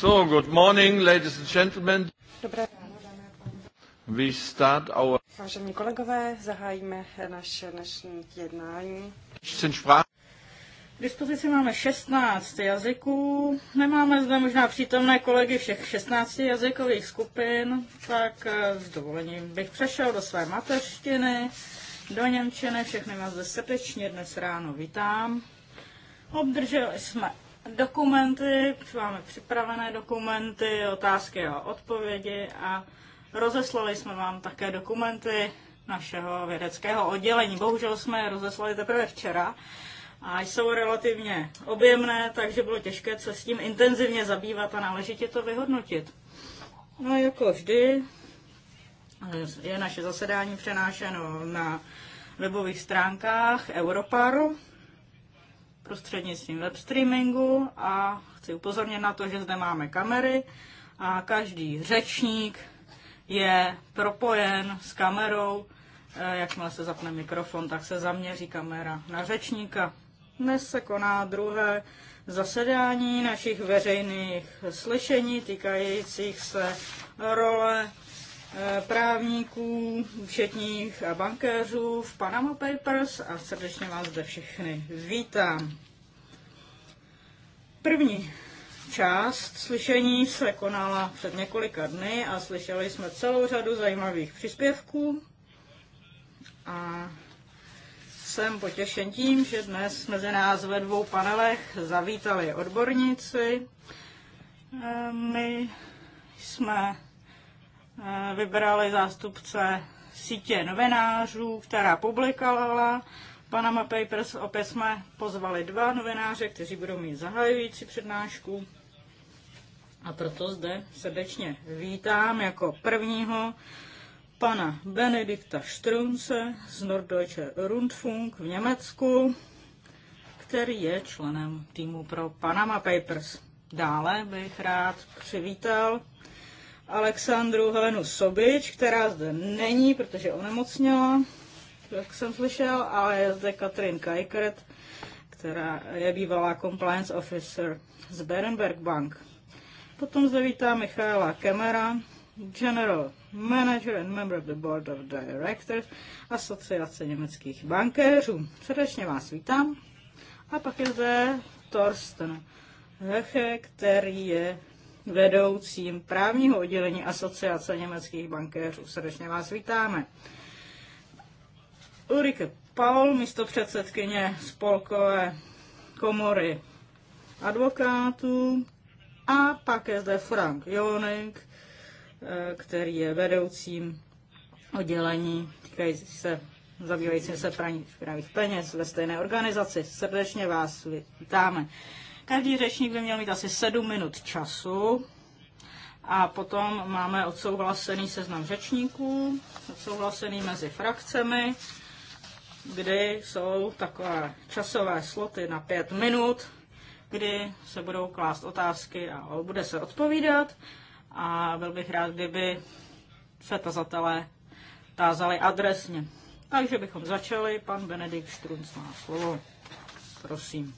So, good morning, ladies and gentlemen. Dobré We start our... Vážení kolegové, zahájíme naše dnešní jednání. V dispozici máme 16 jazyků, nemáme zde možná přítomné kolegy všech 16 jazykových skupin, tak eh, s dovolením bych přešel do své mateřštiny, do Němčiny, všechny vás zde srdečně dnes ráno vítám. Obdrželi jsme dokumenty, máme připravené dokumenty, otázky a odpovědi a rozeslali jsme vám také dokumenty našeho vědeckého oddělení. Bohužel jsme je rozeslali teprve včera a jsou relativně objemné, takže bylo těžké se s tím intenzivně zabývat a náležitě to vyhodnotit. No jako vždy je naše zasedání přenášeno na webových stránkách Europaru prostřednictvím web streamingu a chci upozornit na to, že zde máme kamery a každý řečník je propojen s kamerou. E, jakmile se zapne mikrofon, tak se zaměří kamera na řečníka. Dnes se koná druhé zasedání našich veřejných slyšení týkajících se role Eh, právníků, účetních a bankéřů v Panama Papers a srdečně vás zde všechny vítám. První část slyšení se konala před několika dny a slyšeli jsme celou řadu zajímavých příspěvků a jsem potěšen tím, že dnes mezi nás ve dvou panelech zavítali odborníci. Eh, my jsme Eh, vybrali zástupce sítě novinářů, která publikovala Panama Papers. Opět jsme pozvali dva novináře, kteří budou mít zahajující přednášku. A proto zde srdečně vítám jako prvního pana Benedikta Štrunce z Norddeutsche Rundfunk v Německu, který je členem týmu pro Panama Papers. Dále bych rád přivítal Alexandru Helenu Sobič, která zde není, protože onemocněla, jak jsem slyšel, ale je zde Katrin Kajkert, která je bývalá compliance officer z Berenberg Bank. Potom zde vítá Michaela Kemera, General Manager and Member of the Board of Directors Asociace německých bankéřů. Srdečně vás vítám. A pak je zde Torsten Heche, který je vedoucím právního oddělení Asociace německých bankéřů. Srdečně vás vítáme. Ulrike Paul, místo předsedkyně spolkové komory advokátů. A pak je zde Frank Jonek, eh, který je vedoucím oddělení týkající se zabývajícím se praní špinavých peněz ve stejné organizaci. Srdečně vás vítáme. Každý řečník by měl mít asi 7 minut času a potom máme odsouhlasený seznam řečníků, odsouhlasený mezi frakcemi, kdy jsou takové časové sloty na 5 minut, kdy se budou klást otázky a bude se odpovídat. A byl bych rád, kdyby se tazatelé tázali adresně. Takže bychom začali. Pan Benedikt Štrunc má slovo. Prosím.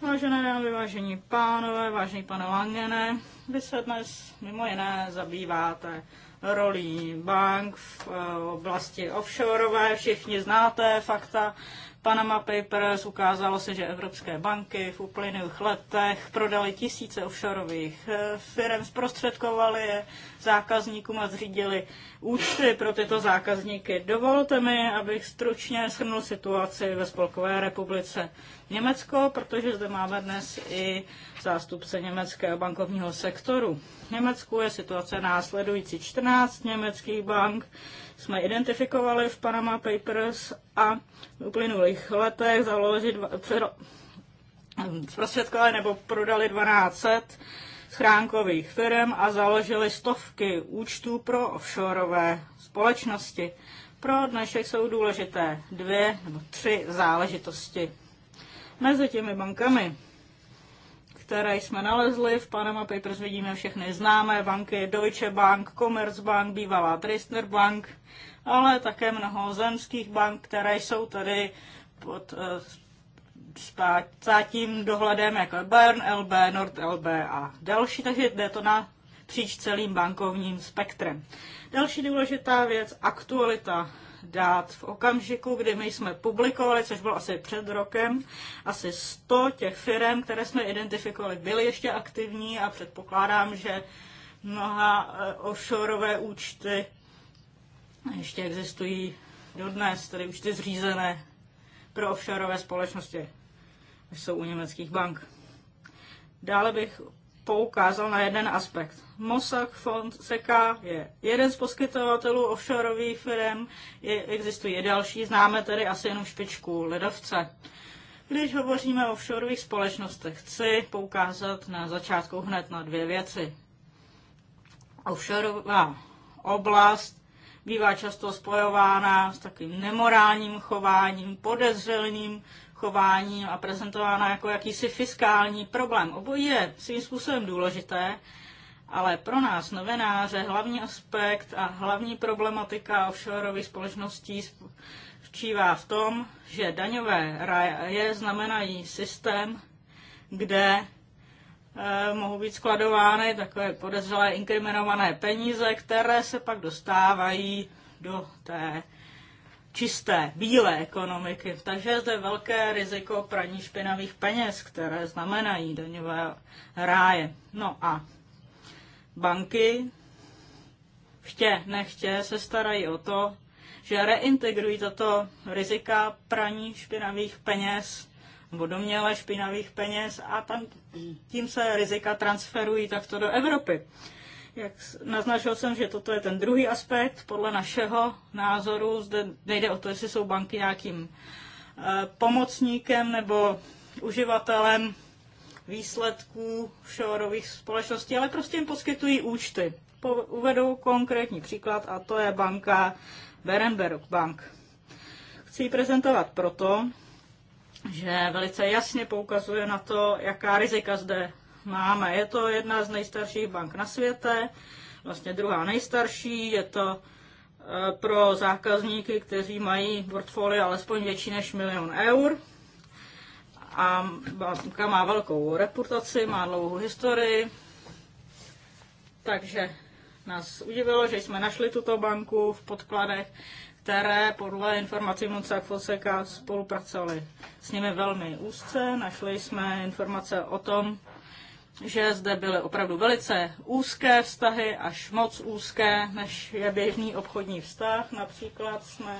Vážené dámy, vážení pánové, vážený pane Langene, vy se dnes mimo jiné zabýváte rolí bank v eh, oblasti offshoreové, všichni znáte fakta Panama Papers, ukázalo se, že evropské banky v uplynulých letech prodaly tisíce offshoreových eh, firm, zprostředkovali je zákazníkům a zřídili účty pro tyto zákazníky. Dovolte mi, abych stručně shrnul situaci ve Spolkové republice Německo, protože zde máme dnes i zástupce německého bankovního sektoru. V Německu je situace následující 14 německých bank jsme identifikovali v Panama Papers a v uplynulých letech založit zprostředkovali nebo prodali 1200 schránkových firm a založili stovky účtů pro offshoreové společnosti. Pro dnešek jsou důležité dvě nebo tři záležitosti mezi těmi bankami které jsme nalezli. V Panama Papers vidíme všechny známé banky, Deutsche Bank, Commerzbank, bývalá Dresdner Bank, ale také mnoho zemských bank, které jsou tady pod eh, státním dohledem, jako je Bern, LB, Nord LB a další, takže jde to na příč celým bankovním spektrem. Další důležitá věc, aktualita dát. V okamžiku, kdy my jsme publikovali, což bylo asi před rokem, asi 100 těch firm, které jsme identifikovali, byly ještě aktivní a předpokládám, že mnoha eh, offshoreové účty ještě existují dodnes, tedy účty zřízené pro offshoreové společnosti, jsou u německých bank. Dále bych poukázal na jeden aspekt. Mossack Fonseca je jeden z poskytovatelů offshoreových firm, je, existují další, známe tedy asi jenom špičku ledovce. Když hovoříme o offshoreových společnostech, chci poukázat na začátku hned na dvě věci. Offshoreová oblast bývá často spojována s takovým nemorálním chováním, podezřelým chováním no a prezentována jako jakýsi fiskální problém. Obojí je svým způsobem důležité, ale pro nás, novináře, hlavní aspekt a hlavní problematika offshoreových společností včívá v tom, že daňové raje znamenají systém, kde eh, mohou být skladovány takové podezřelé inkriminované peníze, které se pak dostávají do té čisté, bílé ekonomiky. Takže je zde velké riziko praní špinavých peněz, které znamenají daňové ráje. No a banky chtě nechtě se starají o to, že reintegrují tato rizika praní špinavých peněz nebo doměle špinavých peněz a tam, tím se rizika transferují takto do Evropy. Jak naznačil jsem, že toto je ten druhý aspekt. Podle našeho názoru zde nejde o to, jestli jsou banky nějakým eh, pomocníkem nebo uživatelem výsledků offshoreových společností, ale prostě jim poskytují účty. uvedu konkrétní příklad a to je banka Berenberg Bank. Chci ji prezentovat proto, že velice jasně poukazuje na to, jaká rizika zde máme. Je to jedna z nejstarších bank na světě, vlastně druhá nejstarší, je to eh, pro zákazníky, kteří mají portfolio alespoň větší než milion eur. A banka má velkou reputaci, má dlouhou historii, takže nás udivilo, že jsme našli tuto banku v podkladech, které podle informací Monsak Foseka spolupracovali s nimi velmi úzce. Našli jsme informace o tom, že zde byly opravdu velice úzké vztahy, až moc úzké, než je běžný obchodní vztah. Například jsme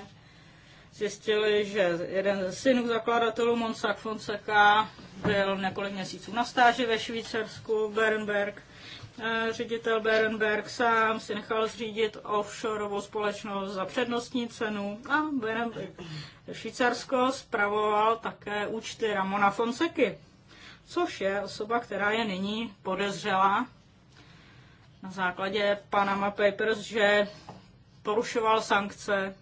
zjistili, že jeden ze synů zakladatelů Monsak Fonseca byl několik měsíců na stáži ve Švýcarsku, Bernberg. Eh, ředitel Berenberg sám si nechal zřídit offshoreovou společnost za přednostní cenu a Berenberg Švýcarsko spravoval také účty Ramona Fonseky což je osoba, která je nyní podezřela na základě Panama Papers, že porušoval sankce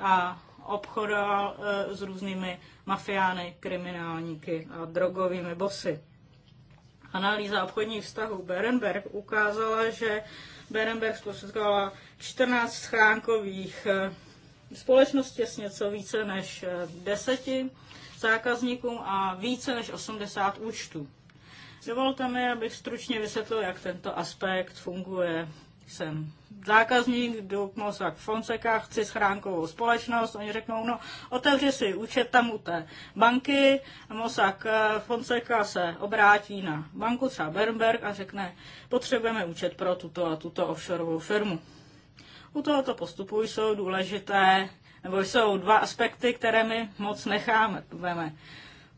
a obchodoval e, s různými mafiány, kriminálníky a drogovými bosy. Analýza obchodních vztahů Berenberg ukázala, že Berenberg zprostředkovala 14 schránkových e, společností s něco více než e, deseti zákazníkům a více než 80 účtů. Dovolte mi, abych stručně vysvětlil, jak tento aspekt funguje. Jsem zákazník, jdu k Mosak Fonseca, chci schránkovou společnost, oni řeknou, no otevři si účet tam u té banky, Mosak eh, Fonseca se obrátí na banku, třeba Bernberg a řekne, potřebujeme účet pro tuto a tuto offshoreovou firmu. U tohoto postupu jsou důležité nebo jsou dva aspekty, které my moc necháme.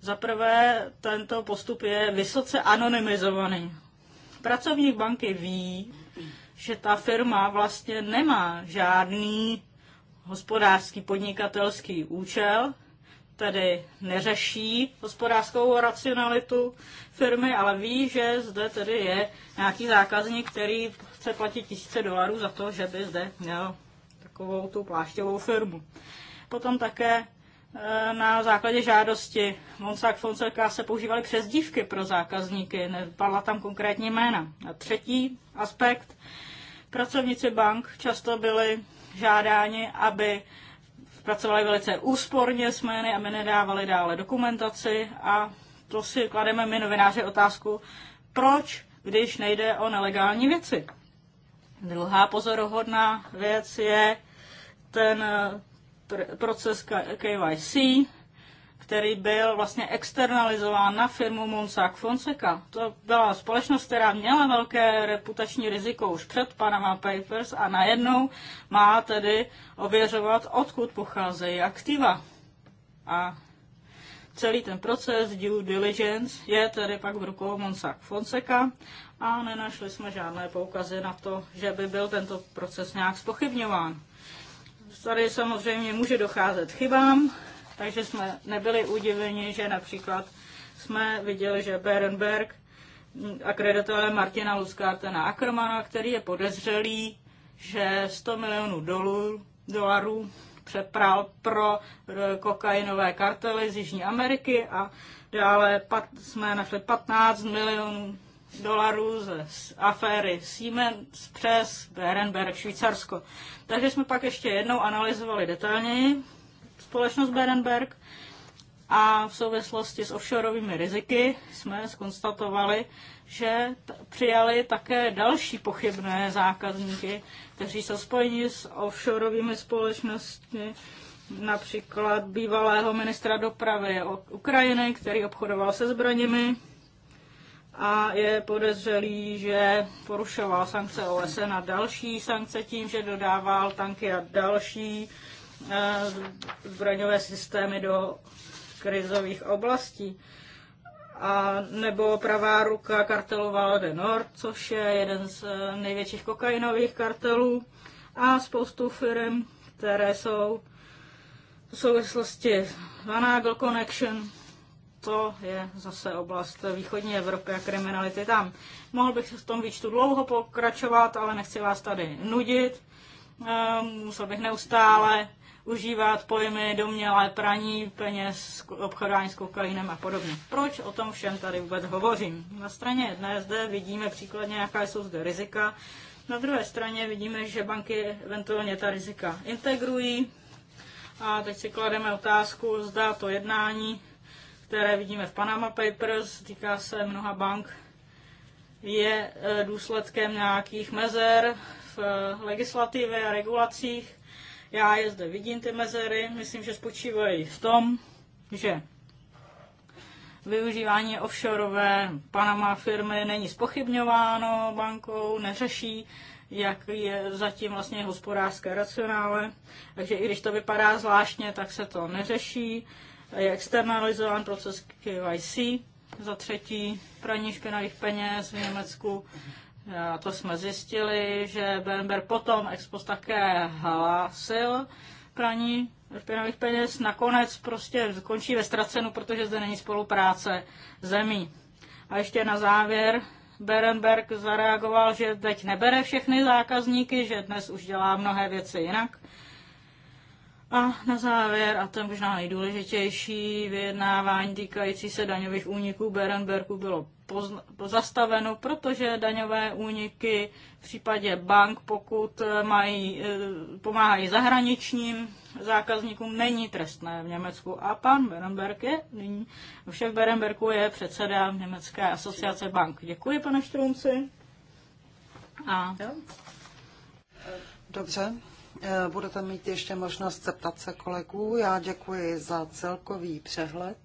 Za prvé, tento postup je vysoce anonymizovaný. Pracovník banky ví, že ta firma vlastně nemá žádný hospodářský podnikatelský účel, tedy neřeší hospodářskou racionalitu firmy, ale ví, že zde tedy je nějaký zákazník, který chce platit tisíce dolarů za to, že by zde měl takovou tu pláštěvou firmu. Potom také e, na základě žádosti Monsak Fonseca se používaly přezdívky pro zákazníky, nepadla tam konkrétní jména. A třetí aspekt, pracovníci bank často byli žádáni, aby pracovali velice úsporně s jmény, aby nedávali dále dokumentaci a to si klademe my novináři otázku, proč, když nejde o nelegální věci. Druhá pozoruhodná věc je ten eh, proces KYC, který byl vlastně externalizován na firmu Monsac Fonseca. To byla společnost, která měla velké reputační riziko už před Panama Papers a najednou má tedy ověřovat, odkud pocházejí aktiva. A celý ten proces due diligence je tedy pak v rukou Monsac Fonseca a nenašli jsme žádné poukazy na to, že by byl tento proces nějak spochybňován. Tady samozřejmě může docházet chybám, takže jsme nebyli udiveni, že například jsme viděli, že Berenberg akreditoval Martina na Ackermana, který je podezřelý, že 100 milionů dolů, dolarů přepral pro eh, kokainové kartely z Jižní Ameriky a dále pat, jsme našli 15 milionů dolarů z aféry Siemens přes Berenberg Švýcarsko. Takže jsme pak ještě jednou analyzovali detailněji společnost Berenberg a v souvislosti s offshoreovými riziky jsme skonstatovali, že přijali také další pochybné zákazníky, kteří jsou spojeni s offshoreovými společnostmi, například bývalého ministra dopravy Ukrajiny, který obchodoval se zbraněmi, a je podezřelý, že porušoval sankce OSN a další sankce tím, že dodával tanky a další eh, zbraňové systémy do krizových oblastí. A nebo pravá ruka kartelu de Nord, což je jeden z eh, největších kokainových kartelů a spoustu firm, které jsou v souvislosti s Connection to je zase oblast východní Evropy a kriminality tam. Mohl bych se v tom výčtu dlouho pokračovat, ale nechci vás tady nudit. Ehm, musel bych neustále užívat pojmy domělé praní peněz, obchodování s kokainem a podobně. Proč o tom všem tady vůbec hovořím? Na straně jedné zde vidíme příkladně, jaká jsou zde rizika. Na druhé straně vidíme, že banky eventuálně ta rizika integrují. A teď si klademe otázku, zda to jednání které vidíme v Panama Papers, týká se mnoha bank, je e, důsledkem nějakých mezer v e, legislativě a regulacích. Já je zde vidím, ty mezery. Myslím, že spočívají v tom, že využívání offshoreové Panama firmy není spochybňováno bankou, neřeší, jak je zatím vlastně hospodářské racionále. Takže i když to vypadá zvláštně, tak se to neřeší je externalizován proces KYC, za třetí praní špinavých peněz v Německu. A to jsme zjistili, že Bernberg potom expos také hlásil praní špinavých peněz. Nakonec prostě končí ve ztracenu, protože zde není spolupráce zemí. A ještě na závěr Berenberg zareagoval, že teď nebere všechny zákazníky, že dnes už dělá mnohé věci jinak a na závěr, a to je možná nejdůležitější, vyjednávání týkající se daňových úniků Berenberku bylo pozastaveno, protože daňové úniky v případě bank, pokud e, mají, e, pomáhají zahraničním zákazníkům, není trestné v Německu. A pan Berenberg je nyní, však Berenberku je předseda Německé asociace bank. Děkuji, pane Štrumci. A... Dobře. Eh, budete mít ještě možnost zeptat se kolegů. Já děkuji za celkový přehled.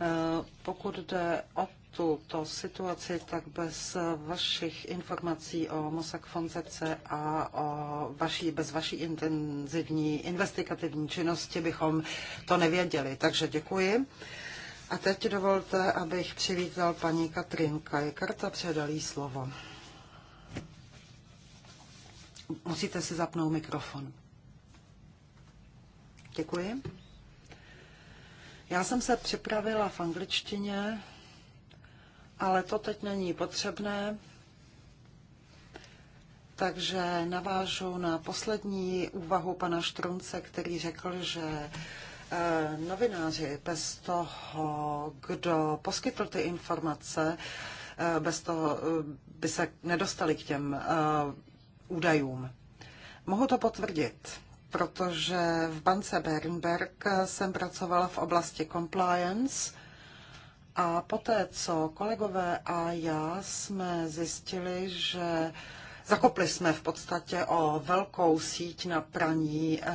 Eh, pokud jde o tuto situaci, tak bez vašich informací o Mosak Fonzece a o vaší, bez vaší intenzivní investigativní činnosti bychom to nevěděli. Takže děkuji. A teď dovolte, abych přivítal paní Katrin Kajkarta, předal jí slovo. Musíte si zapnout mikrofon. Děkuji. Já jsem se připravila v angličtině, ale to teď není potřebné. Takže navážu na poslední úvahu pana Štrunce, který řekl, že eh, novináři bez toho, kdo poskytl ty informace, eh, bez toho eh, by se nedostali k těm údajům. Mohu to potvrdit, protože v bance Bernberg jsem pracovala v oblasti compliance a poté, co kolegové a já jsme zjistili, že Zakopli jsme v podstatě o velkou síť na praní eh,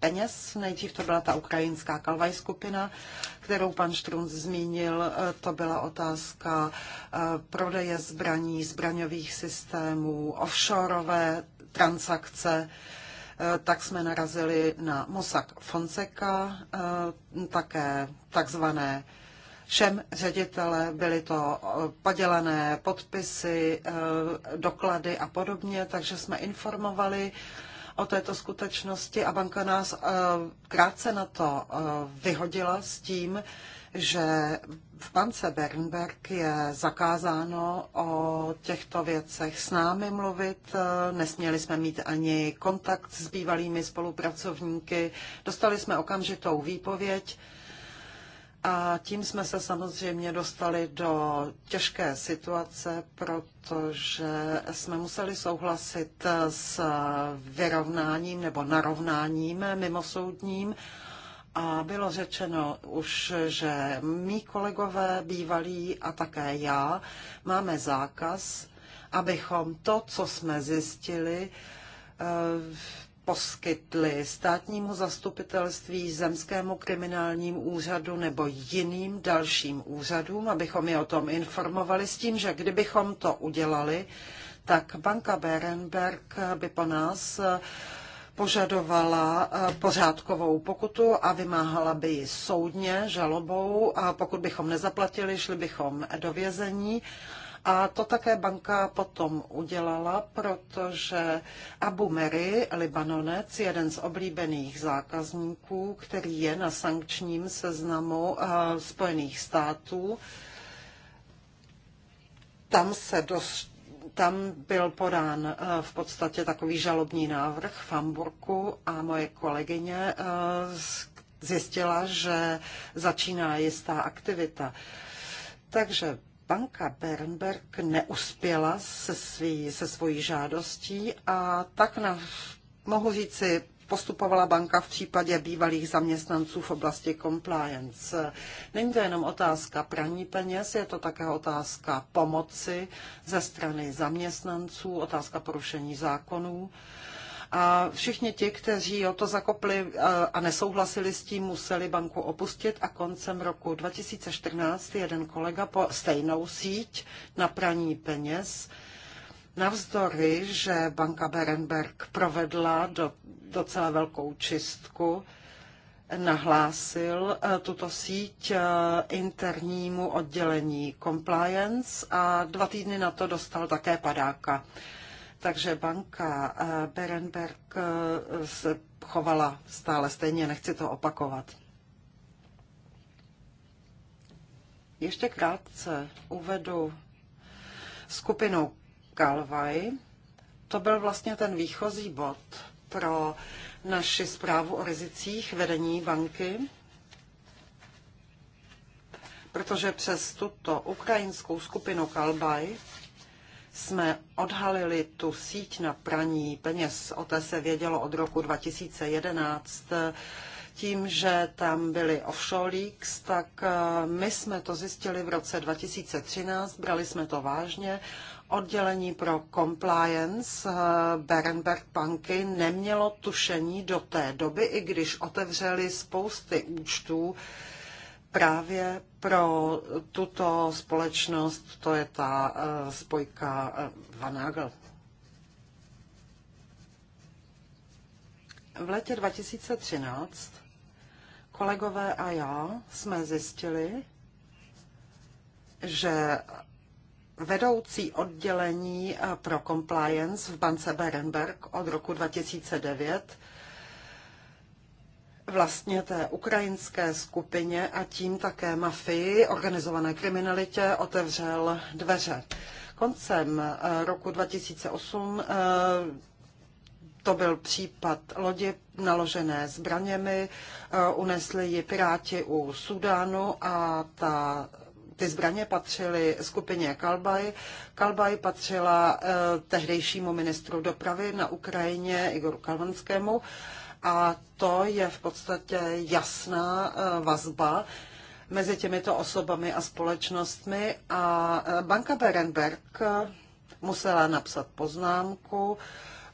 peněz. Nejdřív to byla ta ukrajinská kalvaj skupina, kterou pan Štrunc zmínil. Eh, to byla otázka eh, prodeje zbraní, zbraňových systémů, offshoreové transakce tak jsme narazili na Mossack Fonseca, také takzvané všem ředitele, byly to eh, podělané podpisy, eh, doklady a podobně, takže jsme informovali o této skutečnosti a banka nás eh, krátce na to vyhodila s tím, že v bance Bernberg je zakázáno o těchto věcech s námi mluvit. Nesměli jsme mít ani kontakt s bývalými spolupracovníky. Dostali jsme okamžitou výpověď a tím jsme se samozřejmě dostali do těžké situace, protože jsme museli souhlasit s vyrovnáním nebo narovnáním mimosoudním. A bylo řečeno už, že mý kolegové bývalí a také já máme zákaz, abychom to, co jsme zjistili, eh, poskytli státnímu zastupitelství, zemskému kriminálnímu úřadu nebo jiným dalším úřadům, abychom je o tom informovali s tím, že kdybychom to udělali, tak banka Berenberg by po nás požadovala eh, pořádkovou pokutu a vymáhala by ji soudně, žalobou a pokud bychom nezaplatili, šli bychom do vězení a to také banka potom udělala, protože Abu Meri, Libanonec, jeden z oblíbených zákazníků, který je na sankčním seznamu eh, Spojených států, tam se dost, tam byl podán eh, v podstatě takový žalobní návrh v Hamburku a moje kolegyně eh, zjistila, že začíná jistá aktivita. Takže banka Bernberg neuspěla se, svý, se svojí žádostí a tak na, mohu říci, postupovala banka v případě bývalých zaměstnanců v oblasti compliance. Není to jenom otázka praní peněz, je to také otázka pomoci ze strany zaměstnanců, otázka porušení zákonů a všichni ti, kteří o to zakopli eh, a nesouhlasili s tím, museli banku opustit a koncem roku 2014 jeden kolega po stejnou síť na praní peněz Navzdory, že banka Berenberg provedla do, docela velkou čistku, nahlásil eh, tuto síť eh, internímu oddělení compliance a dva týdny na to dostal také padáka. Takže banka eh, Berenberg eh, se chovala stále stejně, nechci to opakovat. Ještě krátce uvedu skupinu Kalvaj. To byl vlastně ten výchozí bod pro naši zprávu o rizicích vedení banky, protože přes tuto ukrajinskou skupinu Kalbaj jsme odhalili tu síť na praní peněz. O té se vědělo od roku 2011 tím, že tam byly offshore leaks, tak eh, my jsme to zjistili v roce 2013, brali jsme to vážně. Oddělení pro compliance eh, Berenberg banky nemělo tušení do té doby, i když otevřeli spousty účtů, právě pro tuto společnost, to je ta eh, spojka eh, Vanagl. V letě 2013 kolegové a já jsme zjistili, že vedoucí oddělení eh, pro compliance v bance Berenberg od roku 2009 vlastně té ukrajinské skupině a tím také mafii, organizované kriminalitě, otevřel dveře. Koncem eh, roku 2008 eh, to byl případ lodi naložené zbraněmi, eh, unesli ji piráti u Sudánu a ta ty zbraně patřily skupině Kalbaj. Kalbaj patřila tehdejšímu ministru dopravy na Ukrajině Igoru Kalvanskému a to je v podstatě jasná e, vazba mezi těmito osobami a společnostmi a e, banka Berenberg musela napsat poznámku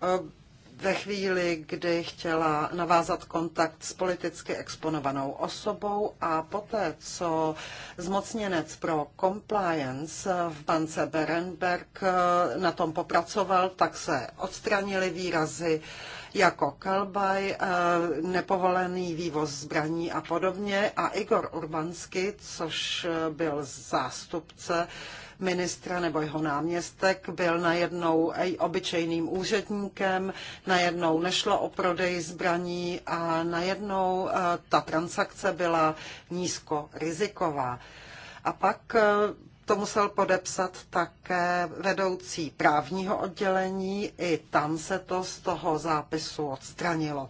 e, ve chvíli, kdy chtěla navázat kontakt s politicky exponovanou osobou a poté, co zmocněnec pro compliance v bance Berenberg na tom popracoval, tak se odstranili výrazy jako Kalbaj, eh, nepovolený vývoz zbraní a podobně. A Igor Urbansky, což eh, byl zástupce ministra nebo jeho náměstek, byl najednou obyčejným úředníkem, najednou nešlo o prodej zbraní a najednou eh, ta transakce byla nízko riziková. A pak to musel podepsat také vedoucí právního oddělení, i tam se to z toho zápisu odstranilo.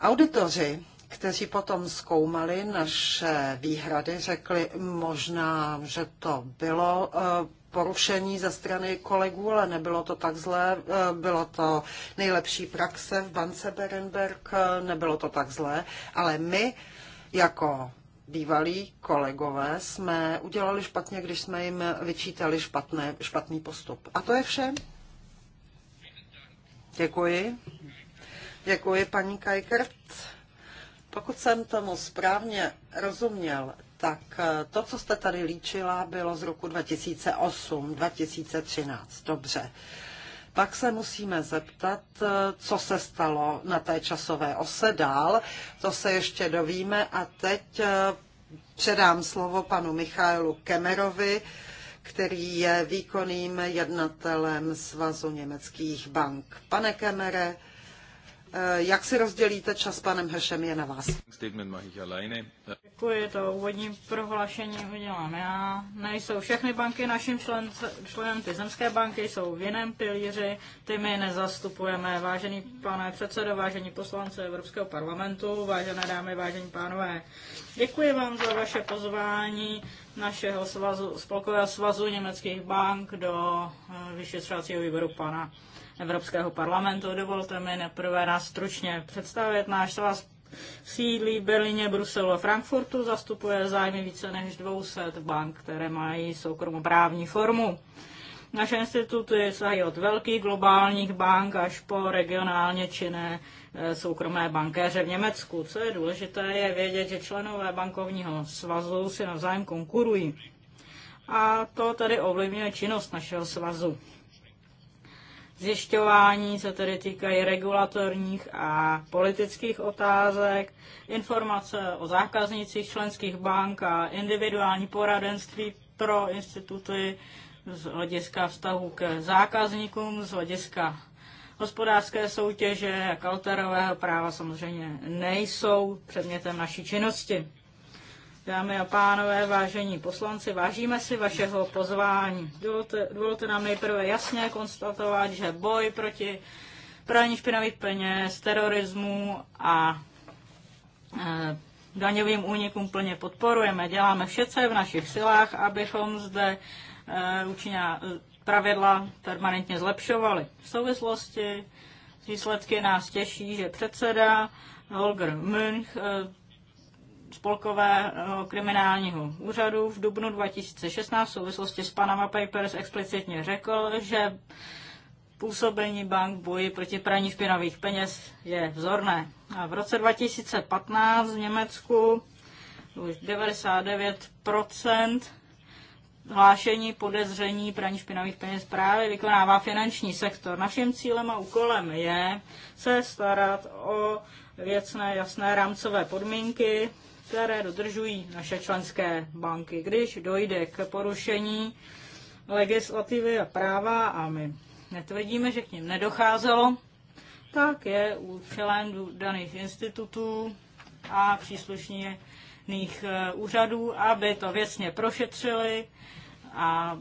Auditoři, kteří potom zkoumali naše výhrady, řekli možná, že to bylo eh, porušení ze strany kolegů, ale nebylo to tak zlé. Eh, bylo to nejlepší praxe v bance Berenberg, eh, nebylo to tak zlé, ale my jako bývalí kolegové jsme udělali špatně, když jsme jim vyčítali špatné, špatný postup. A to je vše. Děkuji. Děkuji, paní Kajkert. Pokud jsem tomu správně rozuměl, tak eh, to, co jste tady líčila, bylo z roku 2008, 2013. Dobře pak se musíme zeptat, eh, co se stalo na té časové ose dál. To se ještě dovíme a teď eh, předám slovo panu Michailu Kemerovi, který je výkonným jednatelem Svazu německých bank. Pane Kemere, Eh, jak si rozdělíte čas s panem Hešem, je na vás. Děkuji, to úvodní prohlášení udělám já. Nejsou všechny banky naším člen, členem, ty zemské banky jsou v jiném pilíři, ty my nezastupujeme. Vážený pane předsedo, vážení poslanci Evropského parlamentu, vážené dámy, vážení pánové, děkuji vám za vaše pozvání našeho svazu, spolkového svazu německých bank do eh, vyšetřovacího výboru pana Evropského parlamentu. Dovolte mi neprve nás stručně představit. Náš svaz sídlí v Berlíně, Bruselu a Frankfurtu, zastupuje zájmy více než 200 bank, které mají soukromoprávní formu. Naše instituty sahají od velkých globálních bank až po regionálně činné eh, soukromé bankéře v Německu. Co je důležité, je vědět, že členové bankovního svazu si navzájem konkurují. A to tedy ovlivňuje činnost našeho svazu zjišťování co tedy týkají regulatorních a politických otázek, informace o zákaznicích členských bank a individuální poradenství pro instituty z hlediska vztahu k zákazníkům, z hlediska hospodářské soutěže a kalterového práva samozřejmě nejsou předmětem naší činnosti. Dámy a pánové, vážení poslanci, vážíme si vašeho pozvání. Dovolte, dovolte nám nejprve jasně konstatovat, že boj proti praní špinavých peněz, terorismu a e, daňovým únikům plně podporujeme. Děláme vše, co je v našich silách, abychom zde e, eh, učiná, eh, pravidla permanentně zlepšovali. V souvislosti s výsledky nás těší, že předseda Holger Münch e, spolkového kriminálního úřadu v dubnu 2016 v souvislosti s Panama Papers explicitně řekl, že působení bank v boji proti praní špinavých peněz je vzorné. A v roce 2015 v Německu už 99 hlášení podezření praní špinavých peněz právě vykonává finanční sektor. Naším cílem a úkolem je se starat o věcné, jasné rámcové podmínky které dodržují naše členské banky. Když dojde k porušení legislativy a práva, a my netvrdíme, že k ním nedocházelo, tak je účelem daných institutů a příslušných e, úřadů, aby to věcně prošetřili a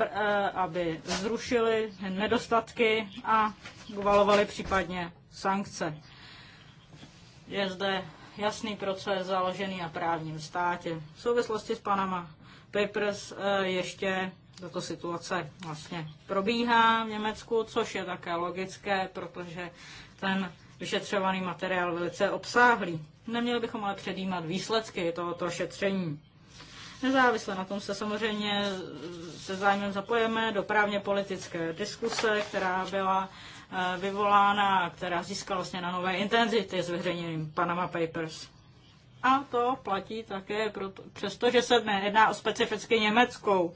e, aby zrušili nedostatky a uvalovali případně sankce. Je zde jasný proces založený na právním státě. V souvislosti s Panama Papers eh, ještě tato situace vlastně probíhá v Německu, což je také logické, protože ten vyšetřovaný materiál velice obsáhlý. Neměli bychom ale předjímat výsledky tohoto šetření. Nezávisle na tom se samozřejmě se zájmem zapojeme do právně politické diskuse, která byla Eh, vyvolána, která získala vlastně na nové intenzity s veřejněním Panama Papers. A to platí také, přestože se nejedná o specificky německou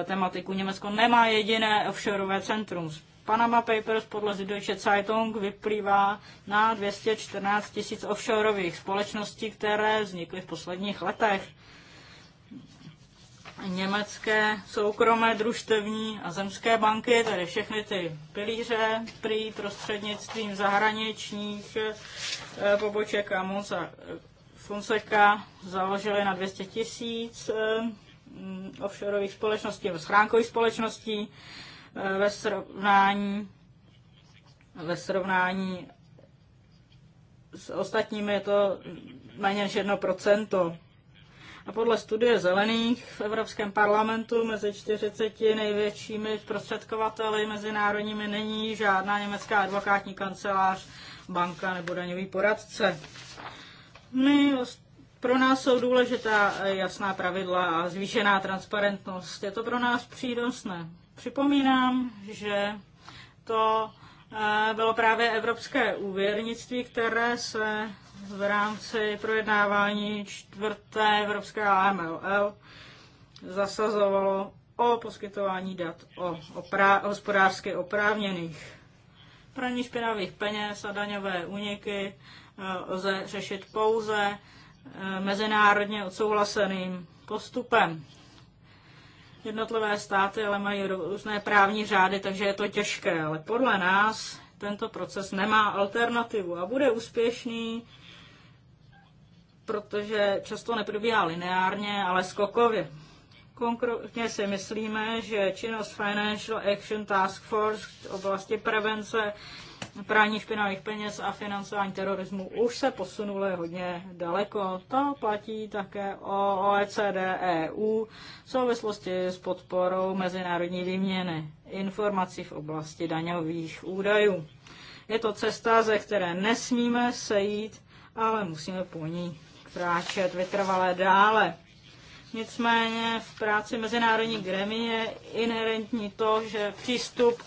eh, tematiku. Německo nemá jediné offshoreové centrum. Panama Papers podle Süddeutsche Zeitung vyplývá na 214 tisíc offshoreových společností, které vznikly v posledních letech německé soukromé družstevní a zemské banky, tedy všechny ty pilíře prý prostřednictvím zahraničních eh, poboček a Monsa eh, Fonseca založili na 200 tisíc eh, mm, offshoreových společností nebo schránkových společností ve srovnání, ve srovnání s ostatními je to méně než 1%. A podle studie zelených v Evropském parlamentu mezi 40 největšími prostředkovateli mezinárodními není žádná německá advokátní kancelář, banka nebo daňový poradce. My pro nás jsou důležitá jasná pravidla a zvýšená transparentnost. Je to pro nás přínosné. Připomínám, že to eh, bylo právě evropské úvěrnictví, které se v rámci projednávání čtvrté Evropské AMLL zasazovalo o poskytování dat o oprá- hospodářsky oprávněných. Praní špinavých peněz a daňové úniky eh, lze řešit pouze eh, mezinárodně odsouhlaseným postupem. Jednotlivé státy ale mají různé právní řády, takže je to těžké, ale podle nás tento proces nemá alternativu a bude úspěšný protože často neprobíhá lineárně, ale skokově. Konkrétně si myslíme, že činnost Financial Action Task Force v oblasti prevence prání špinavých peněz a financování terorismu už se posunuly hodně daleko. To platí také o OECD EU v souvislosti s podporou mezinárodní výměny informací v oblasti daňových údajů. Je to cesta, ze které nesmíme sejít, ale musíme po ní kráčet vytrvalé dále. Nicméně v práci mezinárodní gremi je inherentní to, že přístup,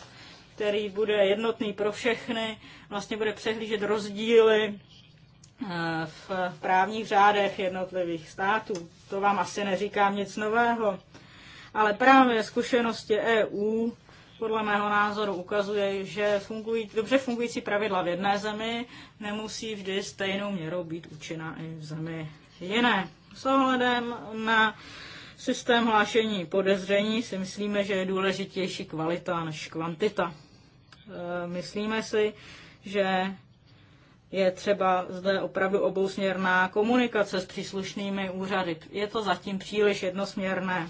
který bude jednotný pro všechny, vlastně bude přehlížet rozdíly eh, v právních řádech jednotlivých států. To vám asi neříkám nic nového. Ale právě zkušenosti EU podle mého názoru ukazuje, že fungují, dobře fungující pravidla v jedné zemi nemusí vždy stejnou měrou být účinná i v zemi jiné. S ohledem na systém hlášení podezření si myslíme, že je důležitější kvalita než kvantita. E, myslíme si, že je třeba zde opravdu obousměrná komunikace s příslušnými úřady. Je to zatím příliš jednosměrné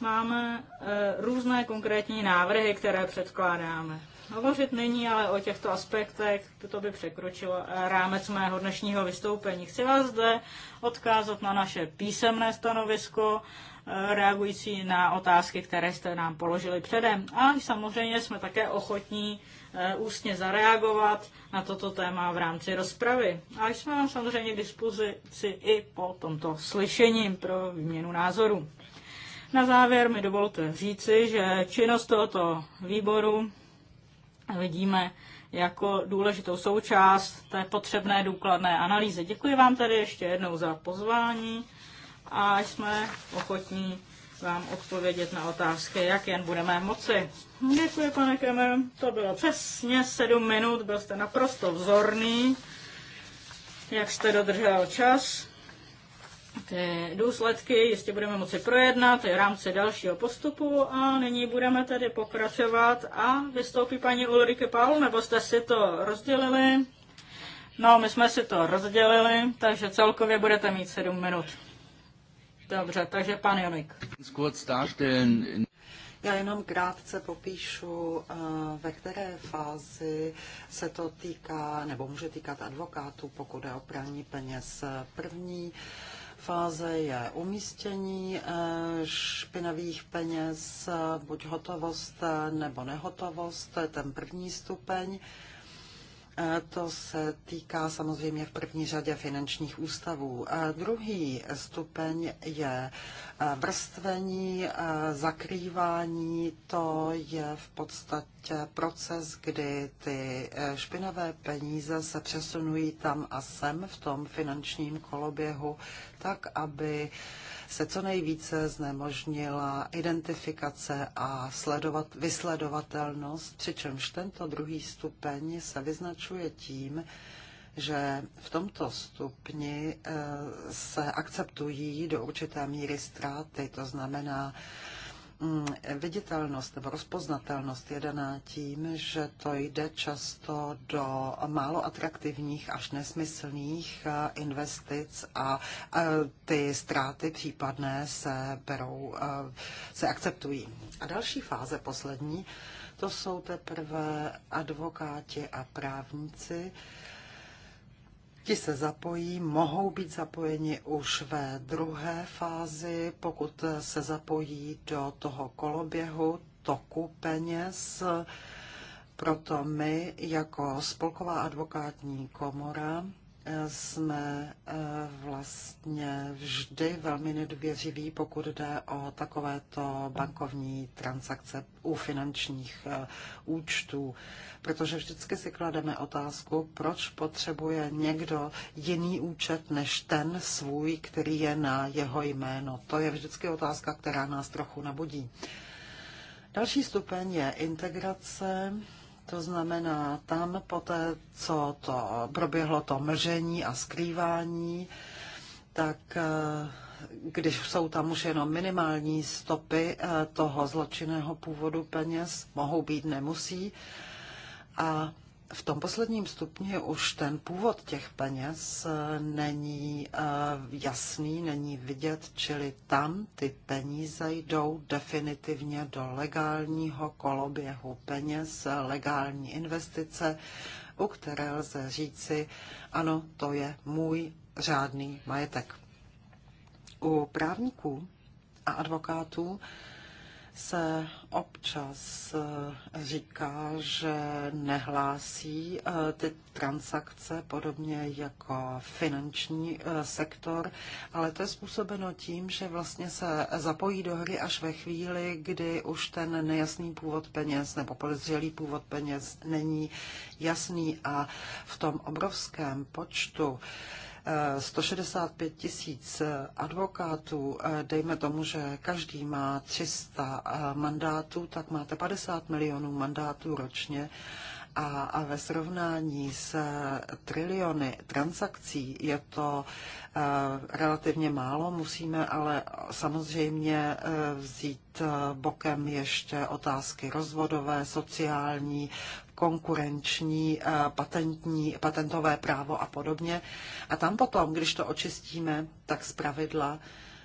máme eh, různé konkrétní návrhy, které předkládáme. Hovořit není ale o těchto aspektech, to by překročilo eh, rámec mého dnešního vystoupení. Chci vás zde odkázat na naše písemné stanovisko, eh, reagující na otázky, které jste nám položili předem. A samozřejmě jsme také ochotní ústně zareagovat na toto téma v rámci rozpravy. A jsme vám samozřejmě k dispozici i po tomto slyšením pro výměnu názorů. Na závěr mi dovolte říci, že činnost tohoto výboru vidíme jako důležitou součást té potřebné důkladné analýzy. Děkuji vám tedy ještě jednou za pozvání a jsme ochotní vám odpovědět na otázky, jak jen budeme moci. Děkuji, pane Keme, to bylo přesně sedm minut, byl jste naprosto vzorný, jak jste dodržel čas. Ty důsledky jistě budeme moci projednat v rámci dalšího postupu a nyní budeme tedy pokračovat a vystoupí paní Ulrike Paul, nebo jste si to rozdělili? No, my jsme si to rozdělili, takže celkově budete mít sedm minut. Dobře, takže pan Jonik. Já jenom krátce popíšu, eh, ve které fázi se to týká, nebo může týkat advokátů, pokud je o praní peněz. První Fáze je umístění eh, špinavých peněz, eh, buď hotovost eh, nebo nehotovost, to je ten první stupeň. Eh, to se týká samozřejmě v první řadě finančních ústavů. A eh, druhý stupeň je eh, vrstvení, zakrývání. To je v podstatě proces, kdy ty špinavé peníze se přesunují tam a sem v tom finančním koloběhu, tak aby se co nejvíce znemožnila identifikace a sledovat, vysledovatelnost, přičemž tento druhý stupeň se vyznačuje tím, že v tomto stupni eh, se akceptují do určité míry ztráty, to znamená, Mm, viditelnost nebo rozpoznatelnost je daná tím, že to jde často do málo atraktivních až nesmyslných eh, investic a eh, ty ztráty případné se berou, eh, se akceptují. A další fáze, poslední, to jsou teprve advokáti a právníci, Ti se zapojí, mohou být zapojeni už ve druhé fázi, pokud se zapojí do toho koloběhu, toku peněz. Proto my jako Spolková advokátní komora jsme eh, vlastně vždy velmi nedůvěřiví, pokud jde o takovéto bankovní transakce u finančních eh, účtů, protože vždycky si klademe otázku, proč potřebuje někdo jiný účet než ten svůj, který je na jeho jméno. To je vždycky otázka, která nás trochu nabudí. Další stupeň je integrace to znamená, tam poté, co to proběhlo to mlžení a skrývání, tak eh, když jsou tam už jenom minimální stopy eh, toho zločinného původu peněz, mohou být, nemusí, a v tom posledním stupni už ten původ těch peněz eh, není eh, jasný, není vidět, čili tam ty peníze jdou definitivně do legálního koloběhu peněz, legální investice, u které lze říci, ano, to je můj řádný majetek. U právníků a advokátů se občas eh, říká, že nehlásí eh, ty transakce podobně jako finanční eh, sektor, ale to je způsobeno tím, že vlastně se zapojí do hry až ve chvíli, kdy už ten nejasný původ peněz nebo podezřelý původ peněz není jasný a v tom obrovském počtu 165 tisíc advokátů, eh, dejme tomu, že každý má 300 eh, mandátů, tak máte 50 milionů mandátů ročně a, a ve srovnání s eh, triliony transakcí je to relativně málo. Musíme ale samozřejmě vzít bokem ještě otázky rozvodové, sociální, konkurenční eh, patentní, patentové právo a podobně. A tam potom, když to očistíme, tak z pravidla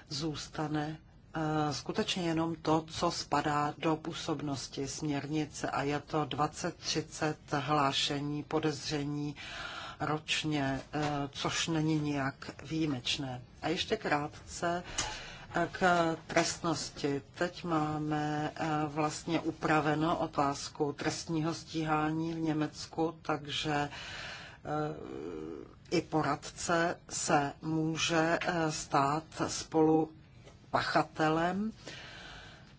zůstane eh, skutečně jenom to, co spadá do působnosti směrnice a je to 20-30 hlášení, podezření ročně, eh, což není nijak výjimečné. A ještě krátce k trestnosti. Teď máme eh, vlastně upraveno otázku trestního stíhání v Německu, takže eh, i poradce se může eh, stát spolu pachatelem.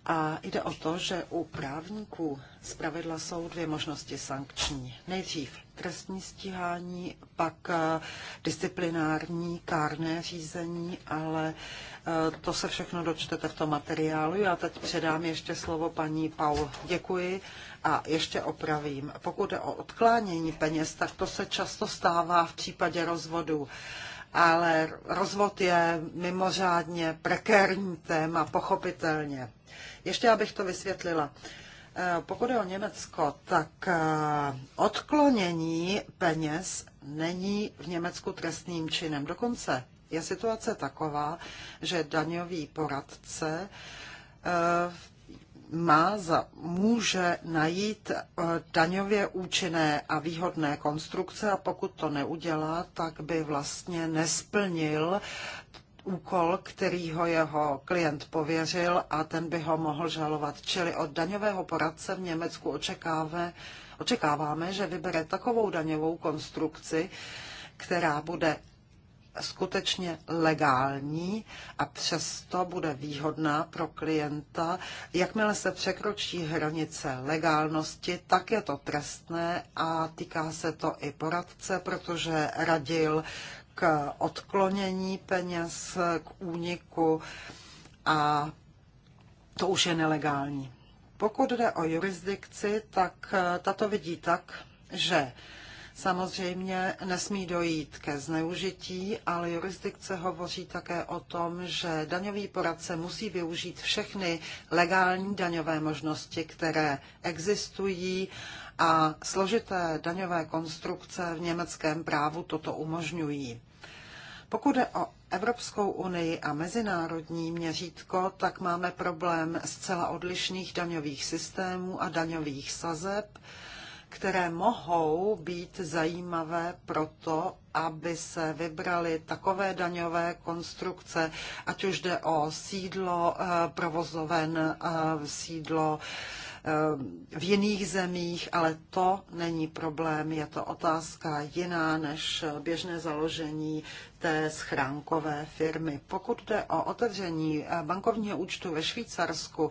A jde o to, že u právníků z pravidla jsou dvě možnosti sankční. Nejdřív trestní stíhání, pak disciplinární kárné řízení, ale Eh, to se všechno dočtete v tom materiálu. Já teď předám ještě slovo paní Paul. Děkuji a ještě opravím. Pokud je o odklánění peněz, tak to se často stává v případě rozvodu ale rozvod je mimořádně prekérní téma, pochopitelně. Ještě abych to vysvětlila. Eh, pokud je o Německo, tak eh, odklonění peněz není v Německu trestným činem. Dokonce je situace taková, že daňový poradce eh, má za, může najít eh, daňově účinné a výhodné konstrukce a pokud to neudělá, tak by vlastně nesplnil úkol, který ho jeho klient pověřil a ten by ho mohl žalovat. Čili od daňového poradce v Německu očekáváme, očekáváme že vybere takovou daňovou konstrukci, která bude skutečně legální a přesto bude výhodná pro klienta. Jakmile se překročí hranice legálnosti, tak je to trestné a týká se to i poradce, protože radil k odklonění peněz, k úniku a to už je nelegální. Pokud jde o jurisdikci, tak eh, tato vidí tak, že Samozřejmě nesmí dojít ke zneužití, ale jurisdikce hovoří také o tom, že daňový poradce musí využít všechny legální daňové možnosti, které existují a složité daňové konstrukce v německém právu toto umožňují. Pokud je o Evropskou unii a mezinárodní měřítko, tak máme problém zcela odlišných daňových systémů a daňových sazeb které mohou být zajímavé pro to, aby se vybrali takové daňové konstrukce, ať už jde o sídlo eh, provozoven, eh, sídlo v jiných zemích, ale to není problém, je to otázka jiná než běžné založení té schránkové firmy. Pokud jde o otevření bankovního účtu ve Švýcarsku,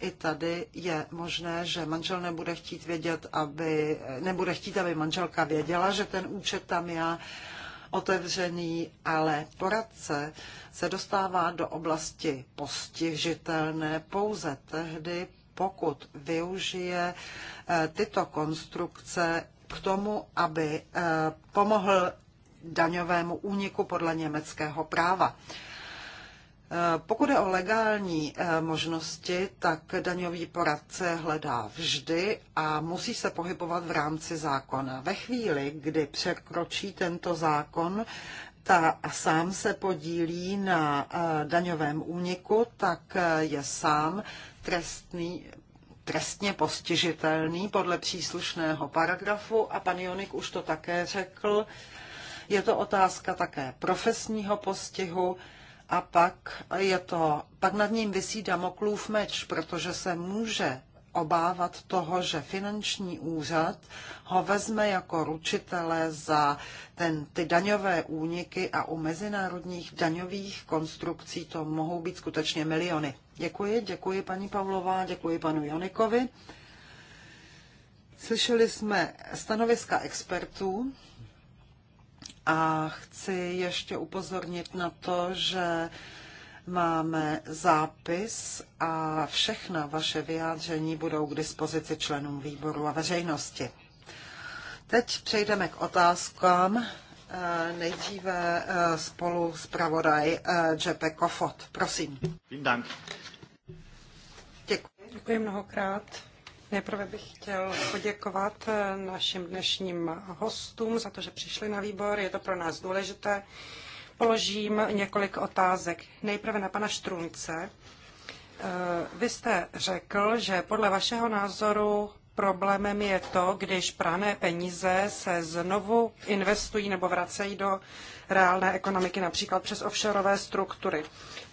i tady je možné, že manžel nebude chtít vědět, aby, nebude chtít, aby manželka věděla, že ten účet tam je otevřený, ale poradce se dostává do oblasti postižitelné pouze tehdy, pokud využije eh, tyto konstrukce k tomu, aby eh, pomohl daňovému úniku podle německého práva. Eh, pokud je o legální možnosti, tak daňový poradce hledá vždy a musí se pohybovat v rámci zákona. Ve chvíli, kdy překročí tento zákon ta a sám se podílí na daňovém úniku, tak je sám trestný, trestně postižitelný podle příslušného paragrafu a pan Jonik už to také řekl. Je to otázka také profesního postihu a pak, je to, pak nad ním vysí Damoklův meč, protože se může obávat toho, že finanční úřad ho vezme jako ručitele za ten, ty daňové úniky a u mezinárodních daňových konstrukcí to mohou být skutečně miliony. Děkuji, děkuji paní Pavlová, děkuji panu Jonikovi. Slyšeli jsme stanoviska expertů a chci ještě upozornit na to, že máme zápis a všechna vaše vyjádření budou k dispozici členům výboru a veřejnosti. Teď přejdeme k otázkám Eh, nejdříve eh, spolu zpravodaj eh, Jeppe Kofot. Prosím. Dank. Děkuji. Děkuji mnohokrát. Nejprve bych chtěl poděkovat našim dnešním hostům za to, že přišli na výbor. Je to pro nás důležité. Položím několik otázek. Nejprve na pana Štrunce. Vy jste řekl, že podle vašeho názoru Problémem je to, když prané peníze se znovu investují nebo vracejí do reálné ekonomiky, například přes offshoreové struktury.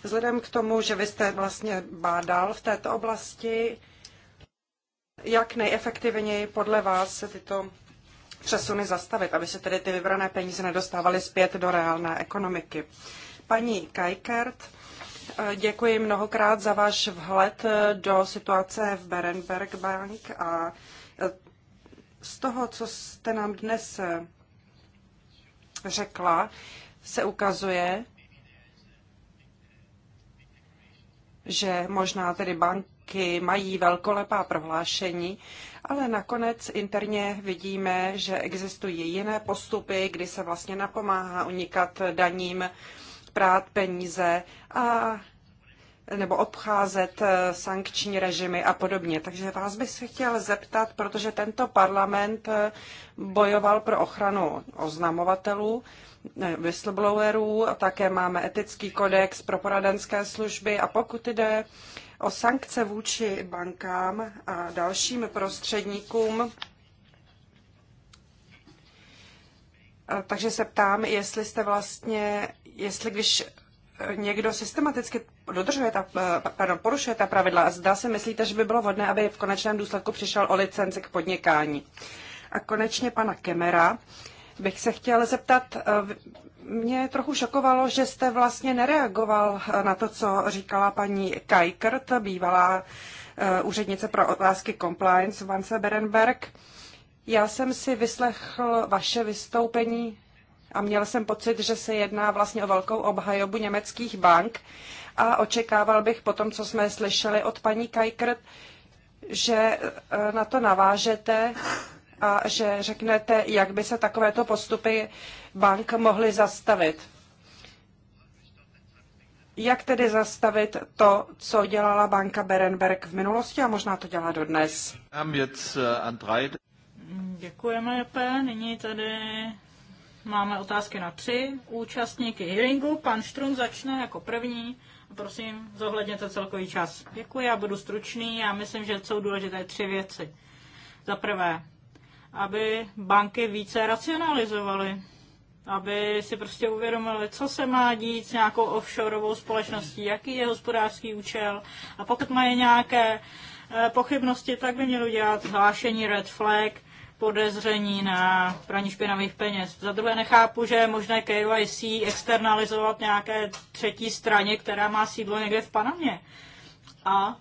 Vzhledem k tomu, že vy jste vlastně bádal v této oblasti, jak nejefektivněji podle vás se tyto přesuny zastavit, aby se tedy ty vybrané peníze nedostávaly zpět do reálné ekonomiky. Paní Kajkert Děkuji mnohokrát za váš vhled eh, do situace v Berenberg Bank a eh, z toho, co jste nám dnes eh, řekla, se ukazuje, že možná tedy banky mají velkolepá prohlášení, ale nakonec interně vidíme, že existují jiné postupy, kdy se vlastně napomáhá unikat daním prát peníze a nebo obcházet eh, sankční režimy a podobně. Takže vás bych se chtěl zeptat, protože tento parlament eh, bojoval pro ochranu oznamovatelů, eh, whistleblowerů, a také máme etický kodex pro poradenské služby a pokud jde o sankce vůči bankám a dalším prostředníkům, takže se ptám, jestli jste vlastně jestli když eh, někdo systematicky dodržuje ta, eh, pardon, porušuje ta pravidla, zda si myslíte, že by bylo vhodné, aby v konečném důsledku přišel o licenci k podnikání. A konečně pana Kemera bych se chtěl zeptat, eh, mě trochu šokovalo, že jste vlastně nereagoval na to, co říkala paní Kajkert, bývalá úřednice pro otázky compliance Vance Berenberg. Já jsem si vyslechl vaše vystoupení a měl jsem pocit, že se jedná vlastně o velkou obhajobu německých bank a očekával bych potom, co jsme slyšeli od paní Kajkrt, že e, na to navážete a že řeknete, jak by se takovéto postupy bank mohly zastavit. Jak tedy zastavit to, co dělala banka Berenberg v minulosti a možná to dělá dodnes? E, Děkujeme, Jepe. Nyní tady Máme otázky na tři účastníky hearingu. Pan Štrum začne jako první. Prosím, zohledněte celkový čas. Děkuji, já budu stručný. Já myslím, že jsou důležité tři věci. Za prvé, aby banky více racionalizovaly, aby si prostě uvědomili, co se má dít s nějakou offshoreovou společností, jaký je hospodářský účel a pokud mají nějaké eh, pochybnosti, tak by měli udělat hlášení red flag, podezření na praní špinavých peněz. Za druhé nechápu, že je možné KYC externalizovat nějaké třetí straně, která má sídlo někde v Panamě. A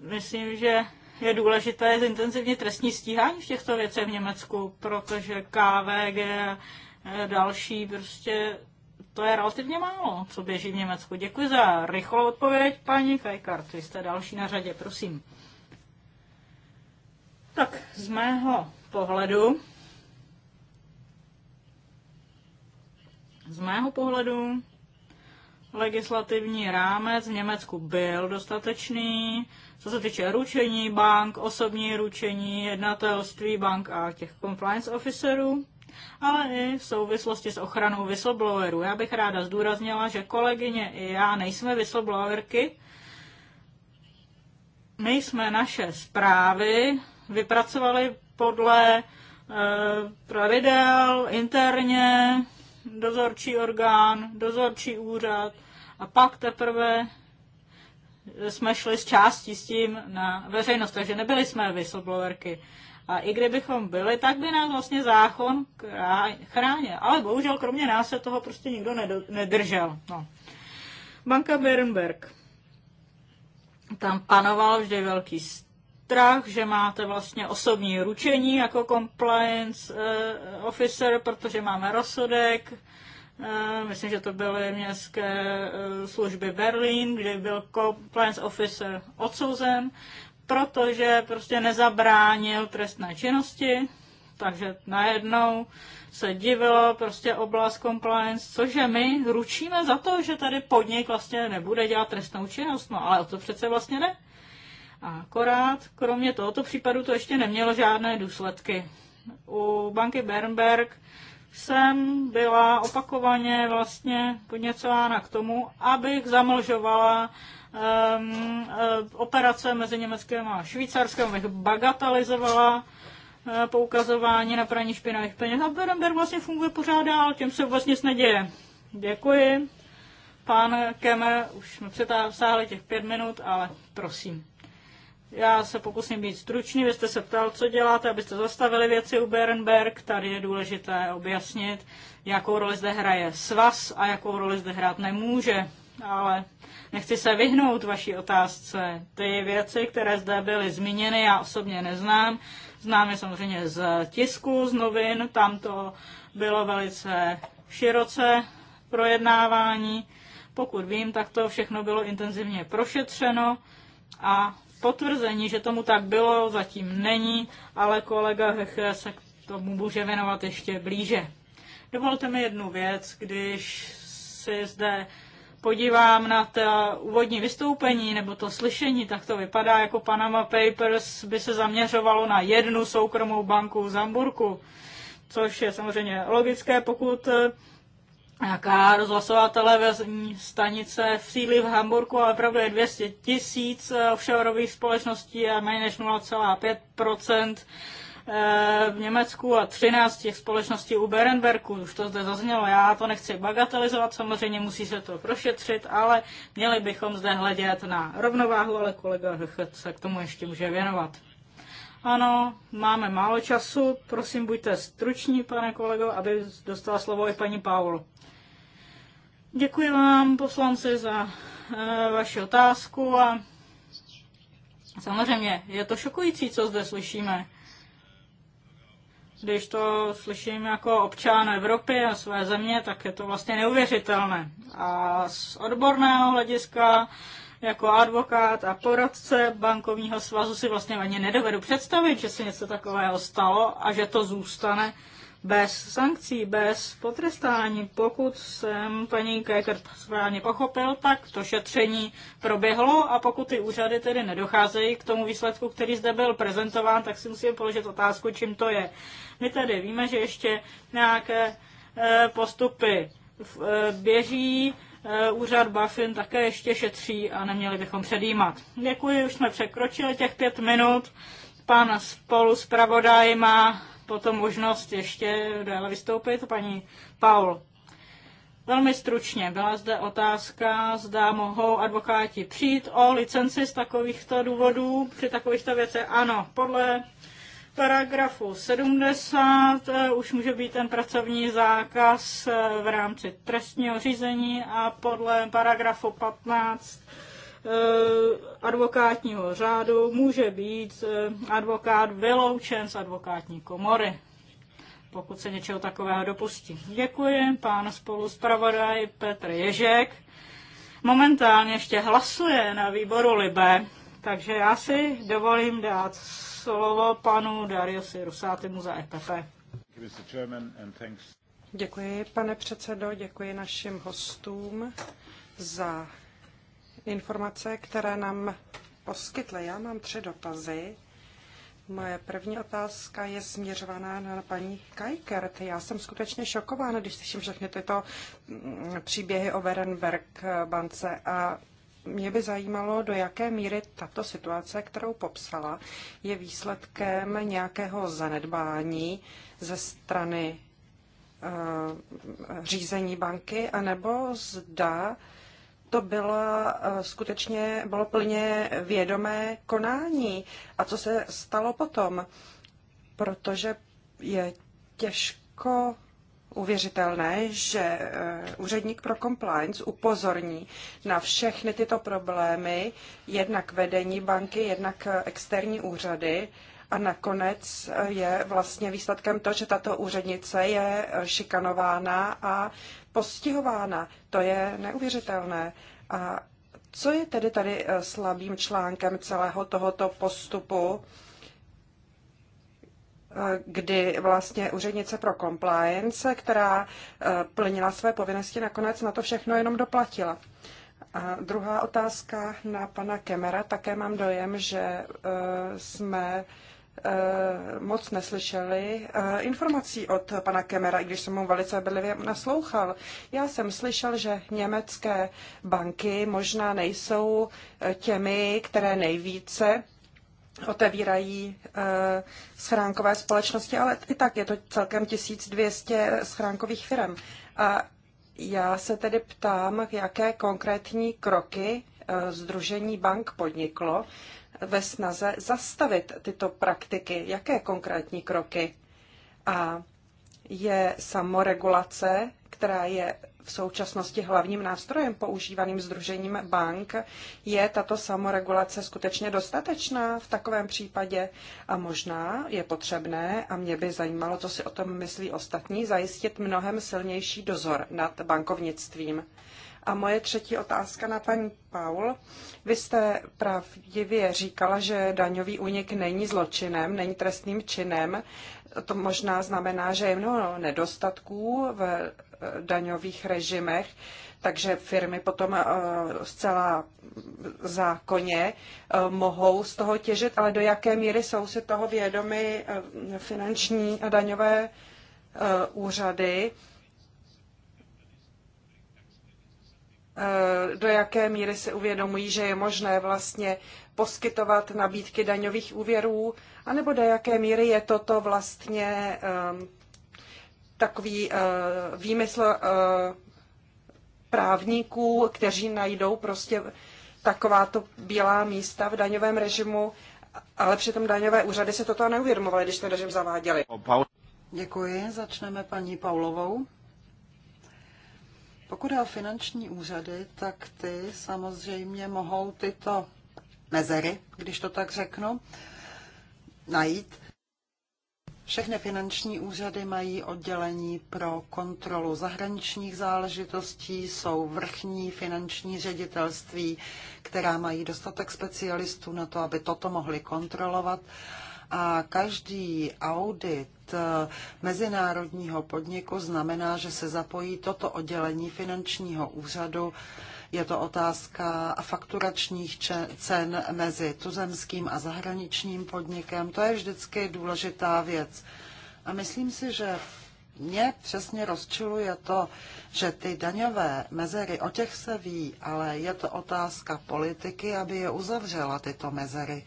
myslím, že je důležité zintenzivně trestní stíhání v těchto věcech v Německu, protože KVG eh, další prostě to je relativně málo, co běží v Německu. Děkuji za rychlou odpověď, paní Kajkart. Vy jste další na řadě, prosím. Tak z mého pohledu, z mého pohledu, legislativní rámec v Německu byl dostatečný, co se týče ručení bank, osobní ručení, jednatelství bank a těch compliance officerů, ale i v souvislosti s ochranou whistleblowerů. Já bych ráda zdůraznila, že kolegyně i já nejsme whistleblowerky, my jsme naše zprávy vypracovali podle eh, pravidel interně, dozorčí orgán, dozorčí úřad a pak teprve jsme šli s částí s tím na veřejnost, takže nebyli jsme whistleblowerky. A i kdybychom byli, tak by nás vlastně zákon chránil. Ale bohužel kromě nás se toho prostě nikdo nedržel. No. Banka Birnberg. Tam panoval vždy velký strach, že máte vlastně osobní ručení jako compliance eh, officer, protože máme rozsudek. Eh, myslím, že to byly městské eh, služby Berlín, kde byl compliance officer odsouzen, protože prostě nezabránil trestné činnosti, takže najednou se divilo prostě oblast compliance, cože my ručíme za to, že tady podnik vlastně nebude dělat trestnou činnost, no ale o to přece vlastně ne. Akorát, kromě tohoto případu, to ještě nemělo žádné důsledky. U banky Bernberg jsem byla opakovaně vlastně podněcována k tomu, abych zamlžovala um, operace mezi Německem a Švýcarskem, abych bagatelizovala uh, poukazování na praní špinavých peněz. A Berenberg vlastně funguje pořád dál, těm se vlastně nic neděje. Děkuji. Pán Kemer, už jsme přetáhli těch pět minut, ale prosím. Já se pokusím být stručný, vy jste se ptal, co děláte, abyste zastavili věci u Berenberg. Tady je důležité objasnit, jakou roli zde hraje svaz a jakou roli zde hrát nemůže. Ale nechci se vyhnout vaší otázce. Ty věci, které zde byly zmíněny, já osobně neznám. Znám je samozřejmě z tisku, z novin, tam to bylo velice široce projednávání. Pokud vím, tak to všechno bylo intenzivně prošetřeno a potvrzení, že tomu tak bylo, zatím není, ale kolega Heche se k tomu může věnovat ještě blíže. Dovolte mi jednu věc, když si zde podívám na to úvodní vystoupení nebo to slyšení, tak to vypadá jako Panama Papers by se zaměřovalo na jednu soukromou banku v Zamburku, což je samozřejmě logické, pokud jaká rozhlasová televizní stanice v sídlí v Hamburgu, ale opravdu je 200 tisíc eh, offshoreových společností a méně než 0,5% eh, v Německu a 13 těch společností u Berenberku. Už to zde zaznělo, já to nechci bagatelizovat, samozřejmě musí se to prošetřit, ale měli bychom zde hledět na rovnováhu, ale kolega Hrchet se k tomu ještě může věnovat. Ano, máme málo času, prosím buďte struční, pane kolego, aby dostala slovo i paní Paul. Děkuji vám, poslanci, za eh, vaši otázku a samozřejmě je to šokující, co zde slyšíme. Když to slyším jako občan Evropy a své země, tak je to vlastně neuvěřitelné. A z odborného hlediska jako advokát a poradce bankovního svazu si vlastně ani nedovedu představit, že se něco takového stalo a že to zůstane bez sankcí, bez potrestání. Pokud jsem paní Kéker správně pochopil, tak to šetření proběhlo a pokud ty úřady tedy nedocházejí k tomu výsledku, který zde byl prezentován, tak si musíme položit otázku, čím to je. My tedy víme, že ještě nějaké eh, postupy eh, běží, eh, úřad Bafin také ještě šetří a neměli bychom předjímat. Děkuji, už jsme překročili těch pět minut. Pan spolu zpravodaj má potom možnost ještě déle vystoupit paní Paul. Velmi stručně, byla zde otázka, zda mohou advokáti přijít o licenci z takovýchto důvodů, při takovýchto věcech. Ano, podle paragrafu 70 eh, už může být ten pracovní zákaz eh, v rámci trestního řízení a podle paragrafu 15 Eh, advokátního řádu může být eh, advokát vyloučen z advokátní komory, pokud se něčeho takového dopustí. Děkuji, pán zpravodaj Petr Ježek. Momentálně ještě hlasuje na výboru Libe, takže já si dovolím dát slovo panu Dariusi Rusátymu za EPP. Děkuji, pane předsedo, děkuji našim hostům za informace, které nám poskytly. Já mám tři dotazy. Moje první otázka je směřovaná na paní Kajkert. Já jsem skutečně šokována, když slyším všechny tyto mm, příběhy o Verenberg bance a mě by zajímalo, do jaké míry tato situace, kterou popsala, je výsledkem nějakého zanedbání ze strany uh, řízení banky, anebo zda uh, to byla eh, skutečně, bylo plně vědomé konání. A co se stalo potom? Protože je těžko uvěřitelné, že eh, úředník pro compliance upozorní na všechny tyto problémy, jednak vedení banky, jednak eh, externí úřady a nakonec je vlastně výsledkem to, že tato úřednice je šikanována a postihována. To je neuvěřitelné. A co je tedy tady eh, slabým článkem celého tohoto postupu, eh, kdy vlastně úřednice pro compliance, která eh, plnila své povinnosti, nakonec na to všechno jenom doplatila? A druhá otázka na pana Kemera. Také mám dojem, že jsme Eh, moc neslyšeli eh, informací od pana Kemera, i když jsem mu velice bedlivě naslouchal. Já jsem slyšel, že německé banky možná nejsou eh, těmi, které nejvíce otevírají schránkové společnosti, ale i tak je to celkem 1200 schránkových firm. A já se tedy ptám, jaké konkrétní kroky Združení bank podniklo, ve snaze zastavit tyto praktiky? Jaké konkrétní kroky? A je samoregulace, která je v současnosti hlavním nástrojem používaným Združením bank. Je tato samoregulace skutečně dostatečná v takovém případě? A možná je potřebné, a mě by zajímalo, co si o tom myslí ostatní, zajistit mnohem silnější dozor nad bankovnictvím. A moje třetí otázka na paní Paul. Vy jste pravdivě říkala, že daňový únik není zločinem, není trestným činem. To možná znamená, že je mnoho nedostatků v eh, daňových režimech, takže firmy potom eh, zcela zákoně eh, mohou z toho těžit, ale do jaké míry jsou si toho vědomy finanční a daňové úřady E, do jaké míry si uvědomují, že je možné vlastně poskytovat nabídky daňových úvěrů, anebo do jaké míry je toto vlastně takový e, výmysl e, právníků, kteří najdou prostě takováto bílá místa v daňovém režimu, ale přitom daňové úřady se toto neuvědomovaly, když ten režim zaváděli. Děkuji, začneme paní Paulovou. Pokud je o finanční úřady, tak ty samozřejmě mohou tyto mezery, když to tak řeknu, najít. Všechny finanční úřady mají oddělení pro kontrolu zahraničních záležitostí, jsou vrchní finanční ředitelství, která mají dostatek specialistů na to, aby toto mohli kontrolovat a každý audit eh, mezinárodního podniku znamená, že se zapojí toto oddělení finančního úřadu. Je to otázka fakturačních cen mezi tuzemským a zahraničním podnikem. To je vždycky důležitá věc. A myslím si, že mě přesně rozčiluje to, že ty daňové mezery, o těch se ví, ale je to otázka politiky, aby je uzavřela tyto mezery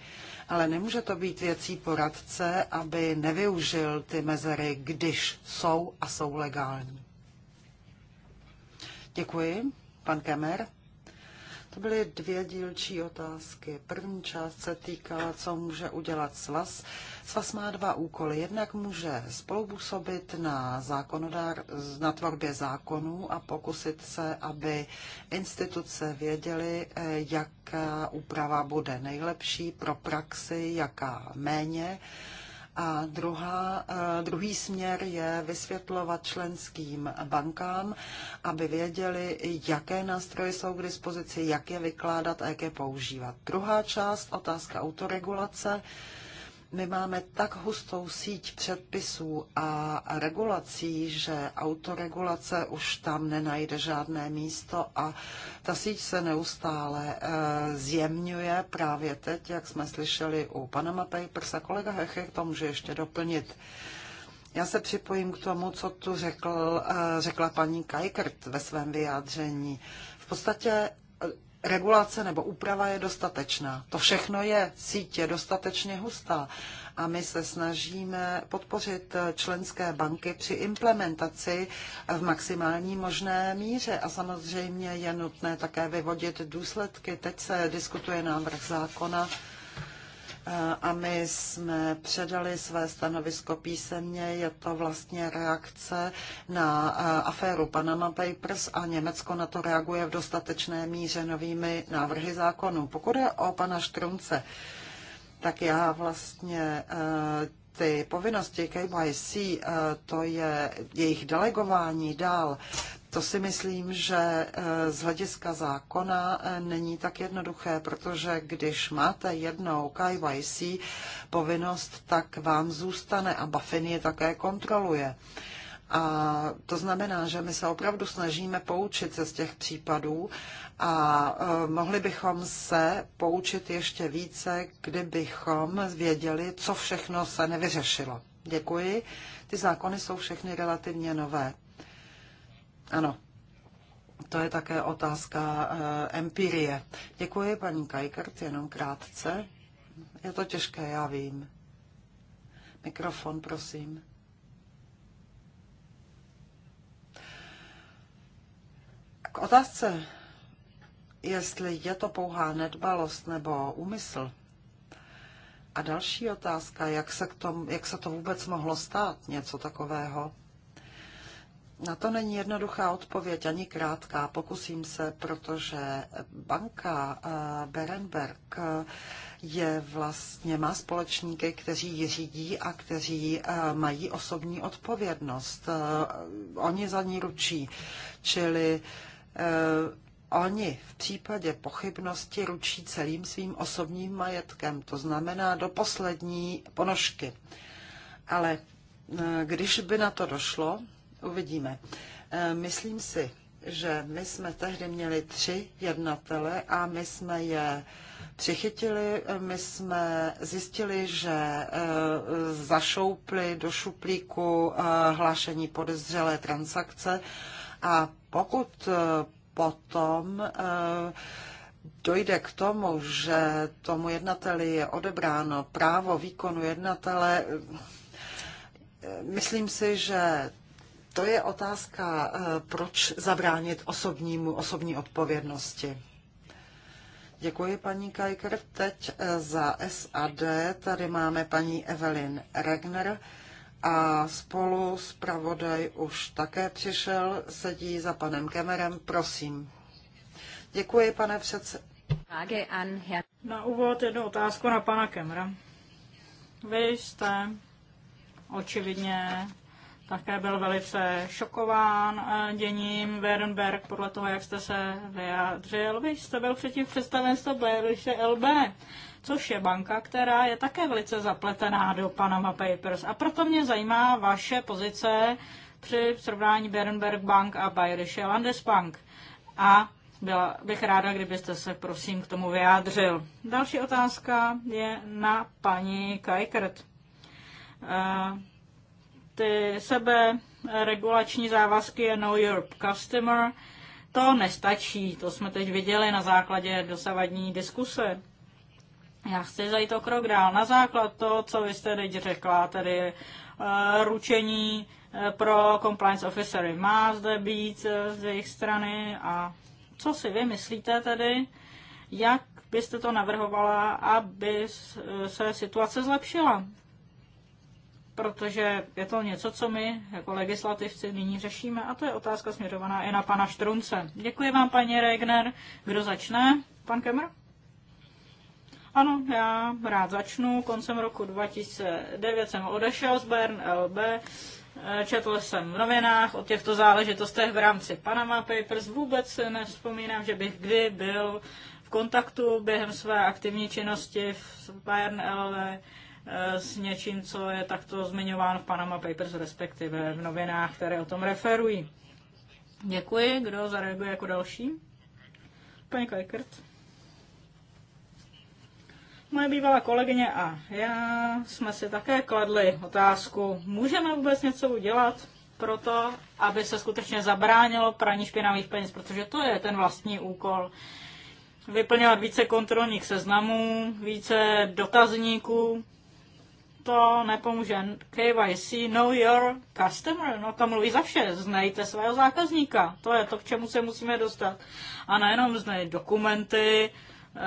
ale nemůže to být věcí poradce, aby nevyužil ty mezery, když jsou a jsou legální. Děkuji. Pan Kemer. To byly dvě dílčí otázky. První část se týkala, co může udělat svaz. Svaz má dva úkoly. Jednak může spolupůsobit na, zákonodár, na tvorbě zákonů a pokusit se, aby instituce věděly, eh, jaká úprava bude nejlepší pro praxi, jaká méně. A druhá, eh, druhý směr je vysvětlovat členským bankám, aby věděli, jaké nástroje jsou k dispozici, jak je vykládat a jak je používat. Druhá část, otázka autoregulace my máme tak hustou síť předpisů a regulací, že autoregulace už tam nenajde žádné místo a ta síť se neustále eh, zjemňuje právě teď, jak jsme slyšeli u Panama Papers a kolega Hecher to může ještě doplnit. Já se připojím k tomu, co tu řekl, eh, řekla paní Kajkert ve svém vyjádření. V podstatě regulace nebo úprava je dostatečná. To všechno je, sítě dostatečně hustá a my se snažíme podpořit členské banky při implementaci v maximální možné míře. A samozřejmě je nutné také vyvodit důsledky. Teď se diskutuje návrh zákona a my jsme předali své stanovisko písemně. Je to vlastně reakce na eh, aféru Panama Papers a Německo na to reaguje v dostatečné míře novými návrhy zákonů. Pokud je o pana Štrunce, tak já vlastně eh, ty povinnosti KYC, eh, to je jejich delegování dál, to si myslím, že eh, z hlediska zákona eh, není tak jednoduché, protože když máte jednou KYC povinnost, tak vám zůstane a Buffin je také kontroluje. A to znamená, že my se opravdu snažíme poučit se z těch případů a eh, mohli bychom se poučit ještě více, kdybychom věděli, co všechno se nevyřešilo. Děkuji. Ty zákony jsou všechny relativně nové. Ano. To je také otázka eh, empirie. Děkuji, paní Kajkert, jenom krátce. Je to těžké, já vím. Mikrofon, prosím. K otázce, jestli je to pouhá nedbalost nebo úmysl. A další otázka, jak se, k tom, jak se to vůbec mohlo stát, něco takového. Na to není jednoduchá odpověď, ani krátká. Pokusím se, protože banka eh, Berenberg je vlastně, má společníky, kteří ji řídí a kteří eh, mají osobní odpovědnost. Eh, oni za ní ručí, čili Oni v případě pochybnosti ručí celým svým osobním majetkem, to znamená do poslední ponožky. Ale když by na to došlo, Uvidíme. E, myslím si, že my jsme tehdy měli tři jednatele a my jsme je přichytili, my jsme zjistili, že e, zašoupli do šuplíku e, hlášení podezřelé transakce a pokud potom dojde k tomu, že tomu jednateli je odebráno právo výkonu jednatele, myslím si, že to je otázka, eh, proč zabránit osobnímu, osobní odpovědnosti. Děkuji paní Kajker. Teď eh, za SAD tady máme paní Evelyn Regner a spolu s pravodaj už také přišel, sedí za panem Kemerem, prosím. Děkuji, pane předsedo. Na úvod jednu otázku na pana Kemra. Vy jste očividně také byl velice šokován eh, děním Werenberg podle toho, jak jste se vyjádřil. Vy jste byl předtím z toho LB, což je banka, která je také velice zapletená do Panama Papers. A proto mě zajímá vaše pozice při srovnání Berenberg Bank a Bayerische Landesbank. A byla bych ráda, kdybyste se prosím k tomu vyjádřil. Další otázka je na paní Kajkert. Uh, ty sebe regulační závazky Know Your Customer, to nestačí. To jsme teď viděli na základě dosavadní diskuse. Já chci zajít o krok dál. Na základ toho, co vy jste teď řekla, tedy uh, ručení eh, pro compliance officery má zde být eh, z jejich strany a co si vy myslíte tedy, jak byste to navrhovala, aby se situace zlepšila? protože je to něco, co my jako legislativci nyní řešíme a to je otázka směřovaná i na pana Štrunce. Děkuji vám, paní Regner. Kdo začne? Pan Kemr? Ano, já rád začnu. Koncem roku 2009 jsem odešel z Bern LB. Eh, četl jsem v novinách o těchto záležitostech v rámci Panama Papers. Vůbec nevzpomínám, že bych kdy byl v kontaktu během své aktivní činnosti v Bayern LB. Eh, s něčím, co je takto zmiňováno v Panama Papers, respektive v novinách, které o tom referují. Děkuji. Kdo zareaguje jako další? Paní Kajkert. Moje bývalá kolegyně a já jsme si také kladli otázku, můžeme vůbec něco udělat pro to, aby se skutečně zabránilo praní špinavých peněz, protože to je ten vlastní úkol. Vyplňovat více kontrolních seznamů, více dotazníků, to nepomůže. KYC, know your customer, no to mluví za vše, znejte svého zákazníka, to je to, k čemu se musíme dostat. A nejenom znej dokumenty, eh,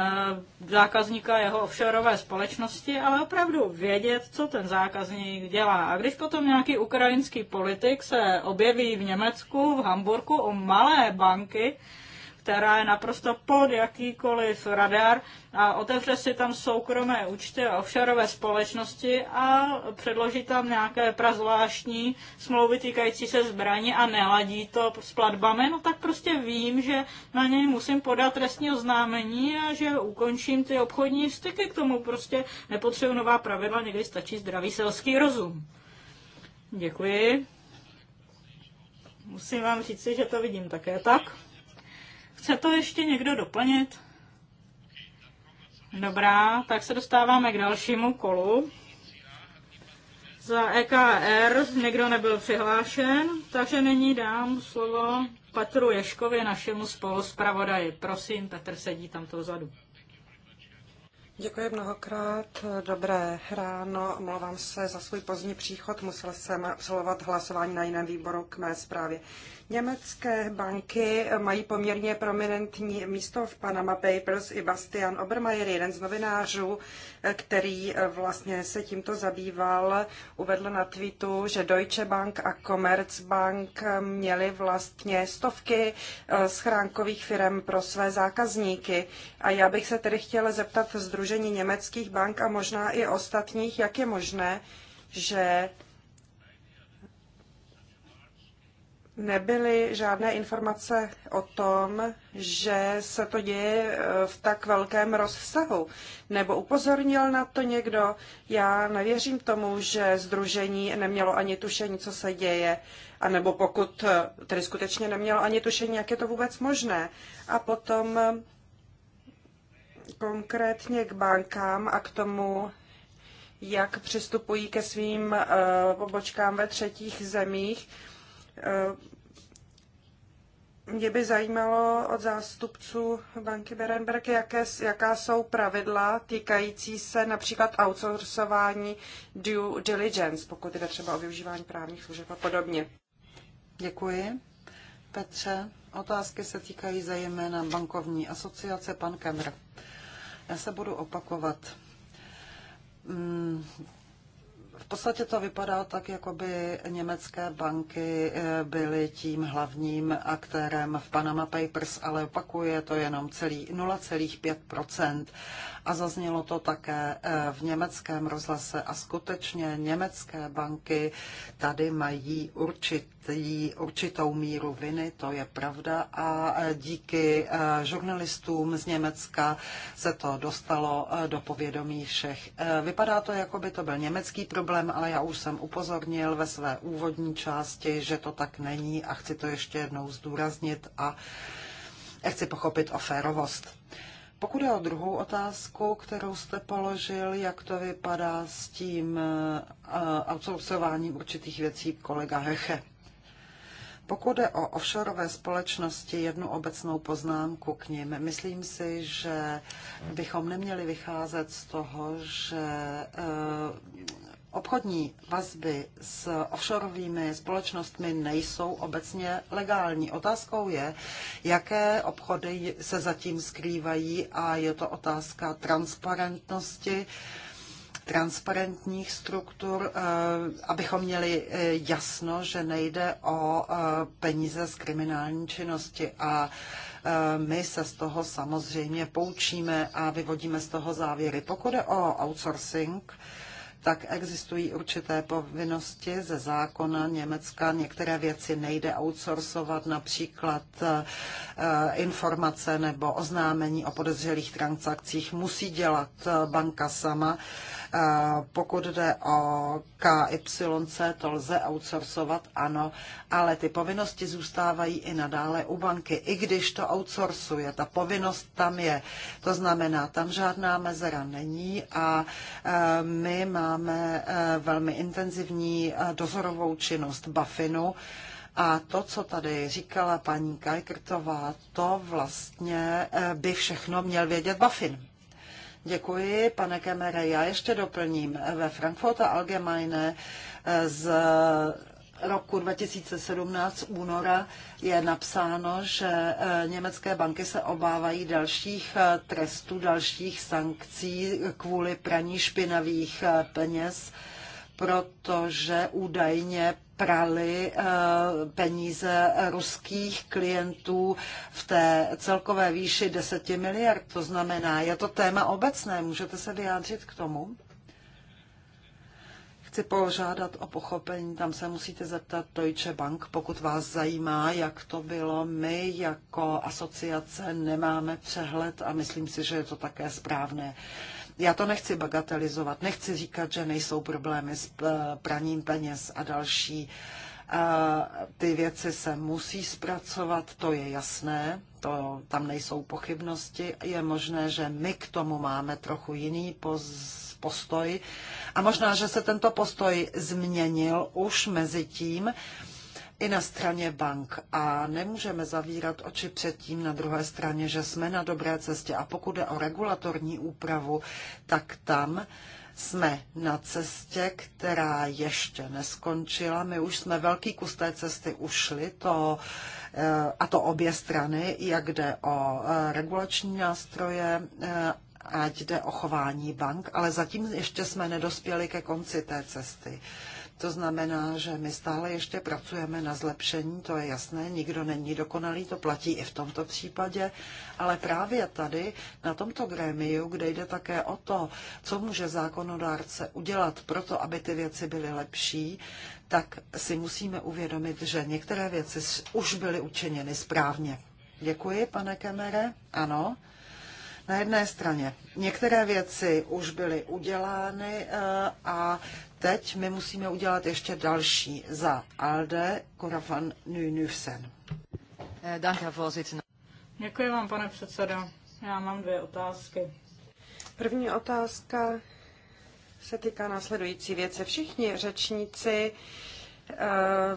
zákazníka jeho offshoreové společnosti, ale opravdu vědět, co ten zákazník dělá. A když potom nějaký ukrajinský politik se objeví v Německu, v Hamburku o malé banky, která je naprosto pod jakýkoliv radar a otevře si tam soukromé účty a offshoreové společnosti a předloží tam nějaké prazvláštní smlouvy týkající se zbraní a neladí to s platbami, no tak prostě vím, že na něj musím podat trestní oznámení a že ukončím ty obchodní styky k tomu. Prostě nepotřebuji nová pravidla, někdy stačí zdravý selský rozum. Děkuji. Musím vám říci, že to vidím také tak. Chce to ještě někdo doplnit? Dobrá, tak se dostáváme k dalšímu kolu. Za EKR někdo nebyl přihlášen, takže nyní dám slovo Petru Ješkovi, našemu spoluzpravodaji. Prosím, Petr sedí tam vzadu. Děkuji mnohokrát. Dobré ráno. Omlouvám se za svůj pozdní příchod. Musel jsem absolvovat hlasování na jiném výboru k mé zprávě. Německé banky mají poměrně prominentní místo v Panama Papers. I Bastian Obermeier, jeden z novinářů, který eh, vlastně se tímto zabýval, uvedl na tweetu, že Deutsche Bank a Commerzbank eh, měly vlastně stovky eh, schránkových firm pro své zákazníky. A já bych se tedy chtěla zeptat Združení německých bank a možná i ostatních, jak je možné, že nebyly žádné informace o tom, že se to děje e, v tak velkém rozsahu. Nebo upozornil na to někdo? Já nevěřím tomu, že združení nemělo ani tušení, co se děje. A nebo pokud e, tedy skutečně nemělo ani tušení, jak je to vůbec možné. A potom e, konkrétně k bankám a k tomu, jak přistupují ke svým pobočkám ve třetích zemích. Uh, Eh, mě by zajímalo od zástupců banky Berenberg, jaké, jaká jsou pravidla týkající se například outsourcování due diligence, pokud jde třeba o využívání právních služeb a podobně. Děkuji. Petře, otázky se týkají zejména bankovní asociace. Pan Kemr, já se budu opakovat. Mm, v podstatě to vypadá tak, jako by německé banky eh, byly tím hlavním aktérem v Panama Papers, ale opakuje to jenom 0,5 a zaznělo to také eh, v německém rozhlase a skutečně německé banky tady mají určitý, určitou míru viny, to je pravda a eh, díky eh, žurnalistům z Německa se to dostalo do povědomí všech. Vypadá to, jako by to byl německý problém, ale já už jsem upozornil ve své úvodní části, že to tak není a chci to ještě jednou zdůraznit a chci pochopit o férovost. Pokud je o druhou otázku, kterou jste položil, jak to vypadá s tím eh, eh, outsourcováním určitých věcí kolega Heche. Pokud je o offshoreové společnosti, jednu obecnou poznámku k ním. Myslím si, že bychom neměli vycházet z toho, že eh, obchodní vazby s offshoreovými společnostmi nejsou obecně legální. Otázkou je, jaké obchody se zatím skrývají a je to otázka transparentnosti transparentních struktur, eh, abychom měli eh, jasno, že nejde o eh, peníze z kriminální činnosti a my se z toho samozřejmě poučíme a vyvodíme z toho závěry. Pokud je o outsourcing, tak existují určité povinnosti ze zákona Německa. Některé věci nejde outsourcovat, například eh, informace nebo oznámení o podezřelých transakcích musí dělat eh, banka sama Eh, pokud jde o KYC, to lze outsourcovat, ano, ale ty povinnosti zůstávají i nadále u banky, i když to outsourcuje. Ta povinnost tam je. To znamená, tam žádná mezera není a eh, my máme eh, velmi intenzivní dozorovou činnost Bafinu. A to, co tady říkala paní Kajkrtová, to vlastně by všechno měl vědět Bafin. Děkuji, pane Kemere. Já ještě doplním. Ve Frankfurta Allgemeine eh, z roku 2017 února je napsáno, že eh, německé banky se obávají dalších eh, trestů, dalších sankcí kvůli praní špinavých peněz, protože údajně prali eh, peníze ruských klientů v té celkové výši 10 miliard. To znamená, je to téma obecné. Můžete se vyjádřit k tomu? Chci požádat o pochopení, tam se musíte zeptat Deutsche Bank, pokud vás zajímá, jak to bylo. My jako asociace nemáme přehled a myslím si, že je to také správné. Uh, já to nechci bagatelizovat, nechci říkat, že nejsou problémy s eh, praním peněz a další. Eh, ty věci se musí zpracovat, to je jasné, to, tam nejsou pochybnosti. Je možné, že my k tomu máme trochu jiný poz, postoj a možná, že se tento postoj změnil už mezi tím, i na straně bank a nemůžeme zavírat oči před tím na druhé straně, že jsme na dobré cestě. A pokud jde o regulatorní úpravu, tak tam jsme na cestě, která ještě neskončila. My už jsme velký kus té cesty ušli, to, eh, a to obě strany, jak jde o eh, regulační nástroje, eh, ať jde o chování bank, ale zatím ještě jsme nedospěli ke konci té cesty. To znamená, že my stále ještě pracujeme na zlepšení, to je jasné, nikdo není dokonalý, to platí i v tomto případě, ale právě tady, na tomto grémiu, kde jde také o to, co může zákonodárce udělat pro to, aby ty věci byly lepší, tak si musíme uvědomit, že některé věci už byly učiněny správně. Děkuji, pane Kemere. Ano. Na jedné straně některé věci už byly udělány eh, a teď my musíme udělat ještě další za ALDE, Korafan van Nynufsen. Eh, Děkuji vám, pane předsedo. Já mám dvě otázky. První otázka se týká následující věce. Všichni řečníci Eh,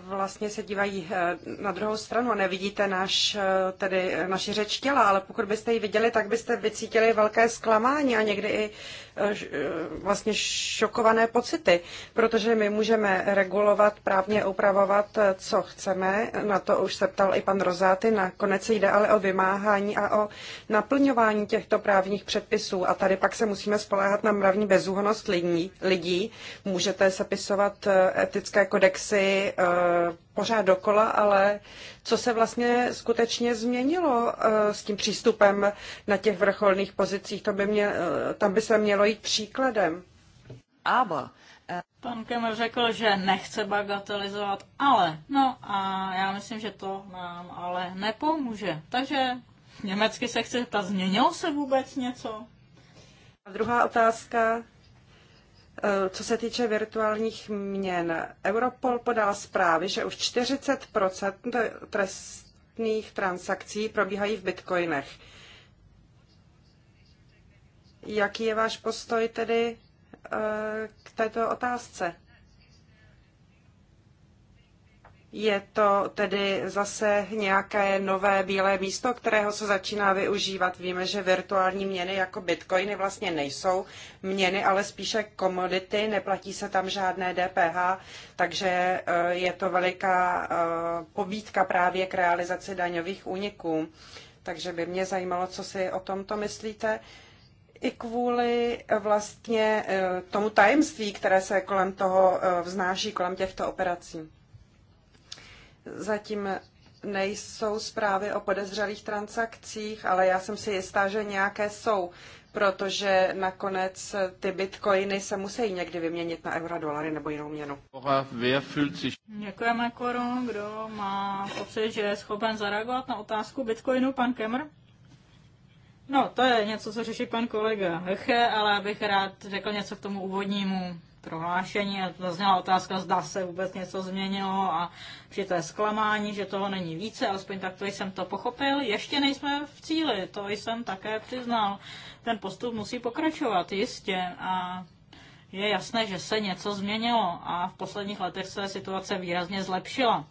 vlastně se dívají eh, na druhou stranu a nevidíte naš, eh, tedy naši řeč těla, ale pokud byste ji viděli, tak byste vycítili velké zklamání a někdy i vlastně šokované pocity, protože my můžeme regulovat, právně upravovat, co chceme. Na to už se ptal i pan Rozáty. Nakonec jde ale o vymáhání a o naplňování těchto právních předpisů. A tady pak se musíme spoléhat na mravní bezúhonost lidí. lidí. Můžete zapisovat etické kodexy věci eh, pořád dokola, ale co se vlastně skutečně změnilo eh, s tím přístupem na těch vrcholných pozicích, to by mě, eh, tam by se mělo jít příkladem. Abo? Pan Kemr řekl, že nechce bagatelizovat, ale, no a já myslím, že to nám ale nepomůže. Takže německy se chce ptát, změnilo se vůbec něco? A druhá otázka, Eh, co se týče virtuálních měn, Europol podal zprávy, že už 40 trestných transakcí probíhají v bitcoinech. Jaký je váš postoj tedy eh, k této otázce? Je to tedy zase nějaké nové bílé místo, kterého se začíná využívat. Víme, že virtuální měny jako bitcoiny vlastně nejsou měny, ale spíše komodity, neplatí se tam žádné DPH, takže eh, je to veliká eh, pobídka právě k realizaci daňových úniků. Takže by mě zajímalo, co si o tomto myslíte. I kvůli eh, vlastně tomu tajemství, které se kolem toho vznáší, kolem těchto operací zatím nejsou zprávy o podezřelých transakcích, ale já jsem si jistá, že nějaké jsou, protože nakonec ty bitcoiny se musí někdy vyměnit na eura, dolary nebo jinou měnu. Děkujeme, Koru. Kdo má pocit, že je schopen zareagovat na otázku bitcoinu, pan Kemr? No, to je něco, co řeší pan kolega Heche, ale abych rád řekl něco k tomu úvodnímu prohlášení a zazněla otázka, zda se vůbec něco změnilo a je zklamání, že toho není více, alespoň takto jsem to pochopil. Ještě nejsme v cíli, to jsem také přiznal. Ten postup musí pokračovat, jistě. A je jasné, že se něco změnilo a v posledních letech se situace výrazně zlepšila.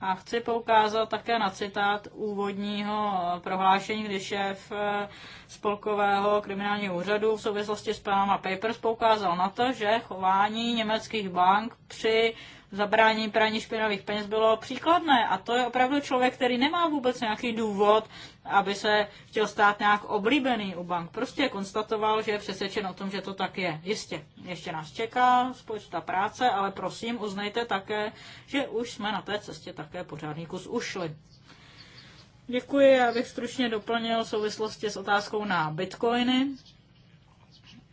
A chci poukázat také na citát úvodního prohlášení, kdy šéf eh, spolkového kriminálního úřadu v souvislosti s Panama Papers poukázal na to, že chování německých bank při zabrání praní špinavých peněz bylo příkladné. A to je opravdu člověk, který nemá vůbec nějaký důvod aby se chtěl stát nějak oblíbený u bank. Prostě konstatoval, že je přesvědčen o tom, že to tak je. Jistě, ještě nás čeká spousta práce, ale prosím, uznejte také, že už jsme na té cestě také pořádný kus ušli. Děkuji, já bych stručně doplnil souvislosti s otázkou na bitcoiny.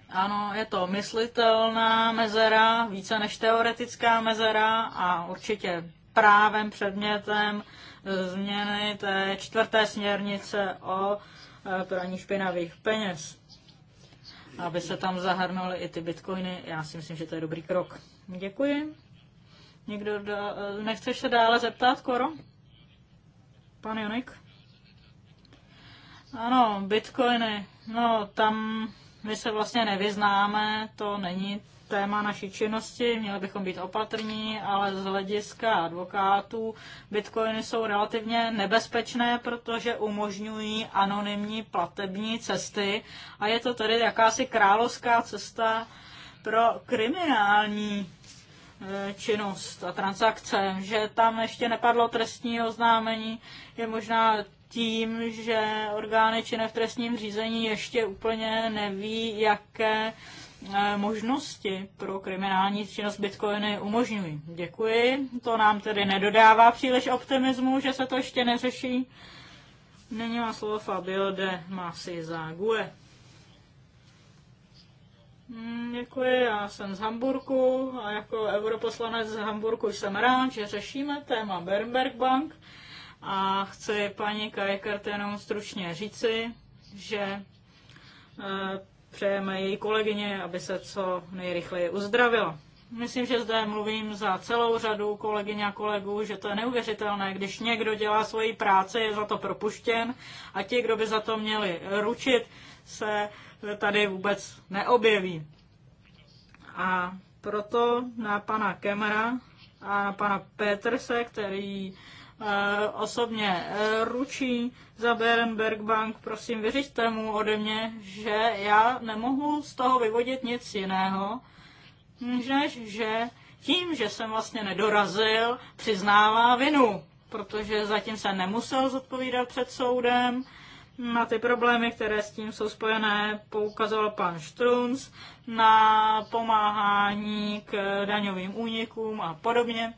Ano, je to myslitelná mezera, více než teoretická mezera a určitě právem předmětem změny té čtvrté směrnice o e, praní špinavých peněz. Aby se tam zahrnuly i ty bitcoiny, já si myslím, že to je dobrý krok. Děkuji. Někdo da, e, nechceš se dále zeptat, Koro? Pan Jonik? Ano, bitcoiny. No, tam my se vlastně nevyznáme, to není téma naší činnosti, měli bychom být opatrní, ale z hlediska advokátů bitcoiny jsou relativně nebezpečné, protože umožňují anonymní platební cesty a je to tedy jakási královská cesta pro kriminální e, činnost a transakce, že tam ještě nepadlo trestní oznámení, je možná tím, že orgány činné v trestním řízení ještě úplně neví, jaké Eh, možnosti pro kriminální činnost bitcoiny umožňují. Děkuji. To nám tedy nedodává příliš optimismu, že se to ještě neřeší. Nyní má slovo Fabio de Masi Zague. Hmm, děkuji, já jsem z Hamburku a jako europoslanec z Hamburku jsem rád, že řešíme téma Bernberg Bank a chci paní Kajkert jenom stručně říci, že eh, přejeme její kolegyně, aby se co nejrychleji uzdravila. Myslím, že zde mluvím za celou řadu kolegyň a kolegů, že to je neuvěřitelné, když někdo dělá svoji práci, je za to propuštěn a ti, kdo by za to měli ručit, se tady vůbec neobjeví. A proto na pana Kemera a na pana Petrse, který Eh, osobně eh, ručí za Berenberg Bank, prosím vyřiďte mu ode mě, že já nemohu z toho vyvodit nic jiného, než že tím, že jsem vlastně nedorazil, přiznává vinu, protože zatím se nemusel zodpovídat před soudem, na ty problémy, které s tím jsou spojené, poukazoval pan Štrunc, na pomáhání k daňovým únikům a podobně.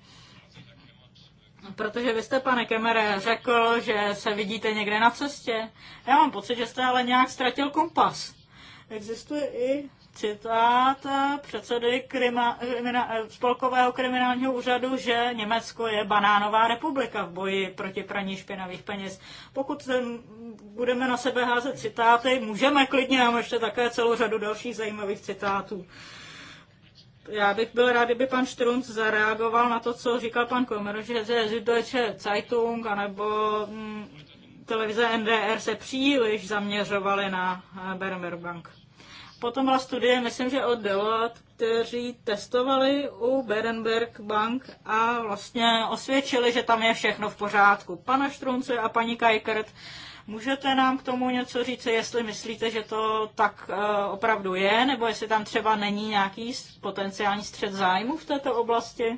Protože vy jste, pane Kemere, řekl, že se vidíte někde na cestě. Já mám pocit, že jste ale nějak ztratil kompas. Existuje i citát předsedy krima, krimina, spolkového kriminálního úřadu, že Německo je banánová republika v boji proti praní špinavých peněz. Pokud budeme na sebe házet citáty, můžeme klidně, máme ještě také celou řadu dalších zajímavých citátů já bych byl rád, kdyby pan Štrunc zareagoval na to, co říkal pan Komer, že ze Süddeutsche Zeitung anebo hm, televize NDR se příliš zaměřovaly na eh, Bermer Bank. Potom byla studie, myslím, že od Deloitte, kteří testovali u Berenberg Bank a vlastně osvědčili, že tam je všechno v pořádku. Pana Štrunce a paní Kajkert Můžete nám k tomu něco říct, jestli myslíte, že to tak eh, opravdu je, nebo jestli tam třeba není nějaký potenciální střed zájmu v této oblasti?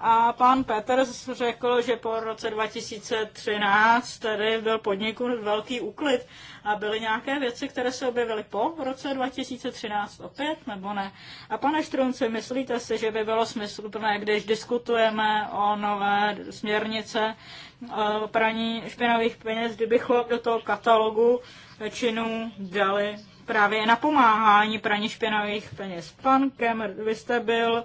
A pan Petr řekl, že po roce 2013 tady byl podniku velký úklid a byly nějaké věci, které se objevily po roce 2013 opět, nebo ne? A pane Štrunci, myslíte si, že by bylo smysluplné, když diskutujeme o nové směrnice o eh, praní špinavých peněz, kdybychom do toho katalogu činů dali právě napomáhání praní špinavých peněz. Pan Kemr, vy jste byl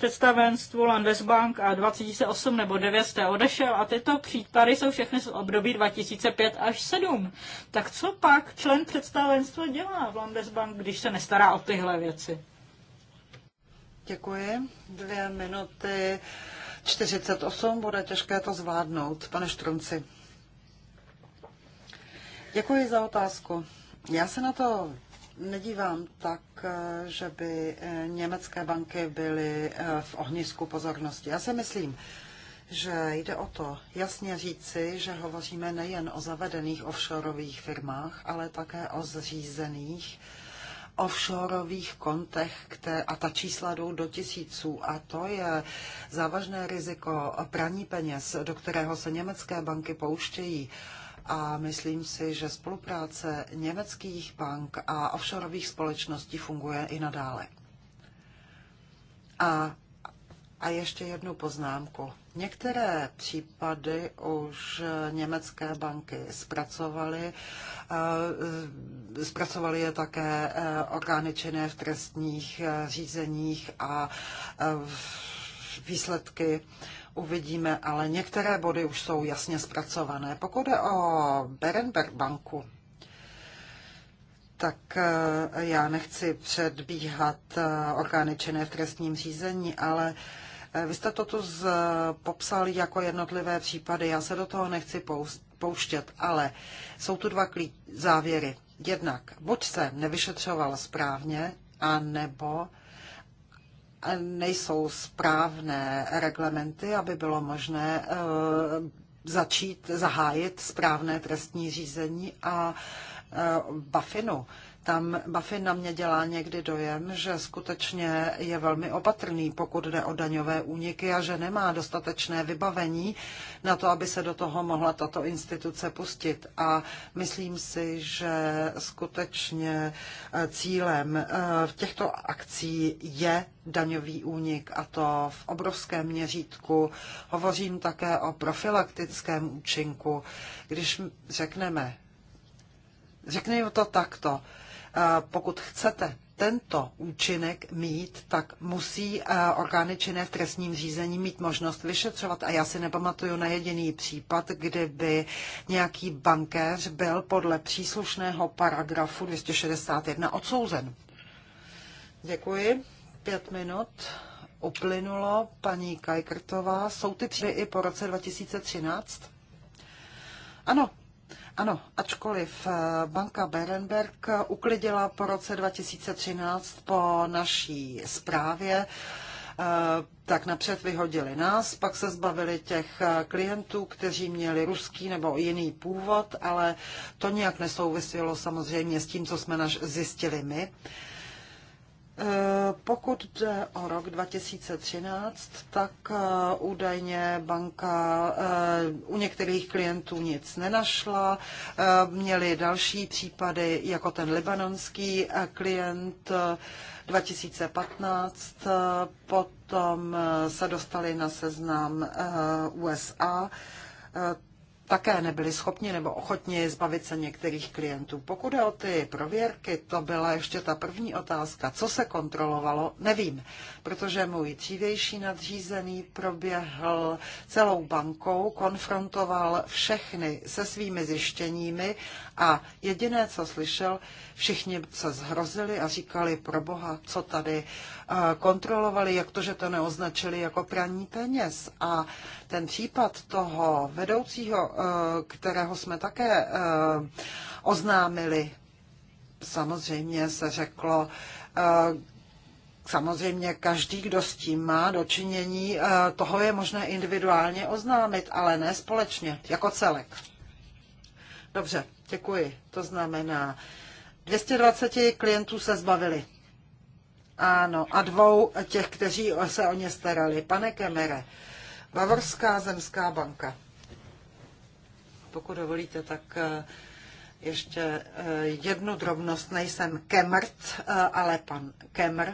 představenstvu Landesbank a 2008 nebo 9 jste odešel a tyto případy jsou všechny z období 2005 až 7. Tak co pak člen představenstva dělá v Landesbank, když se nestará o tyhle věci? Děkuji. Dvě minuty 48, bude těžké to zvládnout, pane Štrunci. Děkuji za otázku. Já se na to nedívám tak, eh, že by eh, německé banky byly eh, v ohnisku pozornosti. Já si myslím, že jde o to jasně říci, že hovoříme nejen o zavedených offshoreových firmách, ale také o zřízených offshoreových kontech které, a ta čísla jdou do tisíců a to je závažné riziko praní peněz, do kterého se německé banky pouštějí a myslím si, že spolupráce německých bank a offshoreových společností funguje i nadále. A, a ještě jednu poznámku. Některé případy už německé banky zpracovaly. Eh, zpracovaly je také eh, orgány činné v trestních eh, řízeních a výsledky uvidíme, ale některé body už jsou jasně zpracované. Pokud je o Berenberg banku, tak eh, já nechci předbíhat eh, orgány činné v trestním řízení, ale eh, vy jste to tu z, jako jednotlivé případy. Já se do toho nechci pouštět, ale jsou tu dva závěry. Jednak buď se nevyšetřoval správně, a nebo nejsou správné reglementy, aby bylo možné eh, začít zahájit správné trestní řízení a eh, Bafinu tam Buffin na mě dělá někdy dojem, že skutečně je velmi opatrný, pokud jde o daňové úniky a že nemá dostatečné vybavení na to, aby se do toho mohla tato instituce pustit. A myslím si, že skutečně eh, cílem eh, v těchto akcí je daňový únik a to v obrovském měřítku. Hovořím také o profilaktickém účinku. Když řekneme, řekneme to takto, Eh, pokud chcete tento účinek mít, tak musí eh, orgány činné v trestním řízení mít možnost vyšetřovat. A já si nepamatuju na jediný případ, kdyby nějaký bankéř byl podle příslušného paragrafu 261 odsouzen. Děkuji. Pět minut uplynulo. Paní Kajkrtová, jsou ty tři i po roce 2013? Ano, ano, ačkoliv eh, banka Berenberg uklidila po roce 2013 po naší zprávě, eh, tak napřed vyhodili nás, pak se zbavili těch eh, klientů, kteří měli ruský nebo jiný původ, ale to nějak nesouviselo samozřejmě s tím, co jsme zjistili my. Eh, pokud jde o rok 2013, tak eh, údajně banka eh, u některých klientů nic nenašla. Měli další případy, jako ten libanonský klient 2015, potom se dostali na seznam USA také nebyli schopni nebo ochotni zbavit se některých klientů. Pokud je o ty prověrky, to byla ještě ta první otázka. Co se kontrolovalo, nevím, protože můj dřívější nadřízený proběhl celou bankou, konfrontoval všechny se svými zjištěními a jediné, co slyšel, všichni se zhrozili a říkali, pro boha, co tady kontrolovali, jak to, že to neoznačili jako praní peněz. A ten případ toho vedoucího, eh, kterého jsme také eh, oznámili, samozřejmě se řeklo, eh, Samozřejmě každý, kdo s tím má dočinění, toho je možné individuálně oznámit, ale ne společně, jako celek. Dobře, děkuji. To znamená, 220 klientů se zbavili. Ano, a dvou těch, kteří se o ně starali. Pane Kemere, Bavorská zemská banka. Pokud dovolíte, tak eh, ještě eh, jednu drobnost. Nejsem Kemert, eh, ale pan Kemr.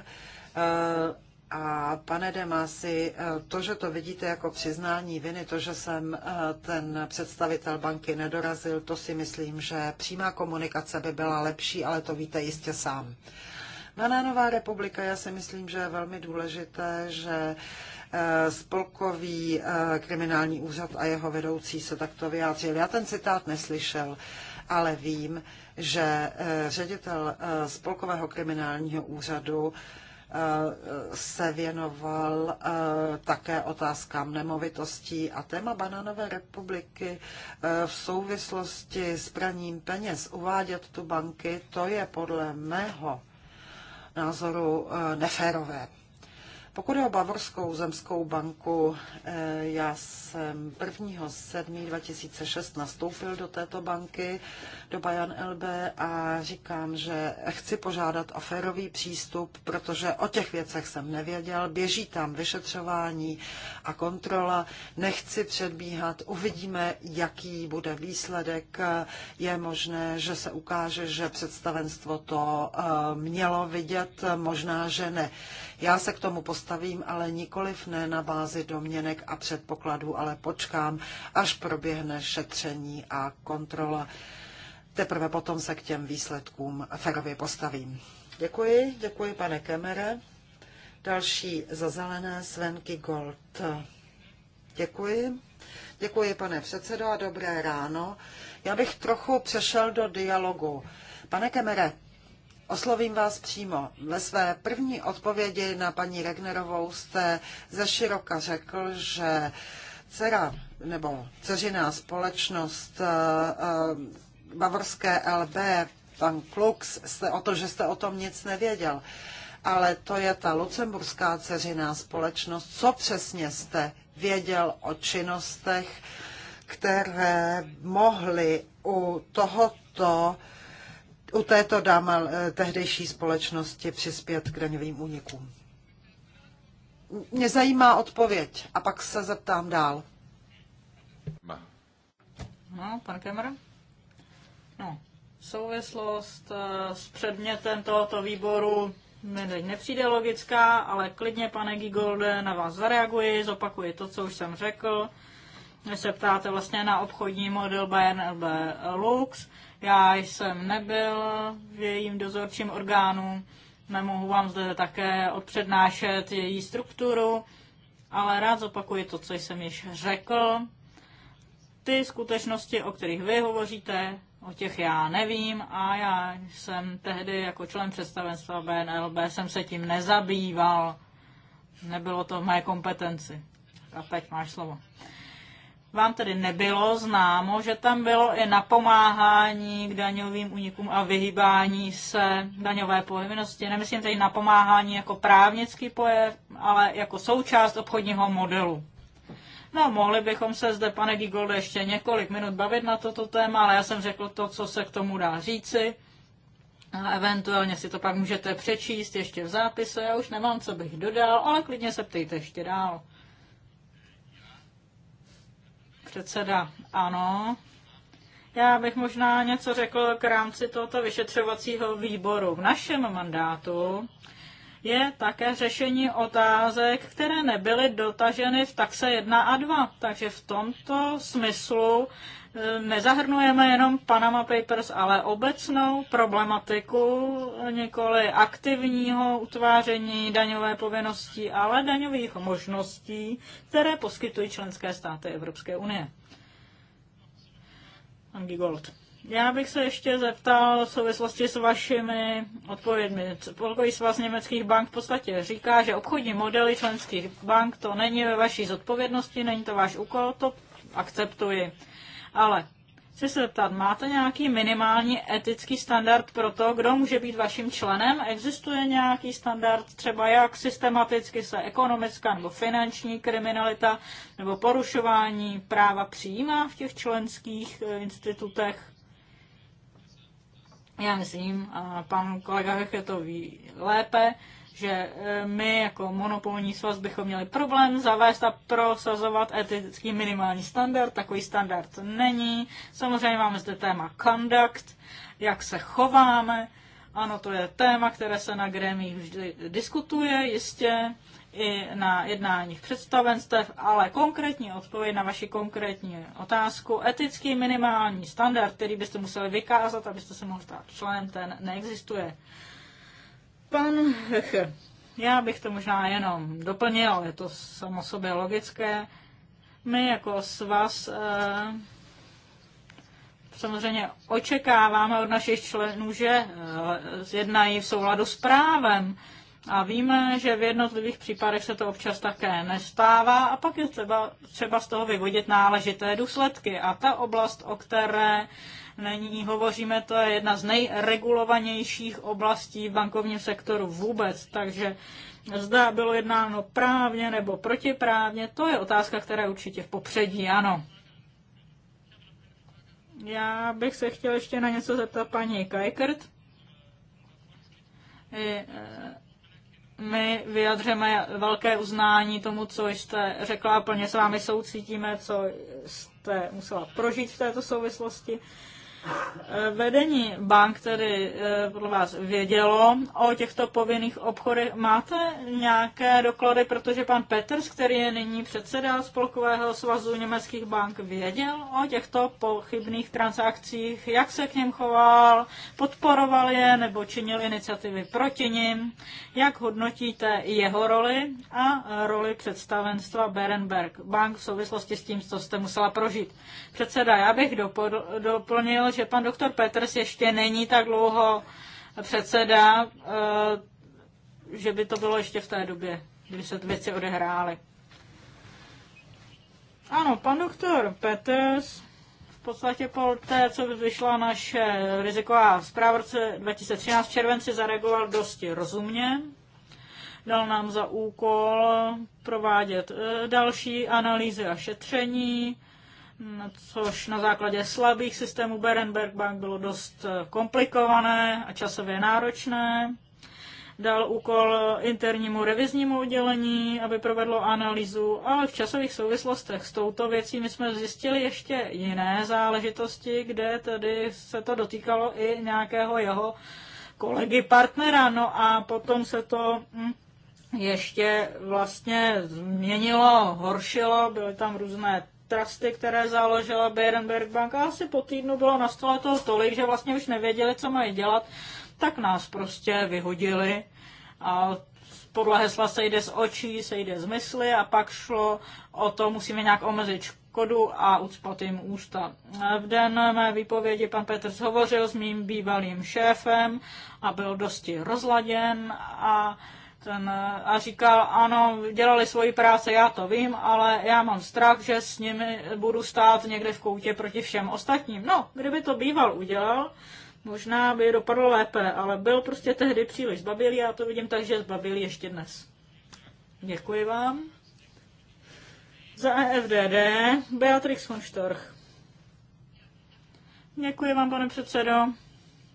A pane Demasi, to, že to vidíte jako přiznání viny, to, že jsem ten představitel banky nedorazil, to si myslím, že přímá komunikace by byla lepší, ale to víte jistě sám. Banánová republika, já si myslím, že je velmi důležité, že eh, spolkový eh, kriminální úřad a jeho vedoucí se takto vyjádřil. Já ten citát neslyšel, ale vím, že eh, ředitel spolkového kriminálního úřadu se věnoval také otázkám nemovitostí a téma banánové republiky v souvislosti s praním peněz uvádět tu banky, to je podle mého názoru eh, neférové. Pokud je o Bavorskou zemskou banku, eh, já jsem 1.7.2006 nastoupil do této banky do Bayern LB a říkám, že chci požádat o férový přístup, protože o těch věcech jsem nevěděl. Běží tam vyšetřování a kontrola. Nechci předbíhat. Uvidíme, jaký bude výsledek. Je možné, že se ukáže, že představenstvo to eh, mělo vidět, možná, že ne. Já se k tomu postavím, ale nikoliv ne na bázi domněnek a předpokladů, ale počkám, až proběhne šetření a kontrola teprve potom se k těm výsledkům ferově postavím. Děkuji, děkuji pane Kemere. Další za zelené Svenky Gold. Děkuji. Děkuji, pane předsedo, a dobré ráno. Já bych trochu přešel do dialogu. Pane Kemere, Oslovím vás přímo. Ve své první odpovědi na paní Regnerovou jste ze široka řekl, že dcera nebo dceřiná společnost eh, bavorské LB, pan Klux, jste o to, že jste o tom nic nevěděl. Ale to je ta lucemburská ceřiná společnost. Co přesně jste věděl o činnostech, které mohly u tohoto u této dáma eh, tehdejší společnosti přispět k daňovým únikům? Mě zajímá odpověď a pak se zeptám dál. No, pan Kemmer? No, souvislost eh, s předmětem tohoto výboru mi teď nepřijde logická, ale klidně, pane Gigolde, na vás zareaguji, zopakuji to, co už jsem řekl. Vy se ptáte vlastně na obchodní model Bayern LB Lux. Já jsem nebyl v jejím dozorčím orgánu, nemohu vám zde také odpřednášet její strukturu, ale rád zopakuji to, co jsem již řekl. Ty skutečnosti, o kterých vy hovoříte, O těch já nevím a já jsem tehdy jako člen představenstva BNLB jsem se tím nezabýval. Nebylo to v mé kompetenci. A teď máš slovo. Vám tedy nebylo známo, že tam bylo i napomáhání k daňovým únikům a vyhýbání se daňové povinnosti. Nemyslím tedy napomáhání jako právnický pojem, ale jako součást obchodního modelu. No, mohli bychom se zde, pane Gigolde, ještě několik minut bavit na toto téma, ale já jsem řekl to, co se k tomu dá říci. A eventuálně si to pak můžete přečíst ještě v zápise. Já už nemám, co bych dodal, ale klidně se ptejte ještě dál. Předseda, ano. Já bych možná něco řekl k rámci tohoto vyšetřovacího výboru. V našem mandátu je také řešení otázek, které nebyly dotaženy v taxe 1 a 2. Takže v tomto smyslu eh, nezahrnujeme jenom Panama Papers, ale obecnou problematiku nikoli aktivního utváření daňové povinnosti, ale daňových možností, které poskytují členské státy Evropské unie. Angie Gold. Já bych se ještě zeptal v souvislosti s vašimi odpovědmi. Polkový svaz německých bank v podstatě říká, že obchodní modely členských bank to není ve vaší zodpovědnosti, není to váš úkol, to akceptuji. Ale chci se zeptat, máte nějaký minimální etický standard pro to, kdo může být vaším členem? Existuje nějaký standard třeba jak systematicky se ekonomická nebo finanční kriminalita nebo porušování práva přijímá v těch členských eh, institutech? Já myslím, a pan kolega je to ví lépe, že e, my jako monopolní svaz bychom měli problém zavést a prosazovat etický minimální standard. Takový standard není. Samozřejmě máme zde téma conduct, jak se chováme. Ano, to je téma, které se na grémích vždy diskutuje, jistě i na jednáních představenstev, ale konkrétní odpověď na vaši konkrétní otázku. Etický minimální standard, který byste museli vykázat, abyste se mohli stát členem, ten neexistuje. Pan Hecher, já bych to možná jenom doplnil, je to samo sobě logické. My jako svaz e- samozřejmě očekáváme od našich členů, že eh, jednají v souladu s právem. A víme, že v jednotlivých případech se to občas také nestává a pak je třeba, třeba z toho vyvodit náležité důsledky. A ta oblast, o které není hovoříme, to je jedna z nejregulovanějších oblastí v bankovním sektoru vůbec. Takže zda bylo jednáno právně nebo protiprávně, to je otázka, která je určitě v popředí, ano. Já bych se chtěl ještě na něco zeptat paní Kajkert. I, my vyjadřeme velké uznání tomu, co jste řekla, plně s vámi soucítíme, co jste musela prožít v této souvislosti. Eh, vedení bank tedy eh, podle vás vědělo o těchto povinných obchodech. Máte nějaké doklady, protože pan Peters, který je nyní předseda Spolkového svazu německých bank, věděl o těchto pochybných transakcích, jak se k něm choval, podporoval je nebo činil iniciativy proti nim, jak hodnotíte jeho roli a roli představenstva Berenberg Bank v souvislosti s tím, co jste musela prožít. Předseda, já bych doplnil, že pan doktor Peters ještě není tak dlouho předseda, eh, že by to bylo ještě v té době, kdy se ty věci odehrály. Ano, pan doktor Peters v podstatě po té, co vyšla naše riziková zpráva v roce 2013 v červenci, zareagoval dosti rozumně. Dal nám za úkol provádět eh, další analýzy a šetření, No, což na základě slabých systémů Berenberg Bank bylo dost eh, komplikované a časově náročné. Dal úkol eh, internímu reviznímu oddělení, aby provedlo analýzu, ale v časových souvislostech s touto věcí my jsme zjistili ještě jiné záležitosti, kde tedy se to dotýkalo i nějakého jeho kolegy partnera. No a potom se to hm, ještě vlastně změnilo, horšilo, byly tam různé trusty, které založila Berenberg banka, asi po týdnu bylo na stole toho tolik, že vlastně už nevěděli, co mají dělat, tak nás prostě vyhodili a podle hesla se jde z očí, se jde z mysli a pak šlo o to, musíme nějak omezit škodu a ucpat jim ústa. V den mé výpovědi pan Petr hovořil s mým bývalým šéfem a byl dosti rozladěn a ten, a říkal, ano, dělali svoji práci, já to vím, ale já mám strach, že s nimi budu stát někde v koutě proti všem ostatním. No, kdyby to býval udělal, možná by dopadlo lépe, ale byl prostě tehdy příliš zbabilý, já to vidím tak, že zbabilý ještě dnes. Děkuji vám. Za EFDD Beatrix von Storch. Děkuji vám, pane předsedo.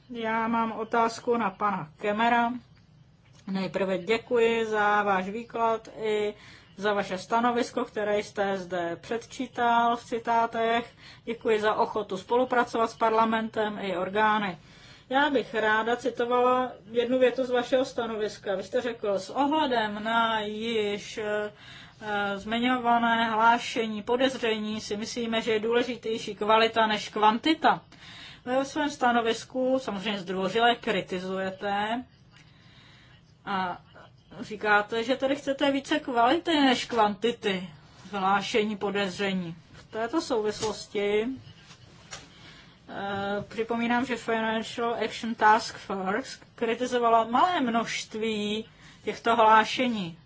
Já mám otázku na pana Kemera. Nejprve děkuji za váš výklad i za vaše stanovisko, které jste zde předčítal v citátech. Děkuji za ochotu spolupracovat s parlamentem i orgány. Já bych ráda citovala jednu větu z vašeho stanoviska. Vy jste řekl, s ohledem na již eh, zmiňované hlášení podezření si myslíme, že je důležitější kvalita než kvantita. Ve svém stanovisku samozřejmě zdvořile kritizujete a říkáte, že tedy chcete více kvality než kvantity hlášení podezření. V této souvislosti eh, připomínám, že Financial Action Task Force kritizovala malé množství těchto hlášení.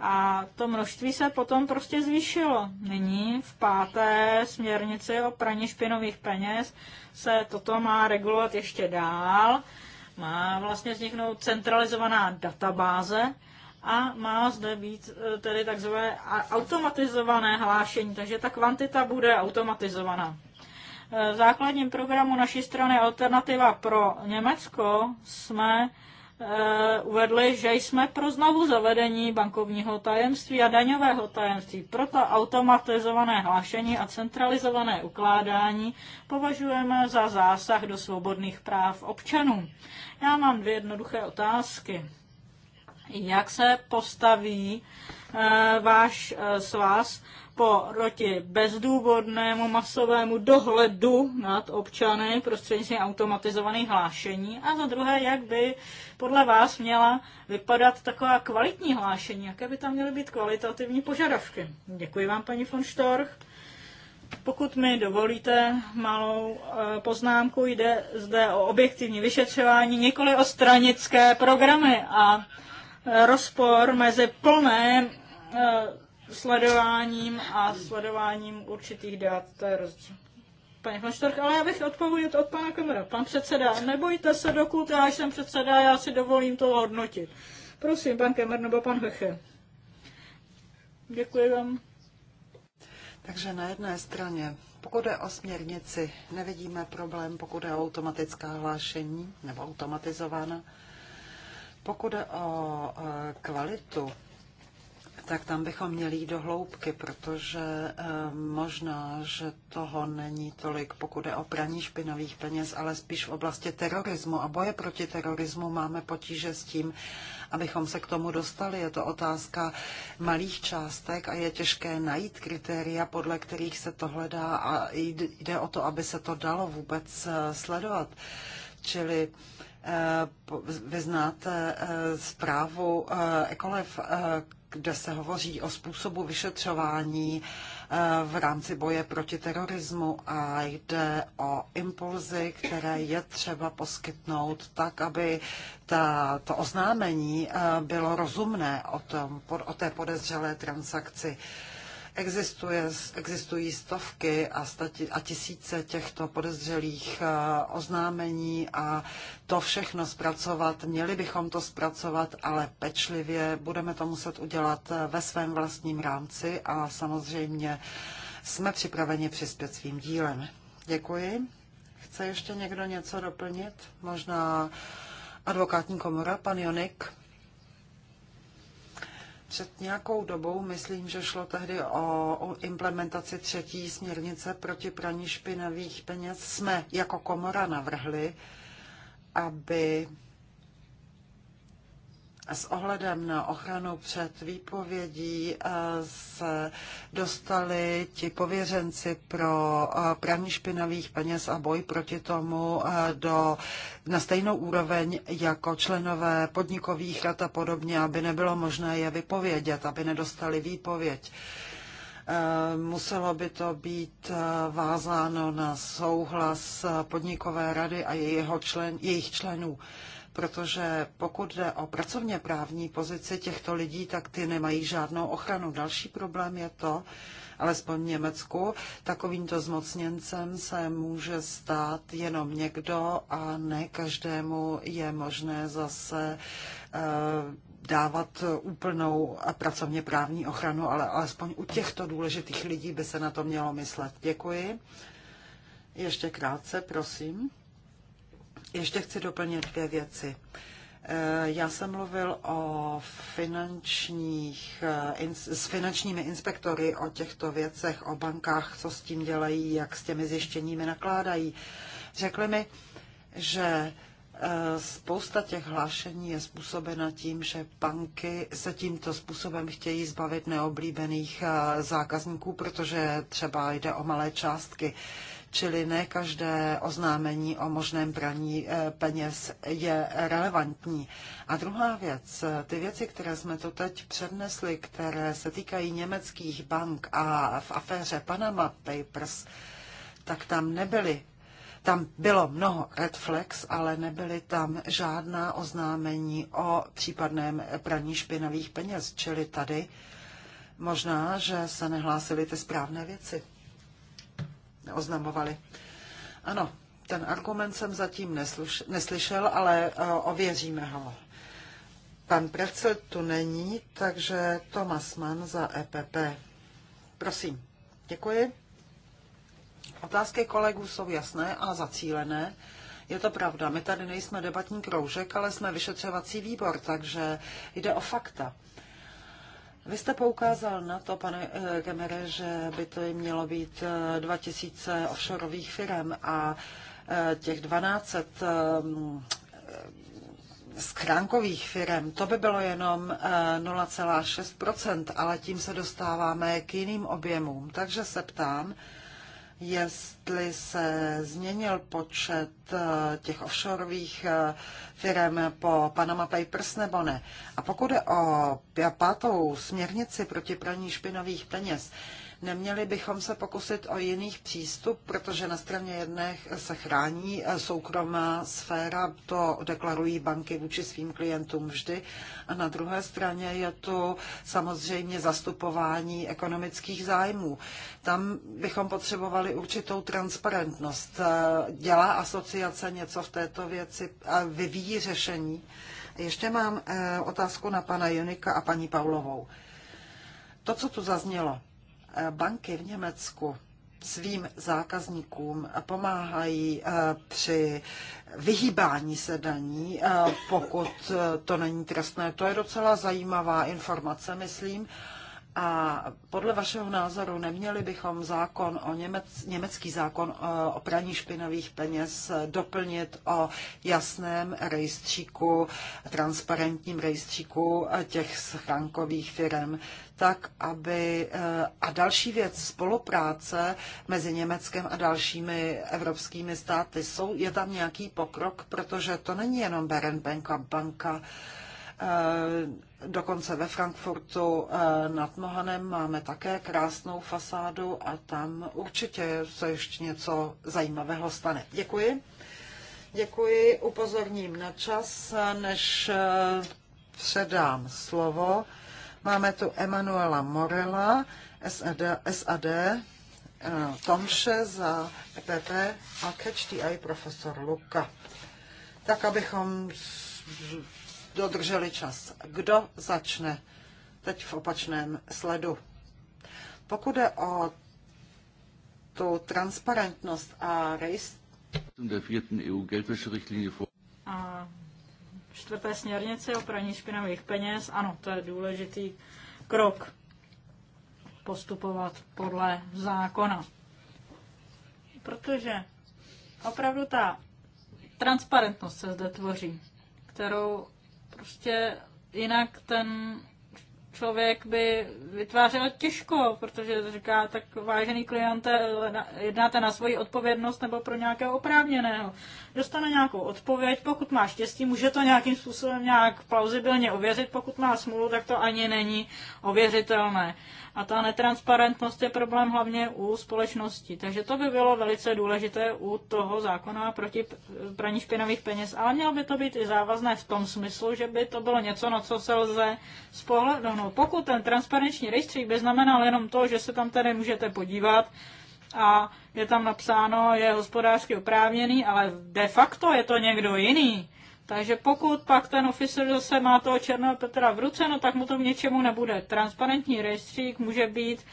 A to množství se potom prostě zvýšilo. Nyní v páté směrnici o praní špinových peněz se toto má regulovat ještě dál má vlastně vzniknout centralizovaná databáze a má zde být e, tedy takzvané automatizované hlášení, takže ta kvantita bude automatizovaná. E, v základním programu naší strany Alternativa pro Německo jsme Eh, uvedli, že jsme pro znovu zavedení bankovního tajemství a daňového tajemství. Proto automatizované hlášení a centralizované ukládání považujeme za zásah do svobodných práv občanů. Já mám dvě jednoduché otázky. Jak se postaví eh, váš eh, svaz proti bezdůvodnému masovému dohledu nad občany prostřednictvím automatizovaných hlášení a za druhé, jak by podle vás měla vypadat taková kvalitní hlášení, jaké by tam měly být kvalitativní požadavky. Děkuji vám, paní von Storch. Pokud mi dovolíte malou eh, poznámku, jde zde o objektivní vyšetřování, nikoli o stranické programy a eh, rozpor mezi plné eh, sledováním a sledováním určitých dat. To je rozdíl. Pane Flaštork, ale já bych odpověděl od pana Kamera. Pan předseda, nebojte se, dokud já jsem předseda, já si dovolím to hodnotit. Prosím, pan Kemer nebo pan Heche. Děkuji vám. Takže na jedné straně, pokud je o směrnici, nevidíme problém, pokud je o automatická hlášení nebo automatizována. Pokud je o e, kvalitu tak tam bychom měli jít do hloubky, protože eh, možná, že toho není tolik, pokud je o praní špinavých peněz, ale spíš v oblasti terorismu a boje proti terorismu máme potíže s tím, abychom se k tomu dostali. Je to otázka malých částek a je těžké najít kritéria, podle kterých se to hledá a jde o to, aby se to dalo vůbec eh, sledovat. Čili eh, vy znáte zprávu ekolev kde se hovoří o způsobu vyšetřování eh, v rámci boje proti terorismu a jde o impulzy, které je třeba poskytnout tak, aby ta, to oznámení eh, bylo rozumné o, tom, o té podezřelé transakci. Existuje, existují stovky a, stati, a tisíce těchto podezřelých eh, oznámení a to všechno zpracovat. Měli bychom to zpracovat, ale pečlivě. Budeme to muset udělat eh, ve svém vlastním rámci a samozřejmě jsme připraveni přispět svým dílem. Děkuji. Chce ještě někdo něco doplnit? Možná advokátní komora, pan Jonik? Před nějakou dobou, myslím, že šlo tehdy o, o implementaci třetí směrnice proti praní špinavých peněz, jsme jako komora navrhli, aby s ohledem na ochranu před výpovědí eh, se dostali ti pověřenci pro eh, praní špinavých peněz a boj proti tomu eh, do, na stejnou úroveň jako členové podnikových rad a podobně, aby nebylo možné je vypovědět, aby nedostali výpověď. Muselo by to být vázáno na souhlas podnikové rady a jejich členů protože pokud jde o pracovně právní pozici těchto lidí, tak ty nemají žádnou ochranu. Další problém je to, alespoň v Německu, takovýmto zmocněncem se může stát jenom někdo a ne každému je možné zase eh, dávat úplnou a pracovně právní ochranu, ale alespoň u těchto důležitých lidí by se na to mělo myslet. Děkuji. Ještě krátce, prosím. Ještě chci doplnit dvě věci. Eh, já jsem mluvil o finančních, eh, s finančními inspektory o těchto věcech, o bankách, co s tím dělají, jak s těmi zjištěními nakládají. Řekli mi, že eh, spousta těch hlášení je způsobena tím, že banky se tímto způsobem chtějí zbavit neoblíbených zákazníků, protože třeba jde o malé částky čili ne každé oznámení o možném praní eh, peněz je relevantní. A druhá věc, eh, ty věci, které jsme to teď přednesli, které se týkají německých bank a v aféře Panama Papers, tak tam nebyly tam bylo mnoho red flags, ale nebyly tam žádná oznámení o případném praní špinavých peněz, čili tady možná, že se nehlásily ty správné věci oznamovali. Ano, ten argument jsem zatím nesluš, neslyšel, ale eh, ověříme ho. Pan Precel tu není, takže Tomas Mann za EPP. Prosím, děkuji. Otázky kolegů jsou jasné a zacílené. Je to pravda, my tady nejsme debatní kroužek, ale jsme vyšetřovací výbor, takže jde o fakta. Vy jste poukázal na to, pane eh, Gemere, že by to mělo být 2000 eh, offshoreových firm a eh, těch 1200 mm, skránkových firm, to by bylo jenom 0,6%, ale tím se dostáváme k jiným objemům. Takže se ptám, jestli se změnil počet eh, těch offshoreových eh, firm po Panama Papers nebo ne. A pokud je o pátou směrnici proti praní špinavých peněz, Neměli bychom se pokusit o jiných přístup, protože na straně jedné se chrání eh, soukromá sféra, to deklarují banky vůči svým klientům vždy, a na druhé straně je to samozřejmě zastupování ekonomických zájmů. Tam bychom potřebovali určitou transparentnost. Eh, dělá asociace něco v této věci a vyvíjí řešení? Ještě mám eh, otázku na pana Junika a paní Paulovou. To, co tu zaznělo, banky v Německu svým zákazníkům pomáhají eh, při vyhýbání se daní, eh, pokud eh, to není trestné. To je docela zajímavá informace, myslím. A podle vašeho názoru neměli bychom zákon o Němec, německý zákon e, o praní špinavých peněz doplnit o jasném rejstříku, transparentním rejstříku e, těch schránkových firm, tak aby e, a další věc spolupráce mezi Německem a dalšími evropskými státy jsou, je tam nějaký pokrok, protože to není jenom Berenbank banka, banka Eh, dokonce ve Frankfurtu eh, nad Mohanem máme také krásnou fasádu a tam určitě se ještě něco zajímavého stane. Děkuji. Děkuji, upozorním na čas, než eh, předám slovo. Máme tu Emanuela Morela, SAD, SAD Tomše za EPP a Catch profesor Luka. Tak, abychom dodrželi čas. Kdo začne? Teď v opačném sledu. Pokud je o tu transparentnost a rejstřík, a čtvrté směrnici o praní špinavých peněz, ano, to je důležitý krok postupovat podle zákona. Protože opravdu ta transparentnost se zde tvoří, kterou Prostě jinak ten člověk by vytvářel těžko, protože říká, tak vážený kliente, jednáte na svoji odpovědnost nebo pro nějakého oprávněného. Dostane nějakou odpověď, pokud má štěstí, může to nějakým způsobem nějak plauzibilně ověřit, pokud má smůlu, tak to ani není ověřitelné. A ta netransparentnost je problém hlavně u společnosti, Takže to by bylo velice důležité u toho zákona proti praní špinavých peněz. Ale mělo by to být i závazné v tom smyslu, že by to bylo něco, na co se lze spohlednout. No, pokud ten transparenční rejstřík by znamenal jenom to, že se tam tady můžete podívat, a je tam napsáno, je hospodářsky oprávněný, ale de facto je to někdo jiný. Takže pokud pak ten oficer zase má toho černého Petra v ruce, no tak mu to v něčemu nebude. Transparentní rejstřík může být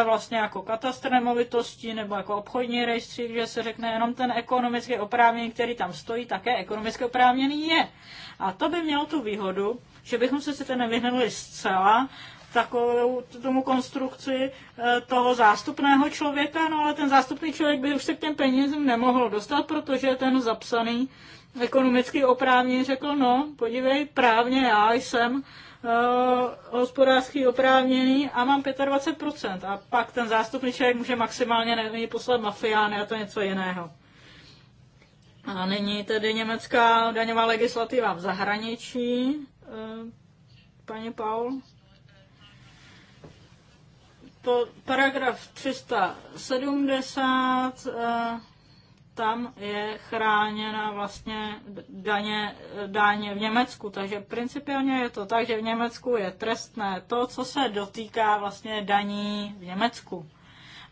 e, vlastně jako katastr nemovitostí nebo jako obchodní rejstřík, že se řekne jenom ten ekonomicky oprávněný, který tam stojí, také ekonomicky oprávněný je. A to by mělo tu výhodu, že bychom se sice nevyhnuli zcela, takovou tomu konstrukci eh, toho zástupného člověka, no ale ten zástupný člověk by už se k těm penězům nemohl dostat, protože ten zapsaný ekonomicky oprávněn řekl, no, podívej, právně já jsem uh, eh, hospodářský oprávněný a mám 25%. A pak ten zástupný člověk může maximálně nevím, poslat mafiány a to něco jiného. A nyní tedy německá daňová legislativa v zahraničí, uh, paní Paul paragraf 370 tam je chráněna vlastně daně, daně v Německu. Takže principiálně je to tak, že v Německu je trestné to, co se dotýká vlastně daní v Německu.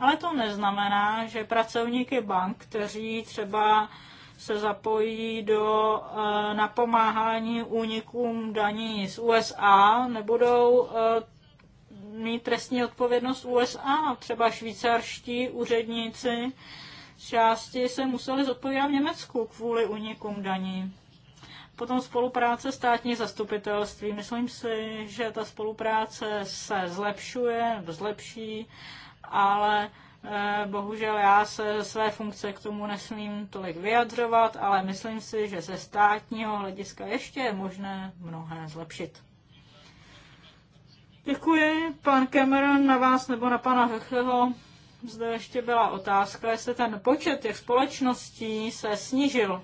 Ale to neznamená, že pracovníky bank, kteří třeba se zapojí do e, eh, napomáhání únikům daní z USA, nebudou e, mít trestní odpovědnost USA, třeba švýcarští úředníci, části se museli zodpovídat v Německu kvůli unikům daní. Potom spolupráce státní zastupitelství. Myslím si, že ta spolupráce se zlepšuje, zlepší, ale eh, bohužel já se své funkce k tomu nesmím tolik vyjadřovat, ale myslím si, že ze státního hlediska ještě je možné mnohé zlepšit. Děkuji, pan Cameron, na vás nebo na pana Höchleho zde ještě byla otázka, jestli ten počet těch společností se snížil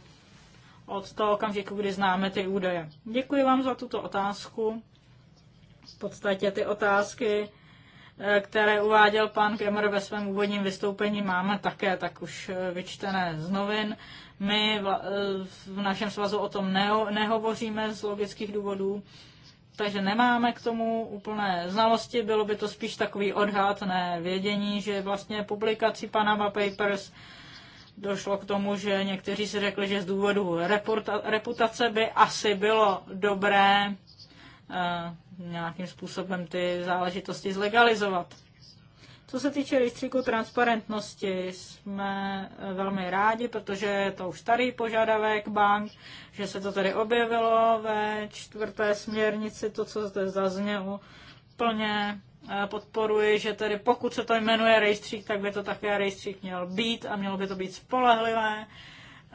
od toho okamžiku, kdy známe ty údaje. Děkuji vám za tuto otázku. V podstatě ty otázky, eh, které uváděl pan Kremer ve svém úvodním vystoupení, máme také tak už eh, vyčtené z novin. My eh, v našem svazu o tom nehovoříme z logických důvodů, takže nemáme k tomu úplné znalosti, bylo by to spíš takový odhad, ne vědění, že vlastně publikací Panama Papers došlo k tomu, že někteří si řekli, že z důvodu reputace by asi bylo dobré eh, nějakým způsobem ty záležitosti zlegalizovat. Co se týče rejstříku transparentnosti, jsme velmi rádi, protože je to už starý požadavek bank, že se to tady objevilo ve čtvrté směrnici, to, co zde zaznělo, plně eh, podporuji, že tedy pokud se to jmenuje rejstřík, tak by to také rejstřík měl být a mělo by to být spolehlivé.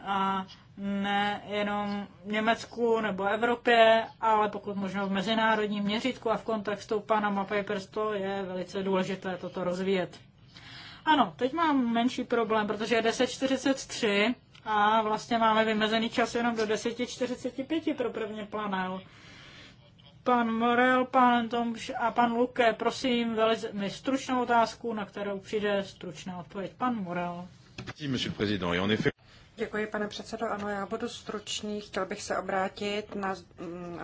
A nejenom v Německu nebo Evropě, ale pokud možno v mezinárodním měřítku a v kontextu Panama Papers to je velice důležité toto rozvíjet. Ano, teď mám menší problém, protože je 10.43 a vlastně máme vymezený čas jenom do 10.45 pro první panel. Pan Morel, pan Tomš a pan Luke, prosím, velice mi stručnou otázku, na kterou přijde stručná odpověď. Pan Morel. Merci, monsieur le président. Et en effet... Děkuji, pane předsedo. Ano, já budu stručný. Chtěl bych se obrátit na mm,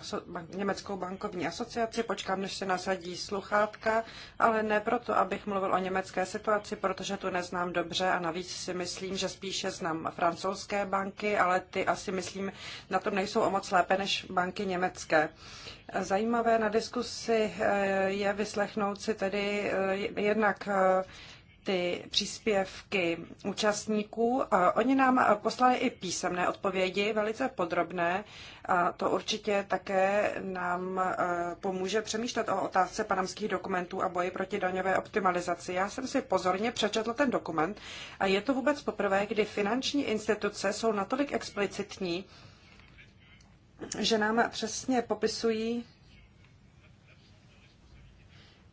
Německou bankovní asociaci. Počkám, než se nasadí sluchátka, ale ne proto, abych mluvil o německé situaci, protože tu neznám dobře a navíc si myslím, že spíše znám francouzské banky, ale ty asi myslím, na tom nejsou o moc lépe než banky německé. Zajímavé na diskusi eh, je vyslechnout si tedy eh, jednak eh, ty příspěvky účastníků. Oni nám poslali i písemné odpovědi, velice podrobné, a to určitě také nám e, pomůže přemýšlet o otázce panamských dokumentů a boji proti daňové optimalizaci. Já jsem si pozorně přečetl ten dokument a je to vůbec poprvé, kdy finanční instituce jsou natolik explicitní, že nám přesně popisují,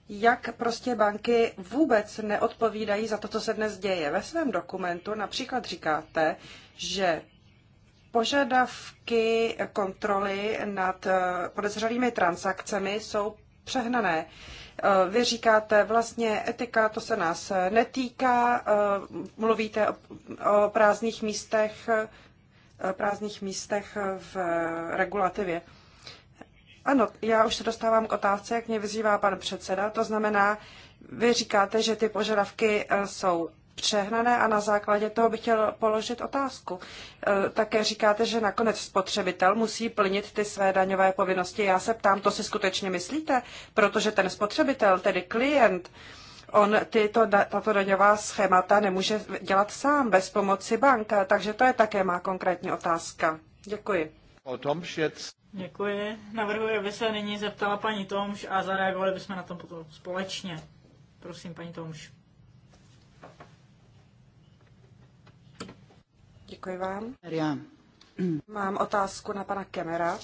jak prostě banky vůbec neodpovídají za to, co se dnes děje. Ve svém dokumentu například říkáte, že požadavky kontroly nad eh, podezřelými transakcemi jsou přehnané. Eh, vy říkáte vlastně etika, to se nás netýká, eh, mluvíte o prázdných místech, prázdných místech v regulativě. Ano, já už se dostávám k otázce, jak mě vyzývá pan předseda. To znamená, vy říkáte, že ty požadavky eh, jsou přehnané a na základě toho bych chtěl položit otázku. Eh, také říkáte, že nakonec spotřebitel musí plnit ty své daňové povinnosti. Já se ptám, to si skutečně myslíte? Protože ten spotřebitel, tedy klient, on tyto, tato daňová schémata nemůže dělat sám bez pomoci banka. Takže to je také má konkrétní otázka. Děkuji. O tom šec. Děkuji. Navrhuji, aby se nyní zeptala paní Tomš a zareagovali bychom na tom potom společně. Prosím, paní Tomš. Děkuji vám. Já. Mám otázku na pana Kemera.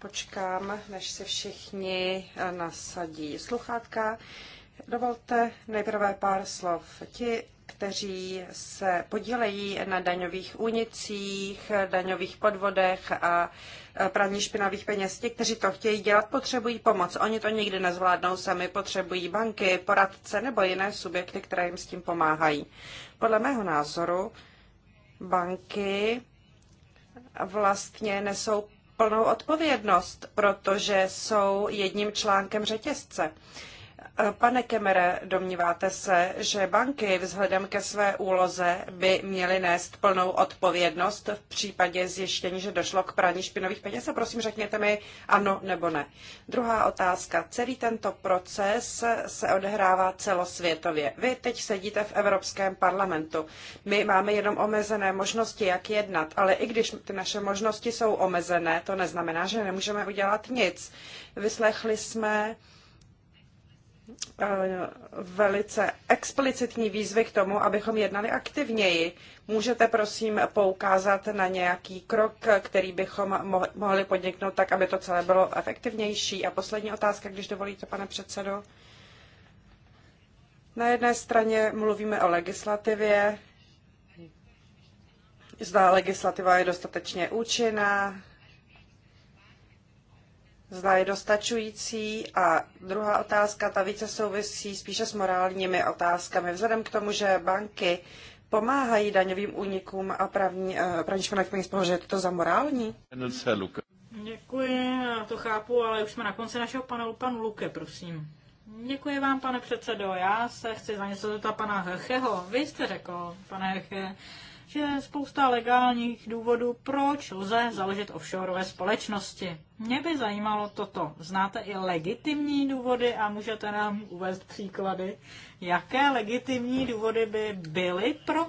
Počkám, než se všichni eh, nasadí sluchátka. Dovolte nejprve pár slov. Ti kteří se podílejí na daňových únicích, daňových podvodech a praní špinavých peněz. Ti, kteří to chtějí dělat, potřebují pomoc. Oni to nikdy nezvládnou sami, potřebují banky, poradce nebo jiné subjekty, které jim s tím pomáhají. Podle mého názoru banky vlastně nesou plnou odpovědnost, protože jsou jedním článkem řetězce. Uh, Pane Kemere, domníváte se, že banky vzhledem ke své úloze by měly nést plnou odpovědnost v případě zjištění, že došlo k praní špinavých peněz? A prosím, řekněte mi ano nebo ne. Druhá otázka. Celý tento proces se odehrává celosvětově. Vy teď sedíte v Evropském parlamentu. My máme jenom omezené možnosti, jak jednat, ale i když ty naše možnosti jsou omezené, to neznamená, že nemůžeme udělat nic. Vyslechli jsme Eh, velice explicitní výzvy k tomu, abychom jednali aktivněji. Můžete prosím poukázat na nějaký krok, který bychom mohli podniknout tak, aby to celé bylo efektivnější? A poslední otázka, když dovolíte, pane předsedo. Na jedné straně mluvíme o legislativě, zda legislativa je dostatečně účinná, zda je dostačující. A druhá otázka, ta více souvisí spíše s morálními otázkami. Vzhledem k tomu, že banky pomáhají daňovým únikům a pravní, eh, pravní špinavých peněz, je to za morální? Děkuji, já to chápu, ale už jsme na konci našeho panelu. Pan Luke, prosím. Děkuji vám, pane předsedo. Já se chci za něco zeptat pana Hecheho. Vy jste řekl, pane Heche, je spousta legálních důvodů, proč lze založit offshoreové společnosti. Mě by zajímalo toto. Znáte i legitimní důvody a můžete nám uvést příklady, jaké legitimní důvody by byly pro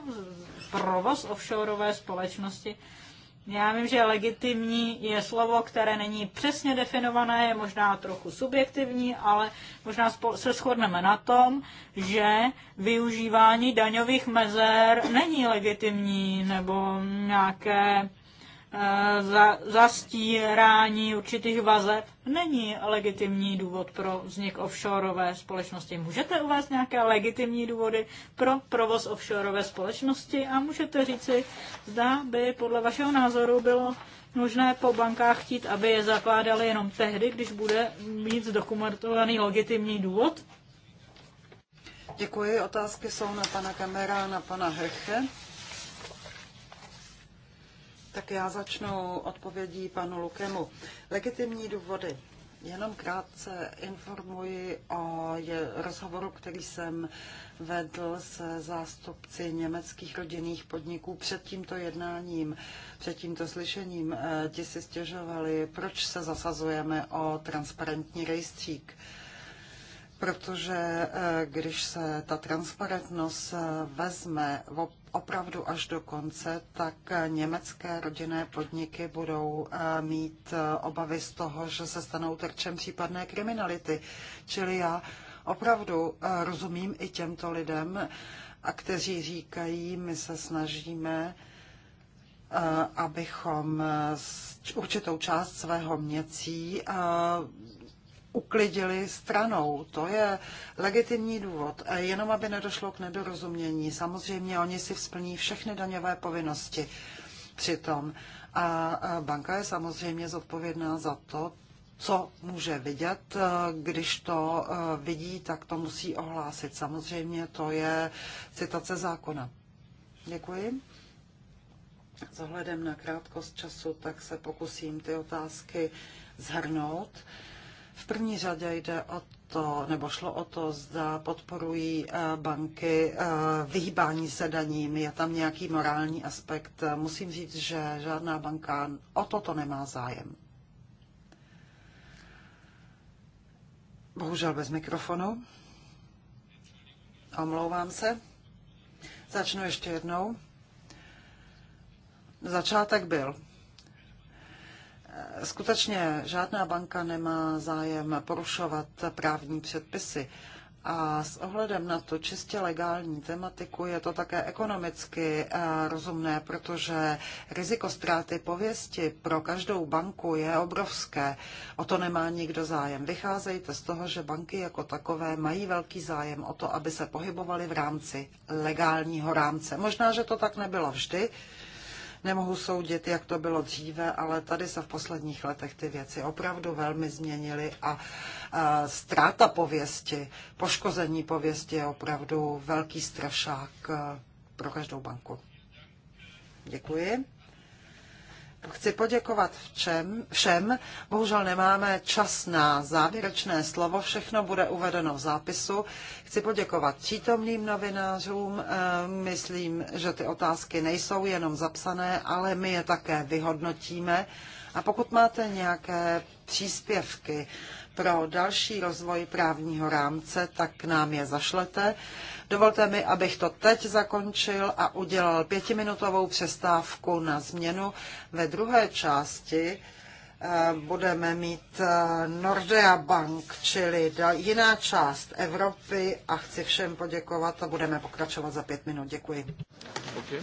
provoz offshoreové společnosti já vím, že legitimní je slovo, které není přesně definované, je možná trochu subjektivní, ale možná se shodneme na tom, že využívání daňových mezer není legitimní nebo nějaké Eh, za, zastírání určitých vazeb není legitimní důvod pro vznik offshoreové společnosti. Můžete uvést nějaké legitimní důvody pro provoz offshoreové společnosti a můžete říci, zda by podle vašeho názoru bylo možné po bankách chtít, aby je zakládali jenom tehdy, když bude mít zdokumentovaný legitimní důvod? Děkuji. Otázky jsou na pana Kamera a na pana Heche. Tak já začnu odpovědí panu Lukemu. Legitimní důvody. Jenom krátce informuji o rozhovoru, který jsem vedl se zástupci německých rodinných podniků před tímto jednáním, před tímto slyšením. Eh, ti si stěžovali, proč se zasazujeme o transparentní rejstřík. Protože eh, když se ta transparentnost eh, vezme opravdu až do konce, tak německé rodinné podniky budou eh, mít eh, obavy z toho, že se stanou terčem případné kriminality. Čili já opravdu eh, rozumím i těmto lidem, a kteří říkají, my se snažíme, abychom určitou část svého měcí uklidili stranou. To je legitimní důvod. E, jenom aby nedošlo k nedorozumění. Samozřejmě oni si splní všechny daňové povinnosti přitom. A e, banka je samozřejmě zodpovědná za to, co může vidět. E, když to vidí, tak to musí ohlásit. Samozřejmě to je citace zákona. Děkuji. Zohledem na krátkost času, tak se pokusím ty otázky zhrnout. V první řadě jde o to, nebo šlo o to, zda podporují eh, banky eh, vyhýbání se daním. Je tam nějaký morální aspekt. Musím říct, že žádná banka o toto nemá zájem. Bohužel bez mikrofonu. Omlouvám se. Začnu ještě jednou. Začátek byl skutečně žádná banka nemá zájem porušovat právní předpisy. A s ohledem na to čistě legální tematiku je to také ekonomicky eh, rozumné, protože riziko ztráty pověsti pro každou banku je obrovské. O to nemá nikdo zájem. Vycházejte z toho, že banky jako takové mají velký zájem o to, aby se pohybovaly v rámci legálního rámce. Možná, že to tak nebylo vždy, Nemohu soudit, jak to bylo dříve, ale tady se v posledních letech ty věci opravdu velmi změnily a, ztráta pověsti, poškození pověsti je opravdu velký strašák eh, pro každou banku. Děkuji. Chci poděkovat všem, všem. Bohužel nemáme čas na závěrečné slovo, všechno bude uvedeno v zápisu. Chci poděkovat přítomným novinářům. Eh, myslím, že ty otázky nejsou jenom zapsané, ale my je také vyhodnotíme. A pokud máte nějaké příspěvky, pro další rozvoj právního rámce, tak nám je zašlete. Dovolte mi, abych to teď zakončil a udělal pětiminutovou přestávku na změnu. Ve druhé části eh, budeme mít eh, Nordea Bank, čili jiná část Evropy a chci všem poděkovat a budeme pokračovat za pět minut. Děkuji. Okay.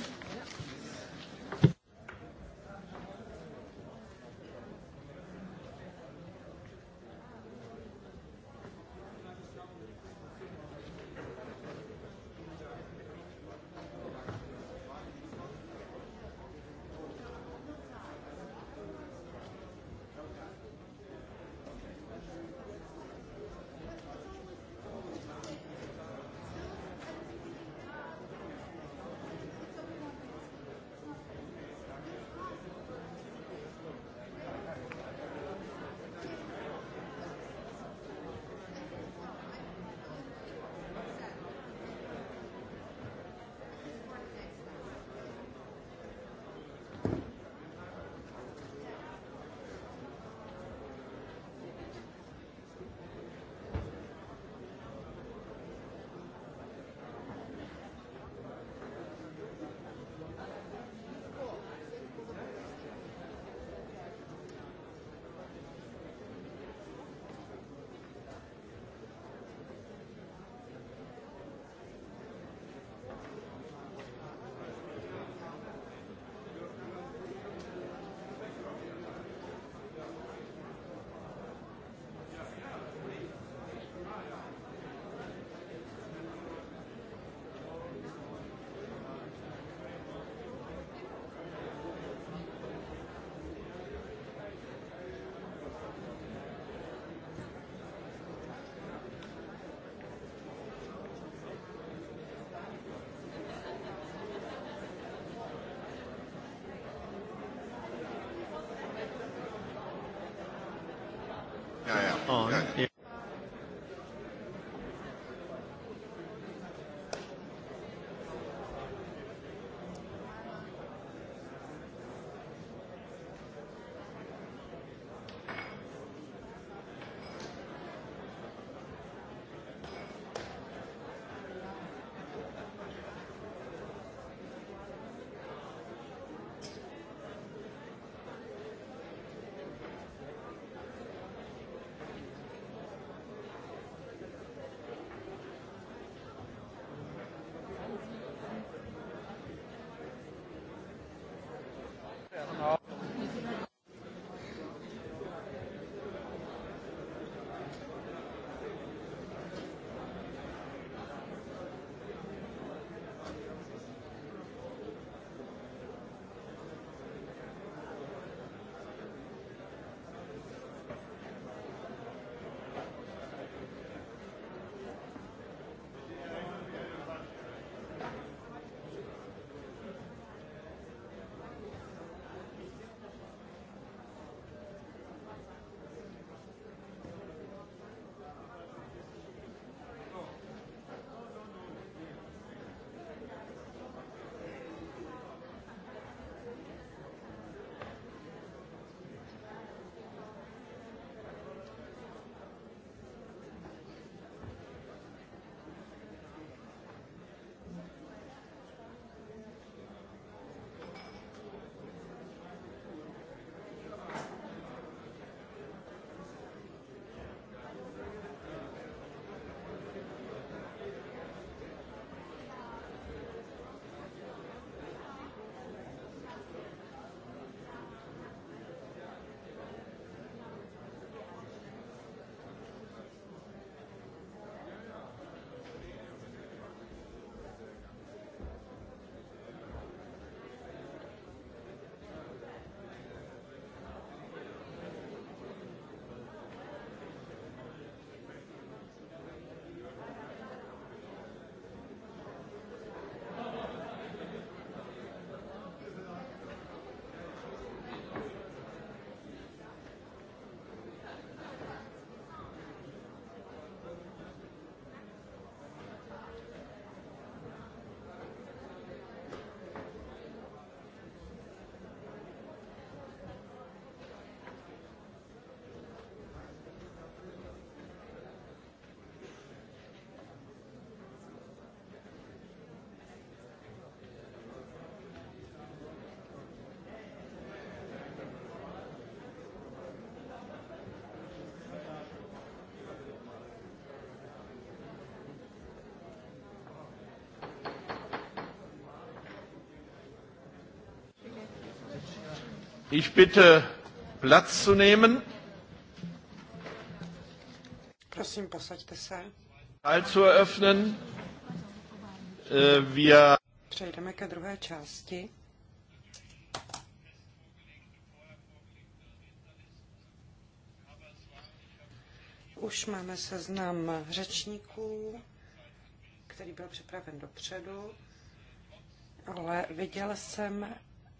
on Ich bitte, Platz zu nehmen. Prosím, posaďte se. Teil zu eröffnen. Äh, Wir Přejdeme ke druhé části. Už máme seznam řečníků, který byl připraven dopředu, ale viděl jsem,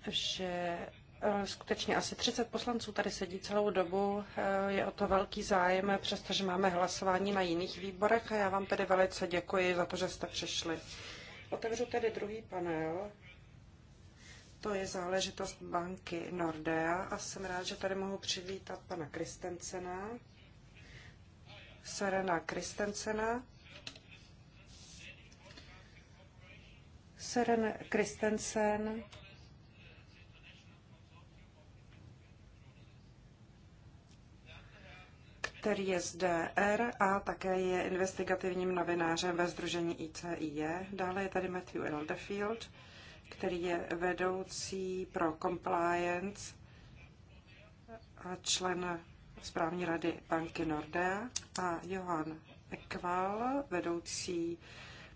že Eh, skutečně asi 30 poslanců tady sedí celou dobu, eh, je o to velký zájem, přestože máme hlasování na jiných výborech a já vám tedy velice děkuji za to, že jste přišli. Otevřu tedy druhý panel. To je záležitost banky Nordea a jsem rád, že tady mohu přivítat pana Kristensena, Serena Kristensena. Serena Kristensen který je z DR a také je investigativním novinářem ve združení ICIE. Dále je tady Matthew Elderfield, který je vedoucí pro compliance a člen správní rady banky Nordea a Johan Ekval, vedoucí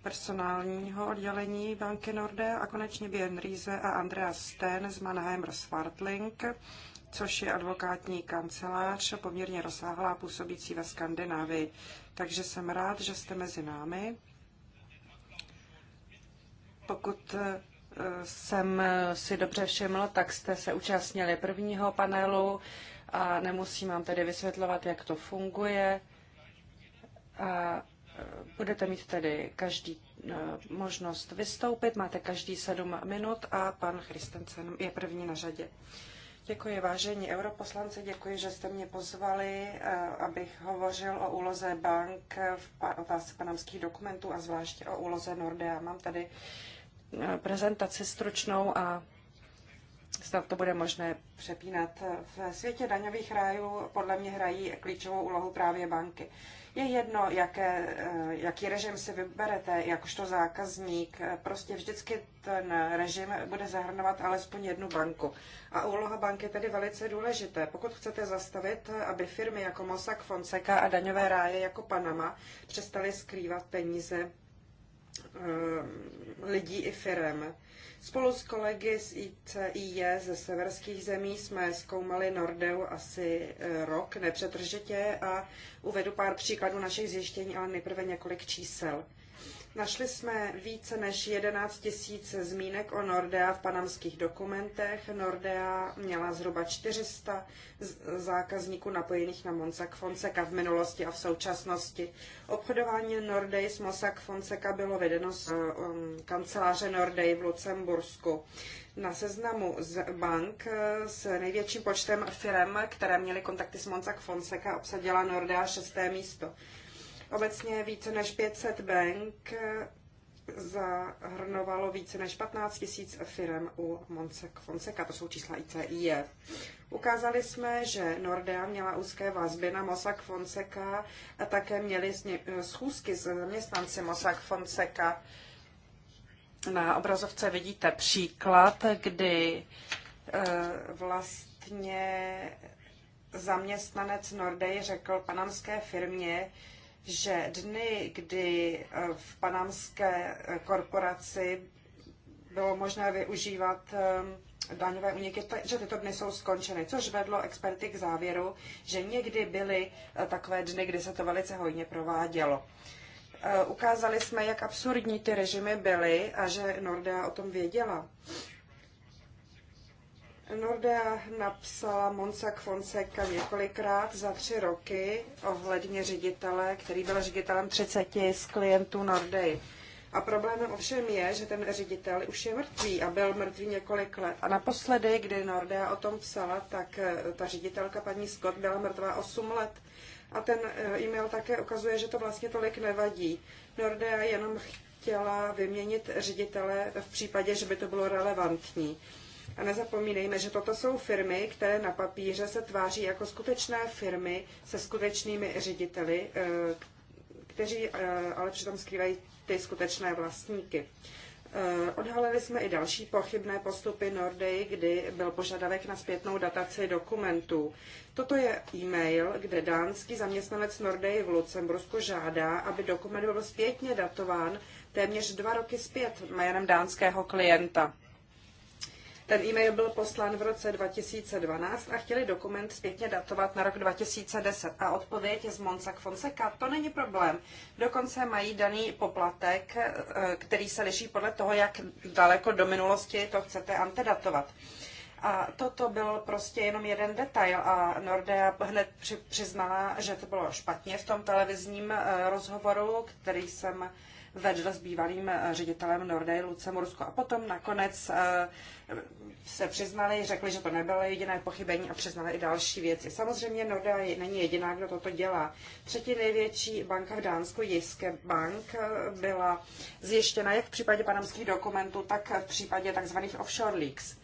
personálního oddělení banky Nordea a konečně Björn Riese a Andreas Sten z Mannheimer Swartling, což je advokátní kancelář, poměrně rozsáhlá, působící ve Skandinávii. Takže jsem rád, že jste mezi námi. Pokud eh, jsem si dobře všiml, tak jste se účastnili prvního panelu a nemusím vám tedy vysvětlovat, jak to funguje. A eh, budete mít tedy každý eh, možnost vystoupit, máte každý sedm minut a pan Christensen je první na řadě. Děkuji vážení europoslanci, děkuji, že jste mě pozvali, eh, abych hovořil o úloze bank v otázce panamských dokumentů a zvláště o úloze Nordea. Mám tady eh, prezentaci stručnou a snad to bude možné přepínat. V světě daňových rájů podle mě hrají klíčovou úlohu právě banky. Je jedno, jaké, eh, jaký režim si vyberete jakožto zákazník, prostě vždycky ten režim bude zahrnovat alespoň jednu banku. A úloha banky je tedy velice důležité. Pokud chcete zastavit, aby firmy jako Mossack Fonseca a daňové ráje jako Panama přestaly skrývat peníze eh, lidí i firem, Spolu s kolegy z ICIE ze severských zemí jsme zkoumali Nordeu asi e, rok nepřetržitě a uvedu pár příkladů našich zjištění, ale nejprve několik čísel. Našli jsme více než 11 tisíc zmínek o Nordea v panamských dokumentech. Nordea měla zhruba 400 zákazníků napojených na Mossack Fonseca v minulosti a v současnosti. Obchodování Nordej s Mossack Fonseca bylo vedeno z um, kanceláře Nordej v Lucembursku. Na seznamu z bank eh, s největším počtem firm, které měly kontakty s Mossack Fonseca, obsadila Nordea šesté místo. Obecně více než 500 bank eh, zahrnovalo více než 15 000 firm u Fonseca, to jsou čísla ICIF. Ukázali jsme, že Nordea měla úzké vazby na Mossack Fonseca a také měli eh, schůzky s zaměstnanci Mossack Fonseca. Na obrazovce vidíte příklad, kdy eh, vlastně zaměstnanec Nordej řekl panamské firmě, že dny, kdy eh, v panamské eh, korporaci bylo možné využívat eh, daňové úniky, že tyto dny jsou skončeny, což vedlo experty k závěru, že někdy byly takové dny, kdy se to velice hojně provádělo. Ukázali jsme, jak absurdní ty režimy byly a že Nordea o tom věděla. Nordea napsala Monsak Fonseca několikrát za tři roky ohledně ředitele, který byl ředitelem 30 z klientů Nordei. A problémem ovšem je, že ten ředitel už je mrtvý a byl mrtvý několik let. A naposledy, kdy Nordea o tom psala, tak eh, ta ředitelka paní Scott byla mrtvá 8 let. A ten eh, e-mail také ukazuje, že to vlastně tolik nevadí. Nordea jenom chtěla vyměnit ředitele v případě, že by to bylo relevantní. A nezapomínejme, že toto jsou firmy, které na papíře se tváří jako skutečné firmy se skutečnými řediteli, eh, kteří eh, ale přitom skrývají ty skutečné vlastníky. Eh, odhalili jsme i další pochybné postupy Nordei, kdy byl požadavek na zpětnou dataci dokumentů. Toto je e-mail, kde dánský zaměstnanec Nordei v Lucembursku žádá, aby dokument byl zpětně datován téměř dva roky zpět jménem dánského klienta. Ten e-mail byl poslán v roce 2012 a chtěli dokument zpětně datovat na rok 2010. A odpověď je z Monsak Fonseca, to není problém. Dokonce mají daný poplatek, e, který se liší podle toho, jak daleko do minulosti to chcete antedatovat. A toto byl prostě jenom jeden detail a Nordea hned přiznala, že to bylo špatně v tom televizním e, rozhovoru, který jsem vedl s bývalým eh, ředitelem Nordej Rusko A potom nakonec eh, se přiznali, řekli, že to nebylo jediné pochybení a přiznali i další věci. Samozřejmě Norda není jediná, kdo toto dělá. Třetí největší banka v Dánsku, Jiske Bank, eh, byla zjištěna jak v případě panamských dokumentů, tak v případě tzv. offshore leaks.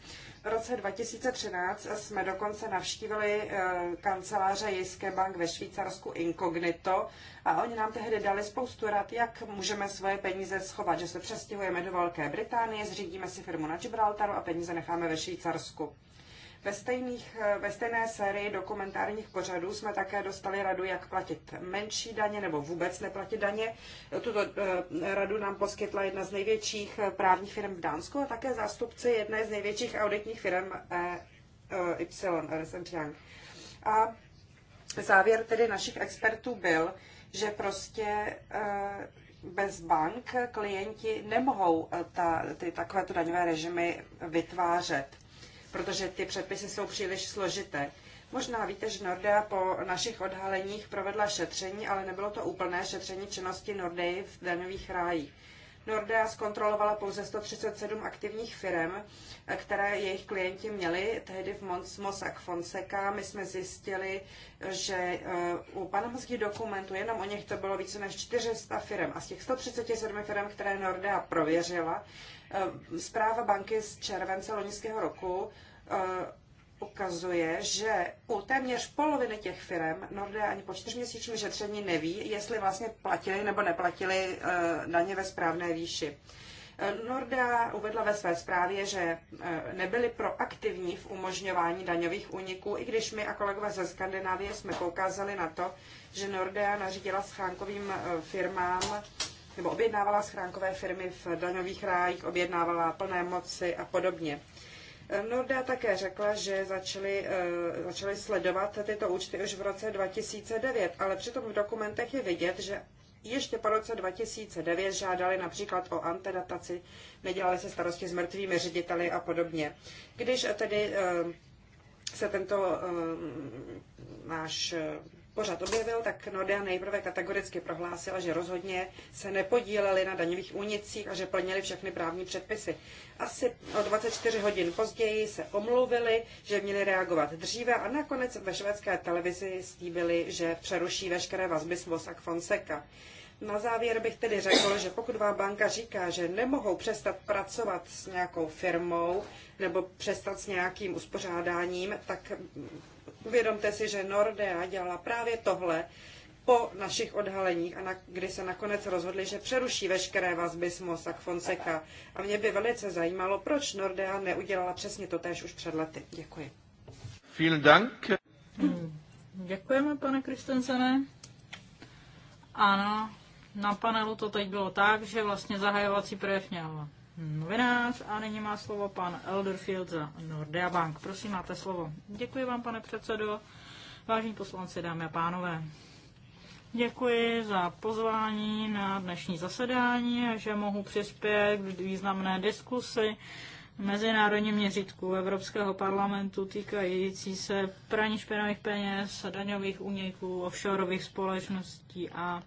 V roce 2013 jsme dokonce navštívili eh, kanceláře Jiské bank ve Švýcarsku incognito, a oni nám tehdy dali spoustu rad, jak můžeme svoje peníze schovat, že se přestěhujeme do Velké Británie, zřídíme si firmu na Gibraltaru a peníze necháme ve Švýcarsku. Ve, stejných, ve stejné sérii dokumentárních pořadů jsme také dostali radu, jak platit menší daně nebo vůbec neplatit daně. Tuto eh, radu nám poskytla jedna z největších eh, právních firm v Dánsku a také zástupci jedné z největších auditních firm eh, Y, A závěr tedy našich expertů byl, že prostě bez bank klienti nemohou ta, ty takovéto daňové režimy vytvářet protože ty předpisy jsou příliš složité. Možná víte, že Nordea po našich odhaleních provedla šetření, ale nebylo to úplné šetření činnosti Nordei v daňových rájích. Nordea zkontrolovala pouze 137 aktivních firm, které jejich klienti měli. Tehdy v Mossack Fonseca my jsme zjistili, že eh, u panamských dokumentů jenom o nich to bylo více než 400 firm. A z těch 137 firm, které Nordea prověřila, eh, zpráva banky z července loňského roku eh, ukazuje, že u téměř poloviny těch firm Nordé ani po čtyřměsíčním šetření neví, jestli vlastně platili nebo neplatili eh, daně ve správné výši. Eh, Norda uvedla ve své zprávě, že eh, nebyli proaktivní v umožňování daňových úniků, i když my a kolegové ze Skandinávie jsme poukázali na to, že Nordea nařídila schránkovým firmám nebo objednávala schránkové firmy v daňových rájích, objednávala plné moci a podobně. Norda také řekla, že začali, eh, začali sledovat tyto účty už v roce 2009, ale přitom v dokumentech je vidět, že ještě po roce 2009 žádali například o antedataci, nedělali se starosti s mrtvými řediteli a podobně. Když tedy eh, se tento eh, náš pořad objevil, tak Nordea nejprve kategoricky prohlásila, že rozhodně se nepodíleli na daňových únicích a že plnili všechny právní předpisy. Asi o 24 hodin později se omluvili, že měli reagovat dříve a nakonec ve švédské televizi stíbili, že přeruší veškeré vazby s Mossack Fonseca. Na závěr bych tedy řekl, že pokud vám banka říká, že nemohou přestat pracovat s nějakou firmou nebo přestat s nějakým uspořádáním, tak Uvědomte si, že Nordea dělala právě tohle po našich odhaleních a na, kdy se nakonec rozhodli, že přeruší veškeré vazby s Mossack Fonseca. A mě by velice zajímalo, proč Nordea neudělala přesně to též už před lety. Děkuji. Vielen Dank. Hmm. Děkujeme, pane Kristensene. Ano, na panelu to teď bylo tak, že vlastně zahajovací projev měl novinář a nyní má slovo pan Elderfield za Nordea Bank. Prosím, máte slovo. Děkuji vám, pane předsedo. Vážení poslanci, dámy a pánové. Děkuji za pozvání na dnešní zasedání že mohu přispět k významné diskusi v mezinárodním měřítku Evropského parlamentu týkající se praní špinavých peněz, daňových úniků, offshoreových společností a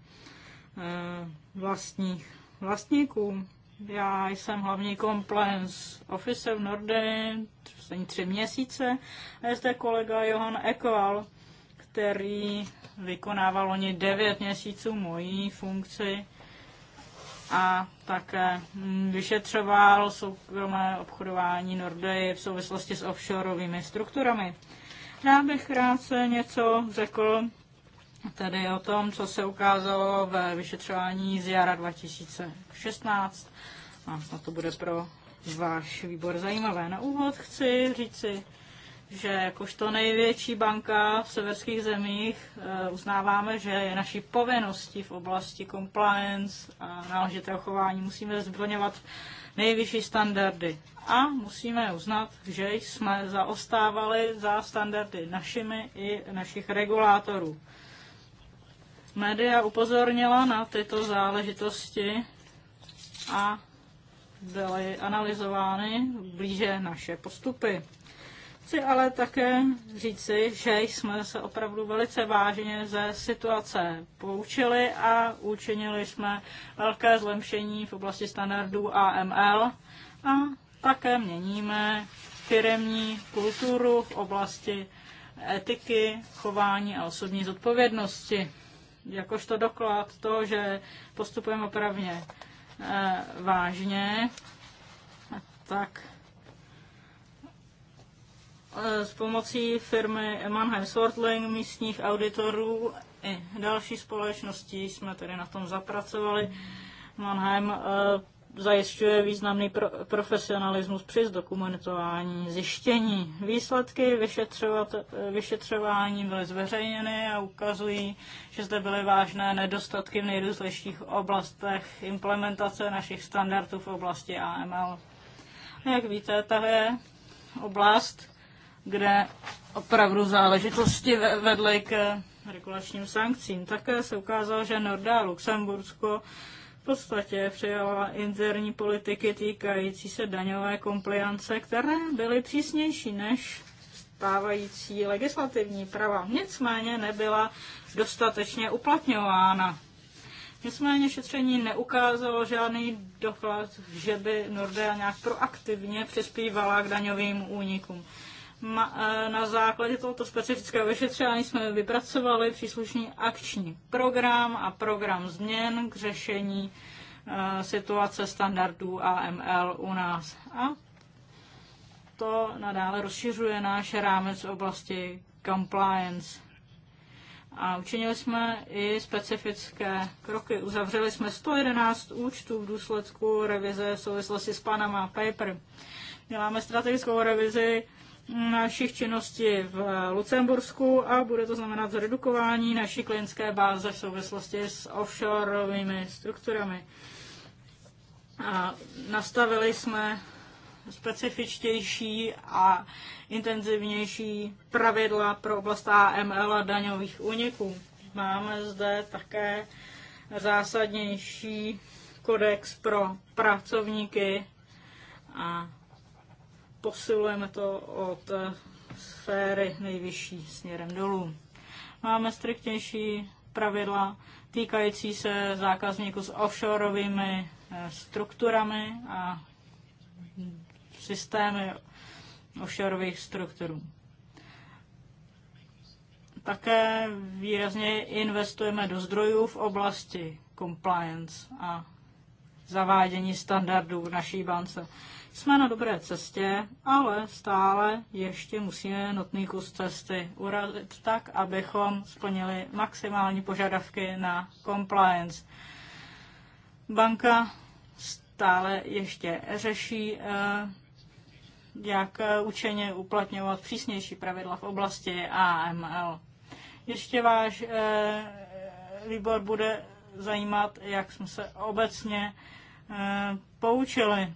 e, vlastních vlastníků. Já jsem hlavní compliance officer v Norden, jsem tři měsíce. A je zde kolega Johan Ekval, který vykonával oni devět měsíců mojí funkci a také vyšetřoval soukromé obchodování Nordeji v souvislosti s offshoreovými strukturami. Já bych rád se něco řekl tedy o tom, co se ukázalo ve vyšetřování z jara 2016. A to bude pro váš výbor zajímavé. Na úvod chci říci, že jakožto největší banka v severských zemích eh, uznáváme, že je naší povinností v oblasti compliance a náležitého chování. Musíme zplňovat nejvyšší standardy. A musíme uznat, že jsme zaostávali za standardy našimi i našich regulátorů média upozornila na tyto záležitosti a byly analyzovány blíže naše postupy. Chci ale také říci, že jsme se opravdu velice vážně ze situace poučili a učinili jsme velké zlepšení v oblasti standardů AML a také měníme firemní kulturu v oblasti etiky, chování a osobní zodpovědnosti jakožto doklad toho, že postupujeme opravně eh, vážně, tak eh, s pomocí firmy Mannheim Swartling, místních auditorů i další společnosti, jsme tedy na tom zapracovali. Mannheim eh, zajišťuje významný pro, profesionalismus při zdokumentování zjištění. Výsledky vyšetřování byly zveřejněny a ukazují, že zde byly vážné nedostatky v nejrůznějších oblastech implementace našich standardů v oblasti AML. A jak víte, ta je oblast, kde opravdu záležitosti vedly k regulačním sankcím. Také se ukázalo, že Norda a Luxembursko podstatě přijala interní politiky týkající se daňové kompliance, které byly přísnější než stávající legislativní prava. Nicméně nebyla dostatečně uplatňována. Nicméně šetření neukázalo žádný doklad, že by Nordea nějak proaktivně přispívala k daňovým únikům. E, na základě tohoto specifického vyšetřování jsme vypracovali příslušný akční program a program změn k řešení e, situace standardů AML u nás. A to nadále rozšiřuje náš rámec v oblasti compliance. A učinili jsme i specifické kroky. Uzavřeli jsme 111 účtů v důsledku revize v souvislosti s Panama Paper. Děláme strategickou revizi našich činností v Lucembursku a bude to znamenat zredukování naší klientské báze v souvislosti s offshoreovými strukturami. A nastavili jsme specifičtější a intenzivnější pravidla pro oblast AML a daňových úniků. Máme zde také zásadnější kodex pro pracovníky a posilujeme to od eh, sféry nejvyšší směrem dolů. Máme striktnější pravidla týkající se zákazníků s offshoreovými eh, strukturami a systémy offshoreových strukturů. Také výrazně investujeme do zdrojů v oblasti compliance a zavádění standardů v naší bance. Jsme na dobré cestě, ale stále ještě musíme nutný kus cesty urazit tak, abychom splnili maximální požadavky na compliance. Banka stále ještě řeší eh, jak učeně uplatňovat přísnější pravidla v oblasti AML. Ještě váš eh, výbor bude zajímat, jak jsme se obecně Eh, poučili.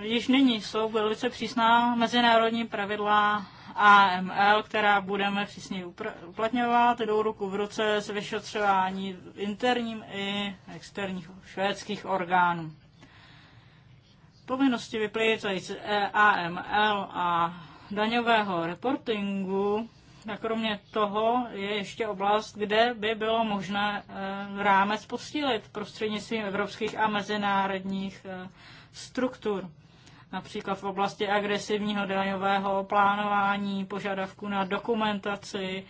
Již nyní jsou velice přísná mezinárodní pravidla AML, která budeme přísně uplatňovat, jdou ruku v ruce s vyšetřování interním i externích švédských orgánů. Povinnosti vyplývající z AML a daňového reportingu a kromě toho je ještě oblast, kde by bylo možné eh, rámec posílit prostřednictvím evropských a mezinárodních eh, struktur. Například v oblasti agresivního daňového plánování, požadavku na dokumentaci,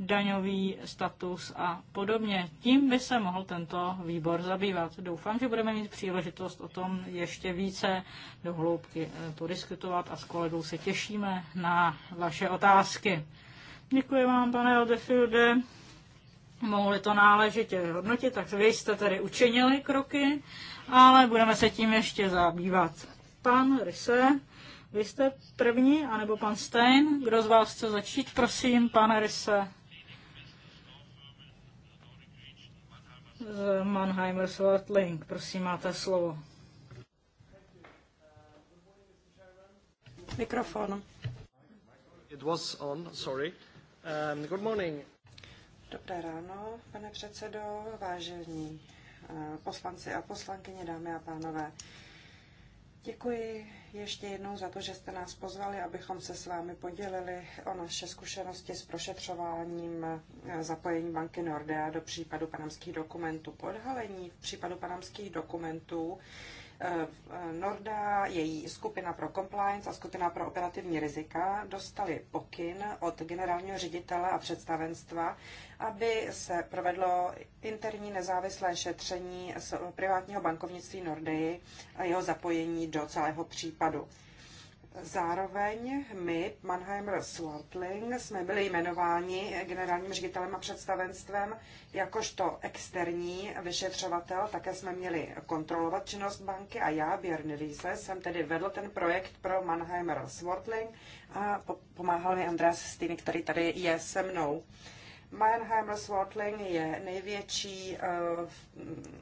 daňový status a podobně. Tím by se mohl tento výbor zabývat. Doufám, že budeme mít příležitost o tom ještě více do hloubky eh, podiskutovat a s kolegou se těšíme na vaše otázky. Děkuji vám, pane Aldefiude. Mohli to náležitě hodnotit, tak vy jste tady učinili kroky, ale budeme se tím ještě zabývat. Pan Ryse, vy jste první, anebo pan Stein, kdo z vás chce začít, prosím, pane Ryse. z Mannheimer Swartling. Prosím, máte slovo. Mikrofon. It was on, sorry. Um, good morning. Dobré ráno, pane předsedo, vážení eh, poslanci a poslankyně, dámy a pánové. Děkuji ještě jednou za to, že jste nás pozvali, abychom se s vámi podělili o naše zkušenosti s prošetřováním eh, zapojení banky Nordea do případu panamských dokumentů. Podhalení v případu panamských dokumentů Eh, eh, Norda, její skupina pro compliance a skupina pro operativní rizika dostali pokyn od generálního ředitele a představenstva, aby se provedlo interní nezávislé šetření z privátního bankovnictví Nordeji a jeho zapojení do celého případu. Zároveň my, Mannheimer Swartling, jsme byli jmenováni generálním ředitelem a představenstvem jakožto externí vyšetřovatel. Také jsme měli kontrolovat činnost banky a já, Björn Riese, jsem tedy vedl ten projekt pro Mannheimer Swartling a pomáhal mi Andreas Stýny, který tady je se mnou. Mannheimer Swartling je největší eh,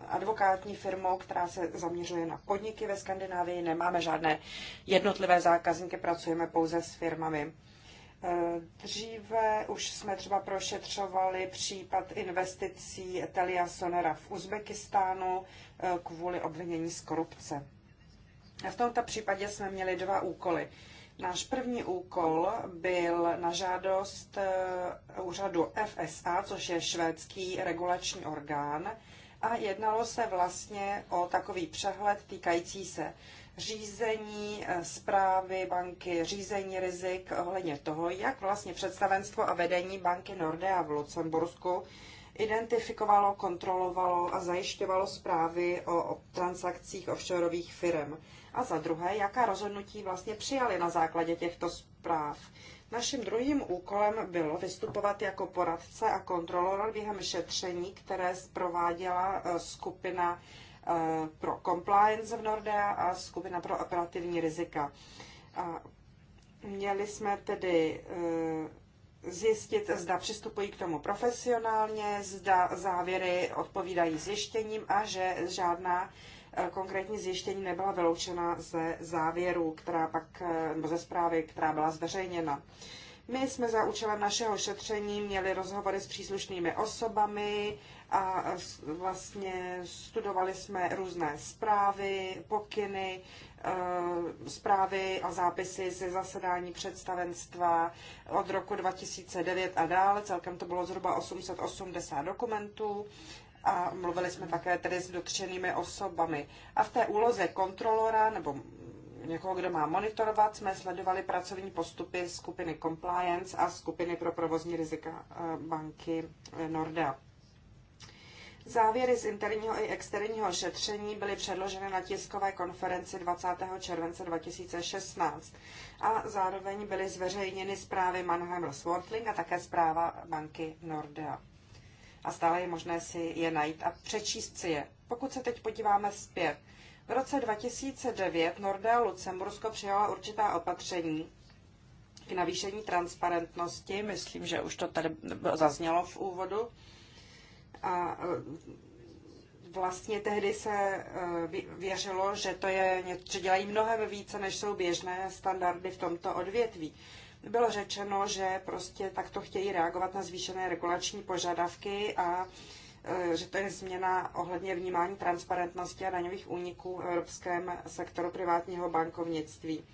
advokátní firmou, která se zaměřuje na podniky ve Skandinávii. Nemáme žádné jednotlivé zákazníky, pracujeme pouze s firmami. Eh, dříve už jsme třeba prošetřovali případ investicí Telia Sonera v Uzbekistánu eh, kvůli obvinění z korupce. A v tomto případě jsme měli dva úkoly. Náš první úkol byl na žádost eh, úřadu FSA, což je švédský regulační orgán, a jednalo se vlastně o takový přehled týkající se řízení zprávy eh, banky, řízení rizik ohledně toho, jak vlastně představenstvo a vedení banky Nordea v Lucembursku identifikovalo, kontrolovalo a zajišťovalo zprávy o transakcích offshoreových firm. A za druhé, jaká rozhodnutí vlastně přijali na základě těchto zpráv. Naším druhým úkolem bylo vystupovat jako poradce a kontrolor během šetření, které prováděla eh, skupina eh, pro compliance v Nordea a skupina pro operativní rizika. A měli jsme tedy eh, zjistit, zda přistupují k tomu profesionálně, zda závěry odpovídají zjištěním a že žádná Eh, konkrétní zjištění nebyla vyloučena ze závěru, která pak, eh, nebo ze zprávy, která byla zveřejněna. My jsme za účelem našeho šetření měli rozhovory s příslušnými osobami a vlastně studovali jsme různé zprávy, pokyny, eh, zprávy a zápisy ze zasedání představenstva od roku 2009 a dále. Celkem to bylo zhruba 880 dokumentů a mluvili jsme také tedy s dotčenými osobami. A v té úloze kontrolora nebo někoho, kdo má monitorovat, jsme sledovali pracovní postupy skupiny Compliance a skupiny pro provozní rizika eh, banky eh, Nordea. Závěry z interního i externího šetření byly předloženy na tiskové konferenci 20. července 2016 a zároveň byly zveřejněny zprávy Mannheimer Swartling a také zpráva banky Nordea a stále je možné si je najít a přečíst si je. Pokud se teď podíváme zpět, v roce 2009 Nordea Lucembursko přijala určitá opatření k navýšení transparentnosti, myslím, že už to tady zaznělo v úvodu. A e, vlastně tehdy se e, věřilo, že to je, že dělají mnohem více, než jsou běžné standardy v tomto odvětví bylo řečeno, že prostě takto chtějí reagovat na zvýšené regulační požadavky a e, že to je změna ohledně vnímání transparentnosti a daňových úniků v evropském sektoru privátního bankovnictví.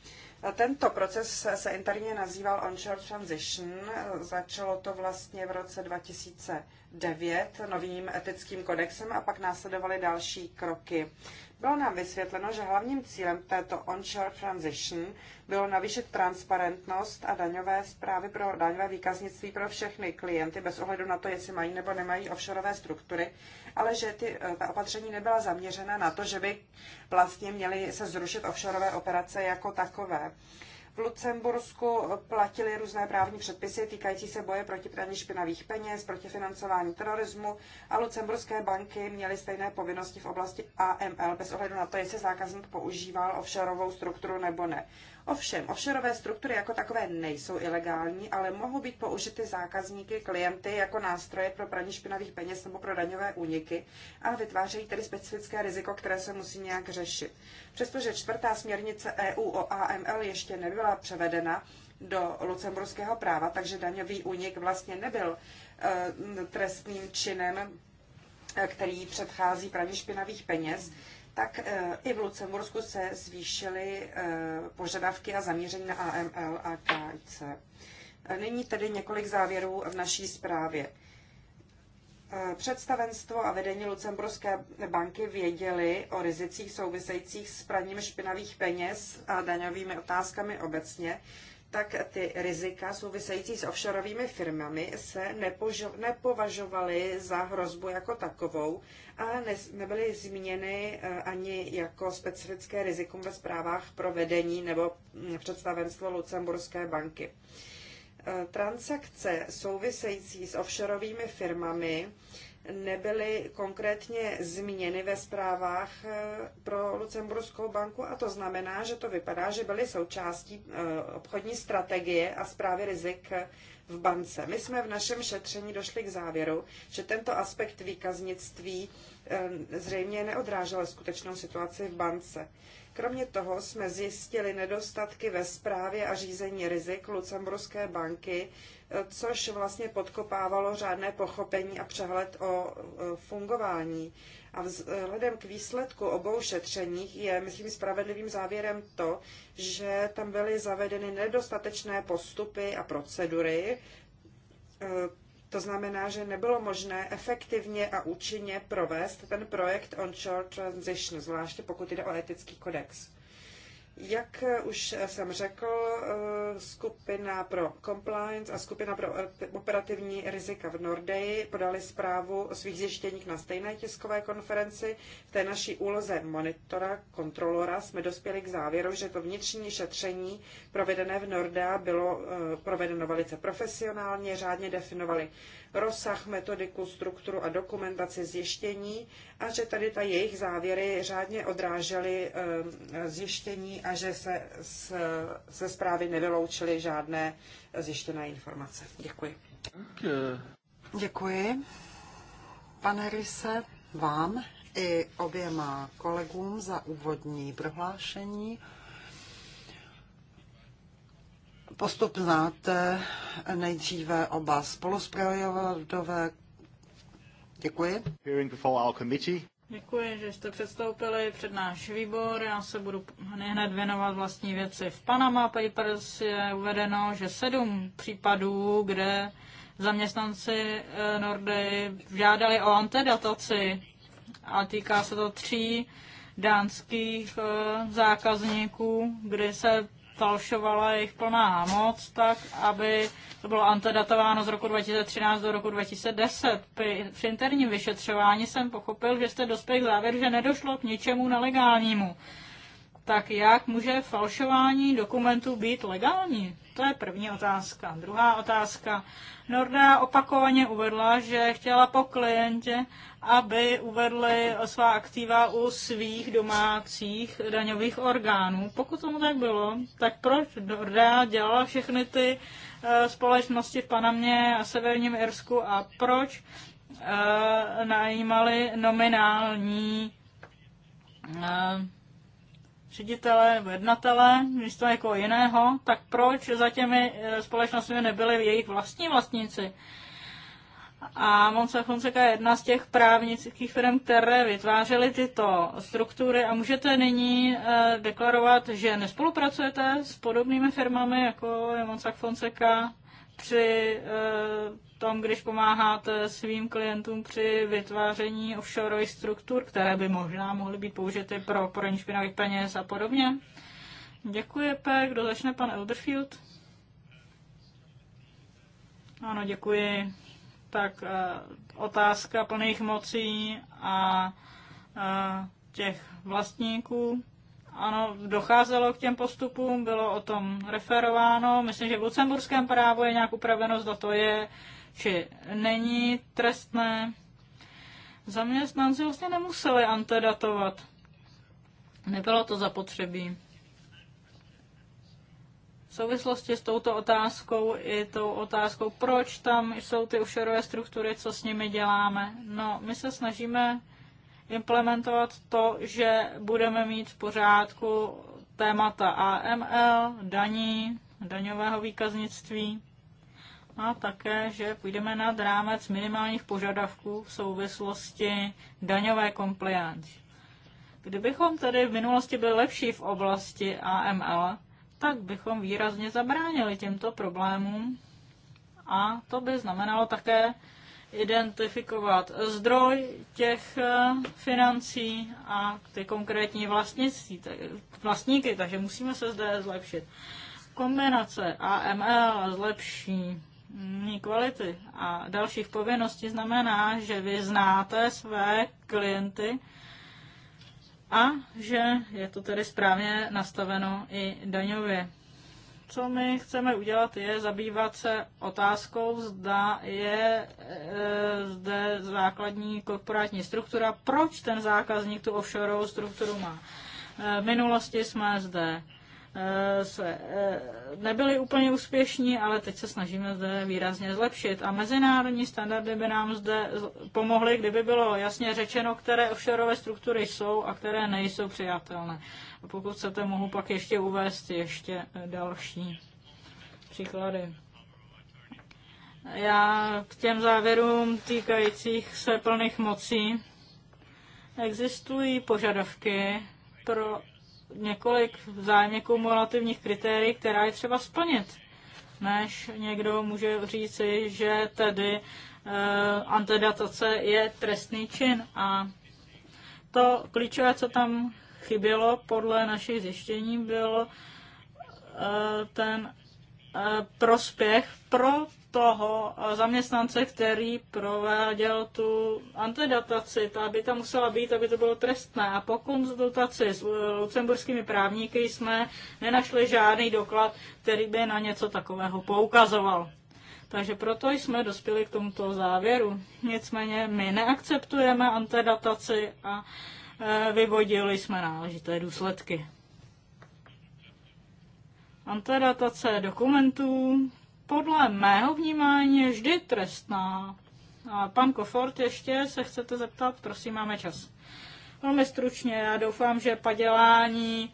E, tento proces se interně nazýval Onshore Transition. E, začalo to vlastně v roce 2009 novým etickým kodexem a pak následovaly další kroky. Bylo nám vysvětleno, že hlavním cílem této onshore transition bylo navýšit transparentnost a daňové zprávy pro daňové výkaznictví pro všechny klienty, bez ohledu na to, jestli mají nebo nemají offshoreové struktury, ale že ty, eh, ta opatření nebyla zaměřena na to, že by vlastně měly se zrušit offshoreové operace jako takové. V Lucembursku platili různé právní předpisy týkající se boje proti praní špinavých peněz, proti financování terorismu a lucemburské banky měly stejné povinnosti v oblasti AML bez ohledu na to, jestli zákazník používal offshoreovou strukturu nebo ne. Ovšem, offshoreové struktury jako takové nejsou ilegální, ale mohou být použity zákazníky, klienty jako nástroje pro praní špinavých peněz nebo pro daňové úniky a vytvářejí tedy specifické riziko, které se musí nějak řešit. Přestože čtvrtá směrnice EU o AML ještě nebyla převedena do lucemburského práva, takže daňový únik vlastně nebyl eh, trestným činem, eh, který předchází praní špinavých peněz, tak eh, i v Lucembursku se zvýšily eh, požadavky a zaměření na AML a KIC. Eh, nyní tedy několik závěrů v naší zprávě. Představenstvo a vedení Lucemburské banky věděli o rizicích souvisejících s praním špinavých peněz a daňovými otázkami obecně tak ty rizika související s offshoreovými firmami se nepožo- nepovažovaly za hrozbu jako takovou a ne- nebyly zmíněny eh, ani jako specifické rizikum ve zprávách pro vedení nebo hm, představenstvo Lucemburské banky. Eh, transakce související s offshoreovými firmami nebyly konkrétně zmíněny ve zprávách eh, pro Lucemburskou banku a to znamená, že to vypadá, že byly součástí eh, obchodní strategie a zprávy rizik eh, v bance. My jsme v našem šetření došli k závěru, že tento aspekt výkaznictví zřejmě neodrážel skutečnou situaci v bance. Kromě toho jsme zjistili nedostatky ve správě a řízení rizik Lucemburské banky, eh, což vlastně podkopávalo řádné pochopení a přehled o eh, fungování. A eh, vzhledem k výsledku obou šetřeních je, myslím, spravedlivým závěrem to, že tam byly zavedeny nedostatečné postupy a procedury, to znamená, že nebylo možné efektivně a účinně provést ten projekt Onshore Transition, zvláště pokud jde o etický kodex. Jak eh, už eh, jsem řekl, eh, skupina pro compliance a skupina pro operativní rizika v Nordeji podali zprávu o svých zjištěních na stejné tiskové konferenci. V té naší úloze monitora, kontrolora jsme dospěli k závěru, že to vnitřní šetření provedené v Nordea bylo provedeno velice profesionálně, řádně definovali rozsah, metodiku, strukturu a dokumentaci zjištění a že tady ta jejich závěry řádně odrážely eh, zjištění a že se ze zprávy nevyloučily žádné zjištěné informace. Děkuji. Děkuji. Pane Ryse, vám i oběma kolegům za úvodní prohlášení. Postup znáte eh, nejdříve oba spoluspravodové. Děkuji. Děkuji, že jste předstoupili před náš výbor. Já se budu hned věnovat vlastní věci. V Panama Papers je uvedeno, že sedm případů, kde zaměstnanci eh, Nordy žádali o antedataci a týká se to tří dánských eh, zákazníků, kdy se falšovala jejich plná moc, tak aby to bylo antedatováno z roku 2013 do roku 2010. Při interním vyšetřování jsem pochopil, že jste dospěl k závěru, že nedošlo k ničemu nelegálnímu. Tak jak může falšování dokumentů být legální? To je první otázka. Druhá otázka. Norda opakovaně uvedla, že chtěla po klientě, aby uvedli svá aktiva u svých domácích daňových orgánů. Pokud tomu tak bylo, tak proč Dorda dělala všechny ty eh, společnosti v Panamě a Severním Irsku a proč eh, najímali nominální eh, ředitele nebo jednatele, místo jako jiného, tak proč za těmi společnostmi nebyli jejich vlastní vlastníci? A Monsa Fonseca je jedna z těch právnických firm, které vytvářely tyto struktury a můžete nyní eh, deklarovat, že nespolupracujete s podobnými firmami, jako je Monsa Fonseca, při eh, tom, když pomáháte svým klientům při vytváření offshore struktur, které by možná mohly být použity pro poraní špinavých peněz a podobně. Děkuji, P. Kdo začne? Pan Elderfield? Ano, děkuji tak eh, otázka plných mocí a eh, těch vlastníků. Ano, docházelo k těm postupům, bylo o tom referováno. Myslím, že v lucemburském právu je nějak upraveno, zda to je či není trestné. Zaměstnanci vlastně nemuseli antedatovat. Nebylo to zapotřebí. V souvislosti s touto otázkou i tou otázkou, proč tam jsou ty ušerové struktury, co s nimi děláme. No, my se snažíme implementovat to, že budeme mít v pořádku témata AML, daní, daňového výkaznictví a také, že půjdeme nad rámec minimálních požadavků v souvislosti daňové compliance. Kdybychom tedy v minulosti byli lepší v oblasti AML, tak bychom výrazně zabránili těmto problémům a to by znamenalo také identifikovat zdroj těch eh, financí a ty konkrétní vlastníky, takže musíme se zde zlepšit. Kombinace AML zlepší kvality a dalších povinností znamená, že vy znáte své klienty a že je to tedy správně nastaveno i daňově. Co my chceme udělat, je zabývat se otázkou, zda je e, zde základní korporátní struktura, proč ten zákazník tu offshore strukturu má. E, v minulosti jsme zde Eh, se eh, nebyli úplně úspěšní, ale teď se snažíme zde výrazně zlepšit. A mezinárodní standardy by nám zde pomohly, kdyby bylo jasně řečeno, které offshoreové struktury jsou a které nejsou přijatelné. A pokud chcete, mohu pak ještě uvést ještě eh, další příklady. Já k těm závěrům týkajících se plných mocí existují požadavky pro několik vzájemně kumulativních kritérií, která je třeba splnit, než někdo může říci, že tedy e, eh, antedatace je trestný čin. A to klíčové, co tam chybělo podle našich zjištění, bylo e, eh, ten eh, prospěch pro toho eh, zaměstnance, který prováděl tu antidataci, ta by tam musela být, aby to bylo trestné. A po konzultaci s eh, lucemburskými právníky jsme nenašli žádný doklad, který by na něco takového poukazoval. Takže proto jsme dospěli k tomuto závěru. Nicméně my neakceptujeme antidataci a eh, vyvodili jsme náležité důsledky. Antedatace dokumentů, podle mého vnímání je vždy trestná. A pan Kofort, ještě se chcete zeptat? Prosím, máme čas. Velmi stručně, já doufám, že padělání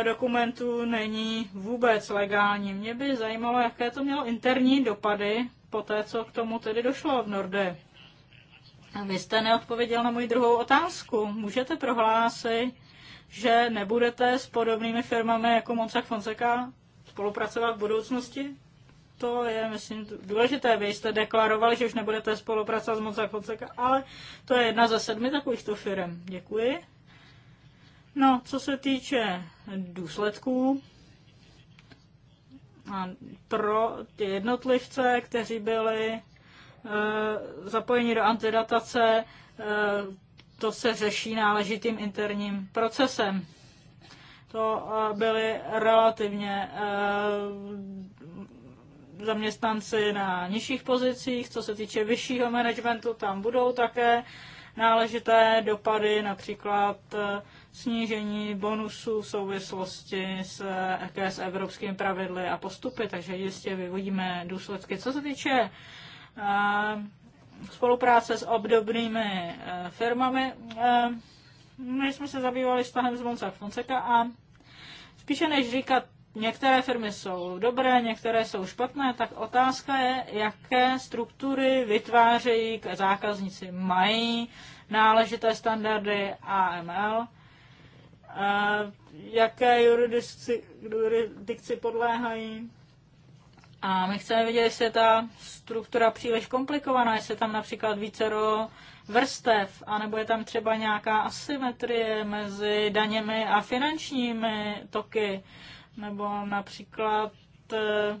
eh, dokumentů není vůbec legální. Mě by zajímalo, jaké to mělo interní dopady po té, co k tomu tedy došlo v Norde. Vy jste neodpověděl na moji druhou otázku. Můžete prohlásit, že nebudete s podobnými firmami jako Monsak Fonseca spolupracovat v budoucnosti? to je, myslím, důležité. Vy jste deklarovali, že už nebudete spolupracovat s Mozak Fonseca, ale to je jedna ze sedmi takovýchto firm. Děkuji. No, co se týče důsledků a pro ty jednotlivce, kteří byli e, zapojeni do antidatace, e, to se řeší náležitým interním procesem. To eh, byly relativně zaměstnanci na nižších pozicích, co se týče vyššího managementu, tam budou také náležité dopady, například eh, snížení bonusů v souvislosti s, eh, s evropskými pravidly a postupy, takže jistě vyvodíme důsledky. Co se týče eh, spolupráce s obdobnými firmami, my jsme se zabývali vztahem z Monsa Fonseca a spíše než říkat Některé firmy jsou dobré, některé jsou špatné, tak otázka je, jaké struktury vytvářejí zákazníci. Mají náležité standardy AML, jaké juridikci, podléhají. A my chceme vidět, jestli je ta struktura příliš komplikovaná, jestli je tam například vícero vrstev, anebo je tam třeba nějaká asymetrie mezi daněmi a finančními toky nebo například eh,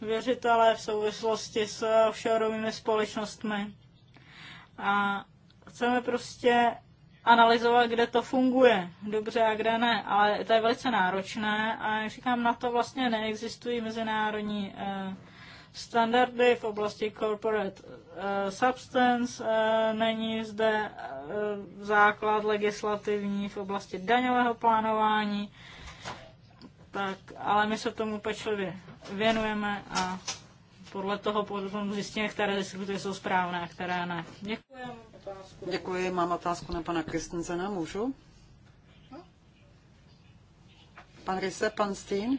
věřitelé v souvislosti s offshoreovými společnostmi. A chceme prostě analyzovat, kde to funguje dobře a kde ne, ale to je velice náročné a jak říkám, na to vlastně neexistují mezinárodní eh, standardy v oblasti corporate eh, substance, eh, není zde eh, základ legislativní v oblasti daňového plánování, tak, ale my se tomu pečlivě věnujeme a podle toho potom zjistíme, které diskuty jsou správné a které ne. Děkuji, Děkuji, mám otázku na pana Kristensena, můžu? Pan Rise, pan Steen?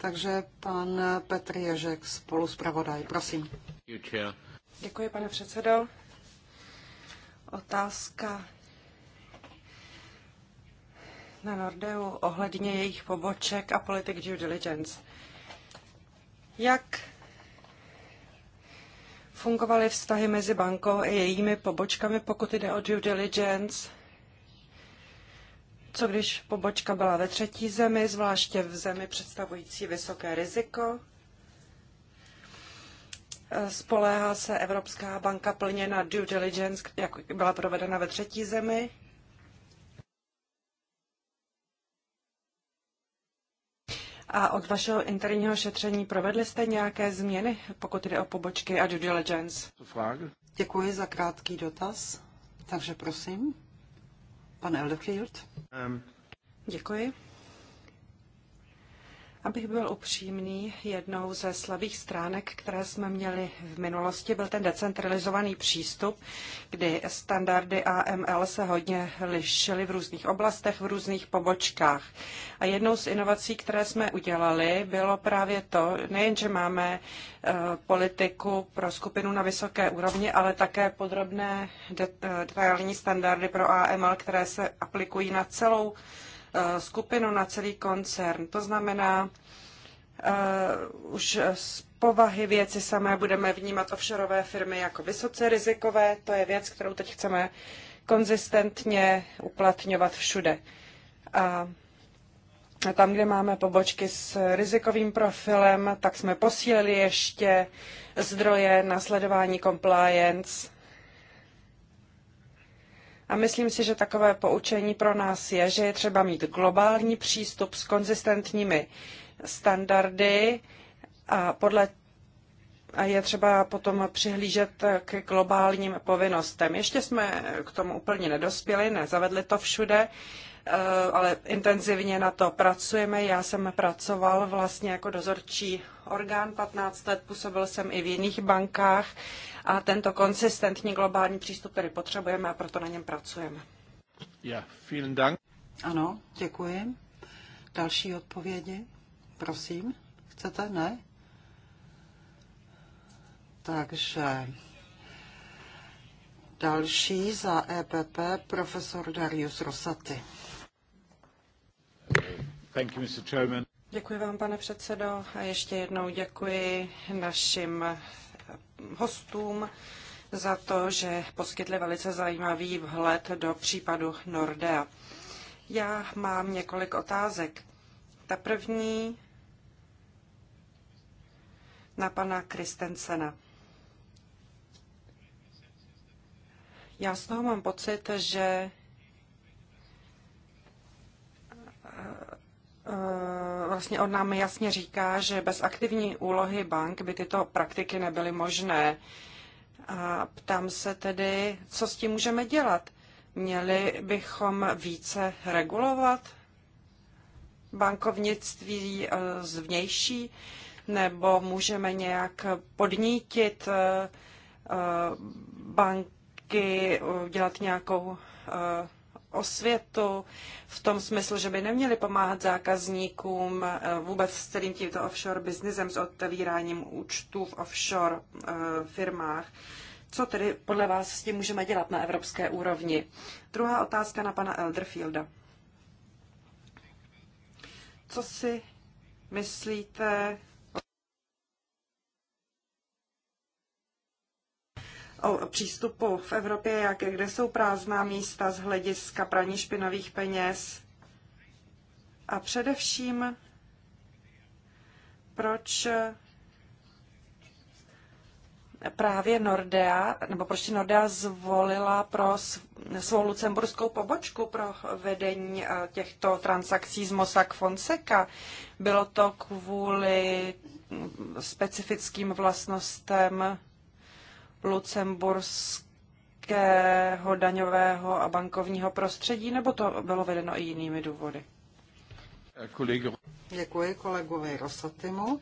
Takže pan Petr Ježek, spoluspravodaj, prosím. Děkuji, pane předsedo. Otázka na Nordeu ohledně jejich poboček a politik due diligence. Jak fungovaly vztahy mezi bankou a jejími pobočkami, pokud jde o due diligence? co když pobočka byla ve třetí zemi, zvláště v zemi představující vysoké riziko? E, spoléhá se Evropská banka plně na due diligence, jak byla provedena ve třetí zemi? A od vašeho interního šetření provedli jste nějaké změny, pokud jde o pobočky a due diligence? Děkuji za krátký dotaz, takže prosím. Pan Elderfield. Um. Děkuji. Abych byl upřímný, jednou ze slabých stránek, které jsme měli v minulosti, byl ten decentralizovaný přístup, kdy standardy AML se hodně lišily v různých oblastech, v různých pobočkách. A jednou z inovací, které jsme udělali, bylo právě to, nejenže máme eh, politiku pro skupinu na vysoké úrovni, ale také podrobné eh, detailní standardy pro AML, které se aplikují na celou Eh, skupinu, na celý koncern. To znamená, eh, už z povahy věci samé budeme vnímat offshoreové firmy jako vysoce rizikové. To je věc, kterou teď chceme konzistentně uplatňovat všude. A tam, kde máme pobočky s rizikovým profilem, tak jsme posílili ještě zdroje na sledování compliance a myslím si, že takové poučení pro nás je, že je třeba mít globální přístup s konzistentními standardy a podle a je třeba potom přihlížet k globálním povinnostem. Ještě jsme k tomu úplně nedospěli, nezavedli to všude, eh, ale intenzivně na to pracujeme. Já jsem pracoval vlastně jako dozorčí orgán 15 let, působil jsem i v jiných bankách a tento konsistentní globální přístup, který potřebujeme a proto na něm pracujeme. Ja, vielen Dank. Ano, děkuji. Další odpovědi, prosím. Chcete? Ne? Takže další za EPP profesor Darius Rosaty. Thank you, Mr. Chairman. Děkuji vám, pane předsedo, a ještě jednou děkuji našim hostům za to, že poskytli velice zajímavý vhled do případu Nordea. Já mám několik otázek. Ta první na pana Kristensena. Já z toho mám pocit, že Eh, vlastně od nám jasně říká, že bez aktivní úlohy bank by tyto praktiky nebyly možné. A ptám se tedy, co s tím můžeme dělat? Měli bychom více regulovat bankovnictví eh, zvnější, nebo můžeme nějak podnítit eh, banky, dělat nějakou osvětu v tom smyslu, že by neměli pomáhat zákazníkům eh, vůbec s celým tímto offshore biznisem, s otevíráním účtů v offshore eh, firmách. Co tedy podle vás s tím můžeme dělat na evropské úrovni? Druhá otázka na pana Elderfielda. Co si myslíte o přístupu v Evropě, jak, kde jsou prázdná místa z hlediska praní špinavých peněz a především proč právě Nordea, nebo proč Nordea zvolila pro svou lucemburskou pobočku pro vedení eh, těchto transakcí z Mossack Fonseca. Bylo to kvůli hm, specifickým vlastnostem lucemburského daňového a bankovního prostředí, nebo to bylo vedeno i jinými důvody? Děkuji kolegovi Rosatimu.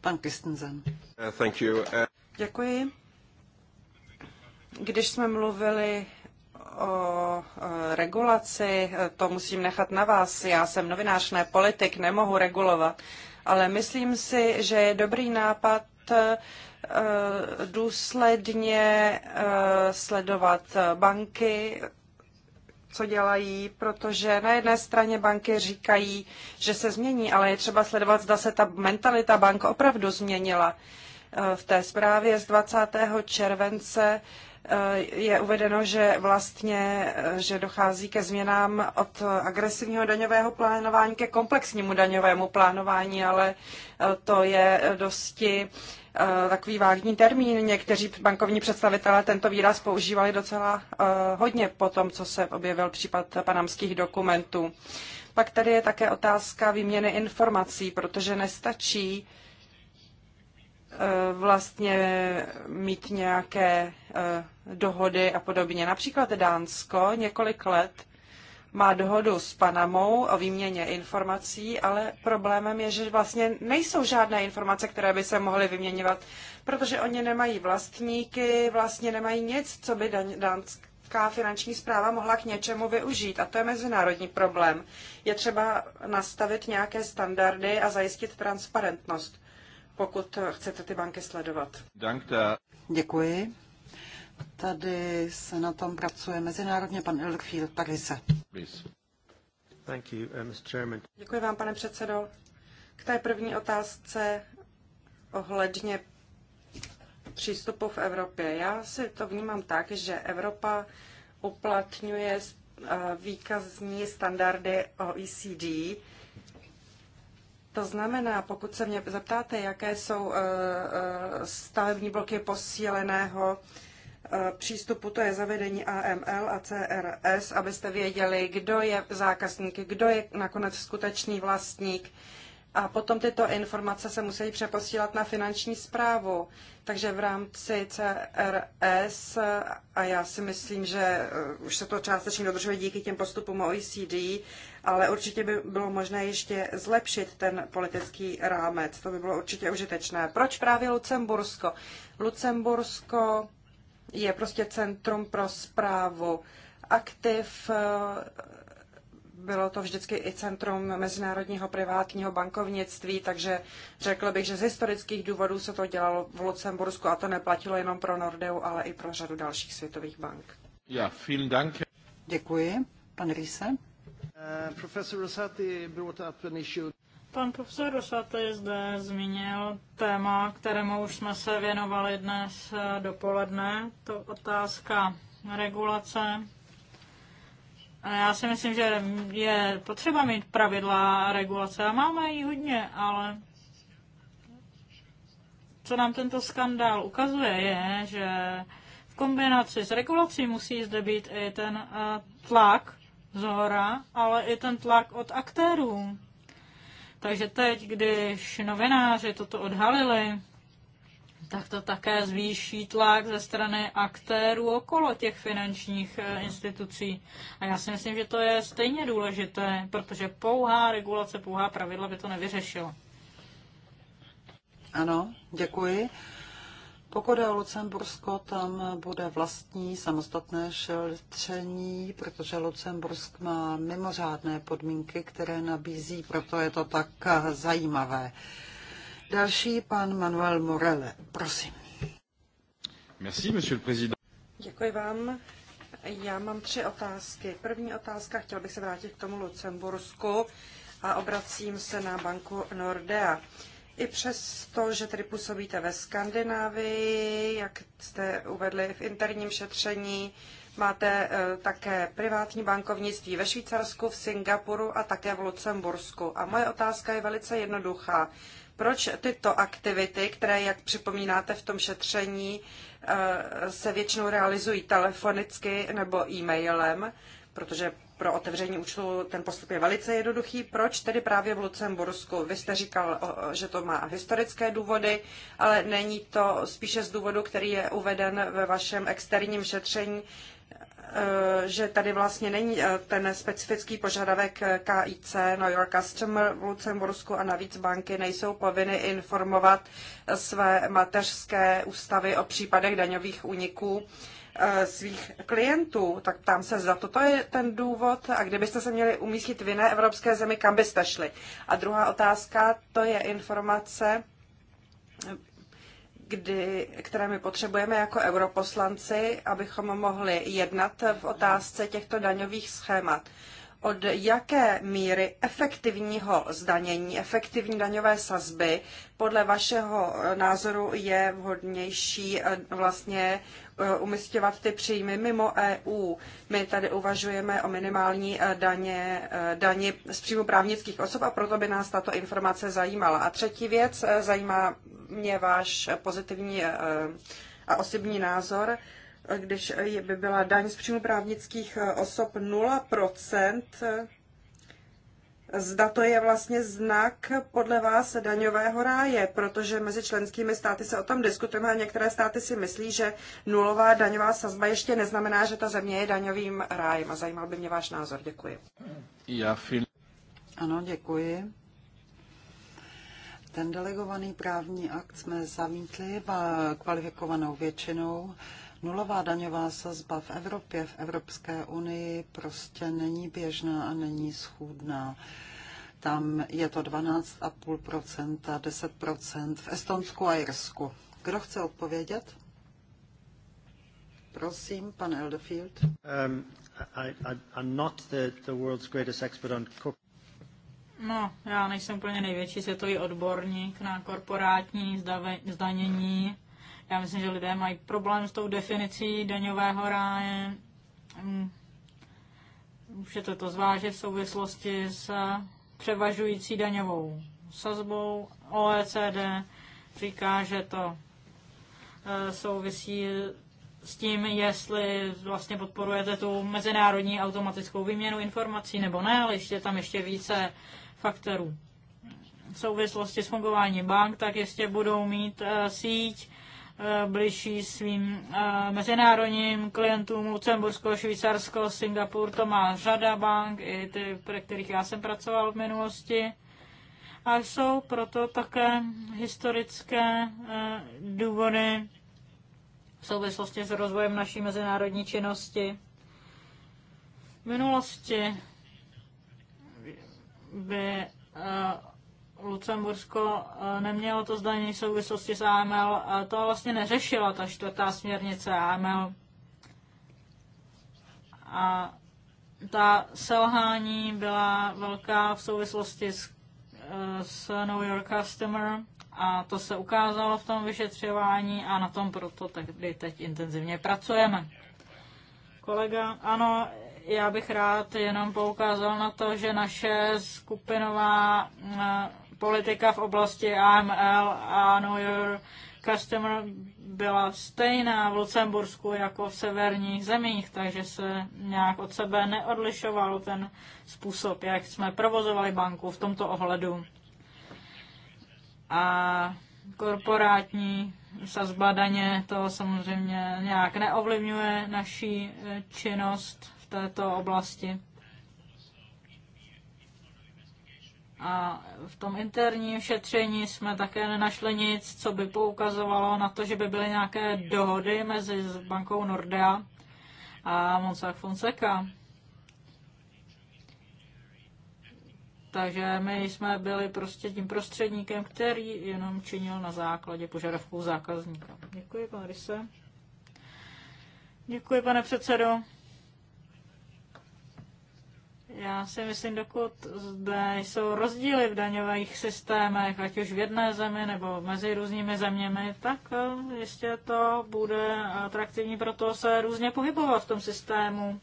Pan Kristensen. Uh, thank you. Uh, Děkuji. Když jsme mluvili o e, regulaci, e, to musím nechat na vás. Já jsem novinář, ne politik, nemohu regulovat. Ale myslím si, že je dobrý nápad e, Eh, důsledně eh, sledovat banky, co dělají, protože na jedné straně banky říkají, že se změní, ale je třeba sledovat, zda se ta mentalita bank opravdu změnila. Eh, v té zprávě z 20. července je uvedeno, že vlastně, že dochází ke změnám od agresivního daňového plánování ke komplexnímu daňovému plánování, ale to je dosti Eh, takový vágní termín. Někteří bankovní představitelé tento výraz používali docela eh, hodně po tom, co se objevil případ panamských dokumentů. Pak tady je také otázka výměny informací, protože nestačí eh, vlastně mít nějaké dohody a podobně. Například Dánsko několik let má dohodu s Panamou o výměně informací, ale problémem je, že vlastně nejsou žádné informace, které by se mohly vyměňovat, protože oni nemají vlastníky, vlastně nemají nic, co by dánská finanční zpráva mohla k něčemu využít. A to je mezinárodní problém. Je třeba nastavit nějaké standardy a zajistit transparentnost, pokud chcete ty banky sledovat. Děkuji. Tady se na tom pracuje mezinárodně pan Elfield Parise. Thank you, uh, Mr. Chairman. Děkuji vám, pane předsedo. K té první otázce ohledně přístupu v Evropě. Já si to vnímám tak, že Evropa uplatňuje uh, výkazní standardy OECD. To znamená, pokud se mě zeptáte, jaké jsou uh, stavební bloky posíleného Eh, přístupu, to je zavedení AML a CRS, abyste věděli, kdo je zákazník, kdo je nakonec skutečný vlastník. A potom tyto informace se musí přeposílat na finanční zprávu. Takže v rámci CRS, a já si myslím, že eh, už se to částečně dodržuje díky těm postupům OECD, ale určitě by bylo možné ještě zlepšit ten politický rámec. To by bylo určitě užitečné. Proč právě Lucembursko? Lucembursko je prostě centrum pro zprávu aktiv. Bylo to vždycky i centrum mezinárodního privátního bankovnictví, takže řekl bych, že z historických důvodů se to dělalo v Lucembursku a to neplatilo jenom pro Nordeu, ale i pro řadu dalších světových bank. Ja, vielen Dank. Děkuji. Pan Rýse. Uh, eh, Rosati brought up an issue. Pan profesor je zde zmínil téma, kterému už jsme se věnovali dnes eh, dopoledne, to otázka regulace. Já si myslím, že je potřeba mít pravidla regulace a máme ji hodně, ale co nám tento skandál ukazuje, je, že v kombinaci s regulací musí zde být i ten eh, tlak z hora, ale i ten tlak od aktérů. Takže teď, když novináři toto odhalili, tak to také zvýší tlak ze strany aktérů okolo těch finančních eh, institucí. A já si myslím, že to je stejně důležité, protože pouhá regulace, pouhá pravidla by to nevyřešilo. Ano, děkuji. Pokud je o Lucembursko, tam bude vlastní samostatné šetření, protože Lucembursk má mimořádné podmínky, které nabízí, proto je to tak zajímavé. Další pan Manuel Morele, prosím. Merci, monsieur le président. Děkuji vám. Já mám tři otázky. První otázka, chtěl bych se vrátit k tomu Lucembursku a obracím se na banku Nordea. I přes to, že tedy působíte ve Skandinávii, jak jste uvedli v interním šetření, máte e, také privátní bankovnictví ve Švýcarsku, v Singapuru a také v Lucembursku. A moje otázka je velice jednoduchá. Proč tyto aktivity, které, jak připomínáte v tom šetření, e, se většinou realizují telefonicky nebo e-mailem, protože pro otevření účtu ten postup je velice jednoduchý. Proč tedy právě v Lucembursku? Vy jste říkal, že to má historické důvody, ale není to spíše z důvodu, který je uveden ve vašem externím šetření, e, že tady vlastně není e, ten specifický požadavek e, KIC, New York customer v Lucembursku a navíc banky nejsou povinny informovat své mateřské ústavy o případech daňových úniků Eh, svých klientů, tak tam se za toto je ten důvod a kdybyste se měli umístit v jiné evropské zemi, kam byste šli. A druhá otázka, to je informace, kdy, které my potřebujeme jako europoslanci, abychom mohli jednat v otázce těchto daňových schémat. Od jaké míry efektivního zdanění, efektivní daňové sazby podle vašeho eh, názoru je vhodnější eh, vlastně Eh, umistěvat ty příjmy mimo EU. My tady uvažujeme o minimální eh, daně, eh, daně z příjmu právnických osob a proto by nás tato informace zajímala. A třetí věc, zajímá mě váš pozitivní a osobní názor, když by byla daň z příjmu právnických osob 0%, zda to je vlastně znak podle vás daňového ráje, protože mezi členskými státy se o tom diskutujeme a některé státy si myslí, že nulová daňová sazba ještě neznamená, že ta země je daňovým rájem. A zajímal by mě váš názor. Děkuji. Já fil... Ano, děkuji. Ten delegovaný právní akt jsme zamítli kvalifikovanou většinou. Nulová daňová sazba v Evropě, v Evropské unii prostě není běžná a není schůdná. Tam je to 12,5%, 10% v Estonsku a Irsku. Kdo chce odpovědět? Prosím, pan Eldefield. Um, I'm not the, world's greatest expert on cook. No, já nejsem úplně největší světový odborník na korporátní zdanění já myslím, že lidé mají problém s tou definicí daňového ráje. Mm. Můžete to zvážit v souvislosti s převažující daňovou sazbou. OECD říká, že to e, souvisí s tím, jestli vlastně podporujete tu mezinárodní automatickou výměnu informací nebo ne, ale ještě tam ještě více faktorů. V souvislosti s fungováním bank, tak ještě budou mít e, síť Eh, bližší svým eh, mezinárodním klientům Lucembursko, Švýcarsko, Singapur, to má řada bank, i ty, pro kterých já jsem pracoval v minulosti. A jsou proto také historické eh, důvody v souvislosti s rozvojem naší mezinárodní činnosti. V minulosti by Lucembursko e, nemělo to zdanění v souvislosti s AML, e, to vlastně neřešila ta čtvrtá směrnice AML. A ta selhání byla velká v souvislosti s, e, s Know Your Customer a to se ukázalo v tom vyšetřování a na tom proto tehdy teď intenzivně pracujeme. Kolega, ano, já bych rád jenom poukázal na to, že naše skupinová politika v oblasti AML a Know Your Customer byla stejná v Lucembursku jako v severních zemích, takže se nějak od sebe neodlišoval ten způsob, jak jsme provozovali banku v tomto ohledu. A korporátní sazba daně to samozřejmě nějak neovlivňuje naší eh, činnost v této oblasti. A v tom interním šetření jsme také nenašli nic, co by poukazovalo na to, že by byly nějaké dohody mezi bankou Nordea a Monsac Fonseca. Takže my jsme byli prostě tím prostředníkem, který jenom činil na základě požadavků zákazníka. Děkuji, pan Ryse. Děkuji, pane předsedo. Já si myslím, dokud zde jsou rozdíly v daňových systémech, ať už v jedné zemi nebo mezi různými zeměmi, tak eh, jistě to bude atraktivní to, se různě pohybovat v tom systému.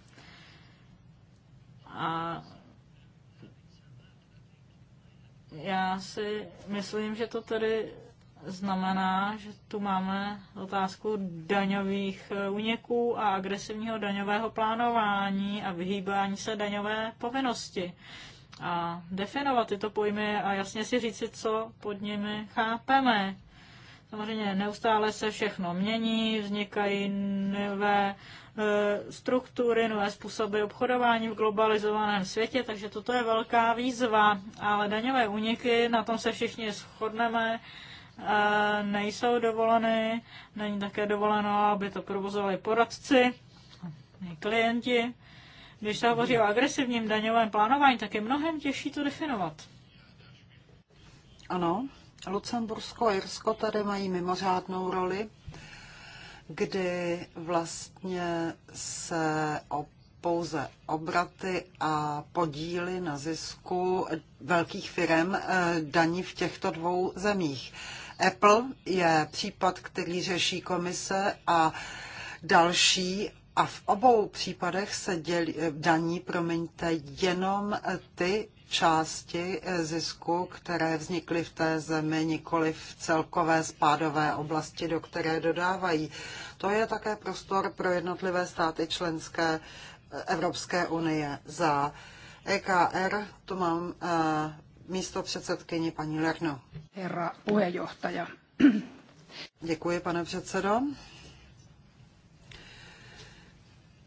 A já si myslím, že to tedy znamená, že tu máme otázku daňových eh, úniků a agresivního daňového plánování a vyhýbání se daňové povinnosti. A definovat tyto pojmy a jasně si říci, co pod nimi chápeme. Samozřejmě neustále se všechno mění, vznikají nové eh, struktury, nové způsoby obchodování v globalizovaném světě, takže toto je velká výzva, ale daňové úniky, na tom se všichni shodneme, E, nejsou dovoleny, není také dovoleno, aby to provozovali poradci, klienti. Když se hovoří o agresivním daňovém plánování, tak je mnohem těžší to definovat. Ano, Lucembursko a Irsko tady mají mimořádnou roli, kdy vlastně se o pouze obraty a podíly na zisku velkých firm eh, daní v těchto dvou zemích. Apple je případ, který řeší komise a další a v obou případech se dělí, daní, promiňte, jenom ty části zisku, které vznikly v té zemi, nikoli v celkové spádové oblasti, do které dodávají. To je také prostor pro jednotlivé státy členské Evropské unie. Za EKR tu mám eh, místo předsedkyni paní Lerno. Herra puheenjohtaja. Děkuji, pane předsedo.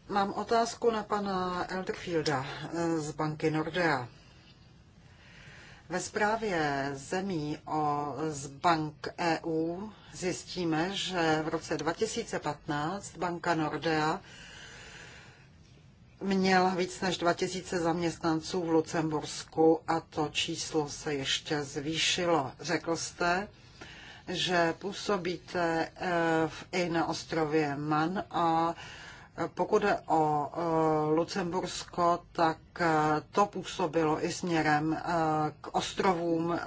Mám otázku na pana Elderfielda eh, z banky Nordea. Ve zprávě zemí o, z bank EU zjistíme, že v roce 2015 banka Nordea měl víc než 2000 zaměstnanců v Lucembursku a to číslo se ještě zvýšilo. Řekl jste, že působíte eh, i na ostrově Man a eh, pokud je o eh, Lucembursko, tak to působilo i směrem k ostrovům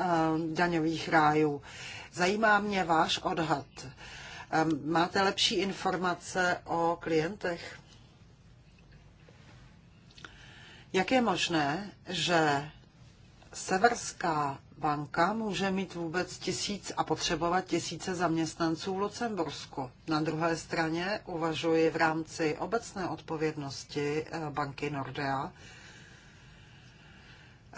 daňových rájů. Zajímá mě váš odhad. Máte lepší informace o klientech? Jak je možné, že Severská banka může mít vůbec tisíc a potřebovat tisíce zaměstnanců v Lucembursku. Na druhé straně uvažuji v rámci obecné odpovědnosti eh, banky Nordea.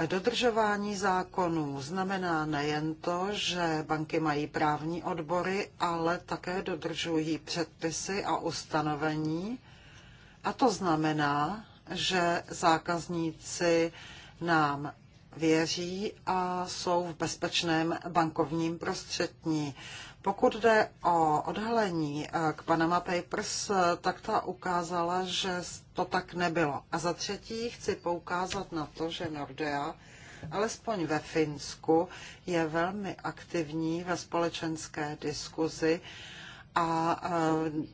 Dodržování zákonů znamená nejen to, že banky mají právní odbory, ale také dodržují předpisy a ustanovení. A to znamená, že zákazníci nám věří a jsou v bezpečném bankovním prostředí. Pokud jde o odhalení eh, k Panama Papers, eh, tak ta ukázala, že to tak nebylo. A za třetí chci poukázat na to, že Nordea, alespoň ve Finsku, je velmi aktivní ve společenské diskuzi a eh,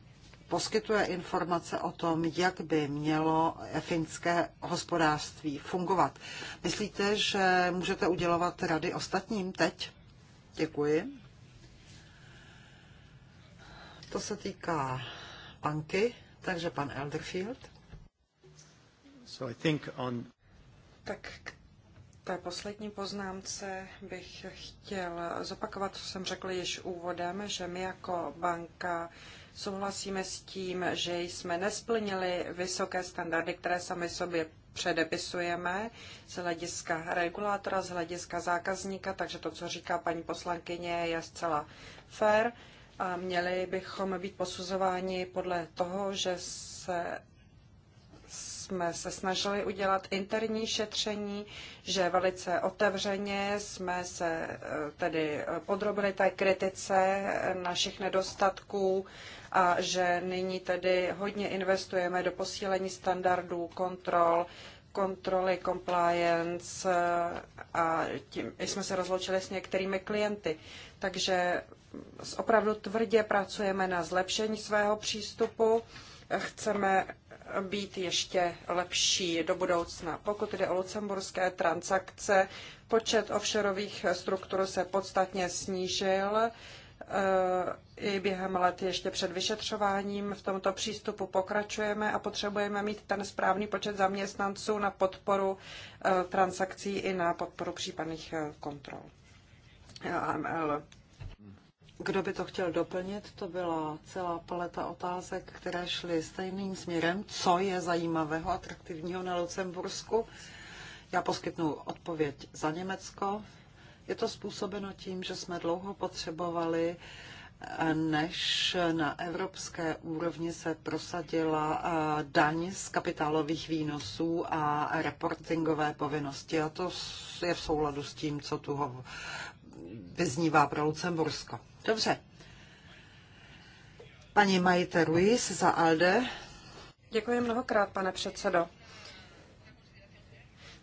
poskytuje informace o tom, jak by mělo finské hospodářství fungovat. Myslíte, že můžete udělovat rady ostatním teď? Děkuji. To se týká banky, takže pan Elderfield. So I think on... Tak k té poslední poznámce bych chtěl zopakovat, co jsem řekl již úvodem, že my jako banka Souhlasíme s tím, že jsme nesplnili vysoké standardy, které sami sobě předepisujeme z hlediska regulátora, z hlediska zákazníka, takže to, co říká paní poslankyně, je zcela fair. A měli bychom být posuzováni podle toho, že se jsme se snažili udělat interní šetření, že velice otevřeně jsme se eh, tedy eh, podrobili té kritice eh, našich nedostatků a že nyní tedy hodně investujeme do posílení standardů, kontrol, kontroly, compliance eh, a tím jsme se rozloučili s některými klienty. Takže opravdu tvrdě pracujeme na zlepšení svého přístupu. Chceme být ještě lepší do budoucna. Pokud jde o lucemburské transakce, počet offshoreových struktur se podstatně snížil i během let ještě před vyšetřováním. V tomto přístupu pokračujeme a potřebujeme mít ten správný počet zaměstnanců na podporu eh, transakcí i na podporu případných eh, kontrol. AML. Kdo by to chtěl doplnit, to byla celá paleta otázek, které šly stejným směrem. Co je zajímavého, atraktivního na Lucembursku? Já poskytnu odpověď za Německo. Je to způsobeno tím, že jsme dlouho potřebovali eh, než na evropské úrovni se prosadila eh, daň z kapitálových výnosů a reportingové povinnosti. A to je v souladu s tím, co tu vyznívá pro Lucembursko. Dobře. Paní Majte Ruiz za ALDE. Děkuji mnohokrát, pane předsedo.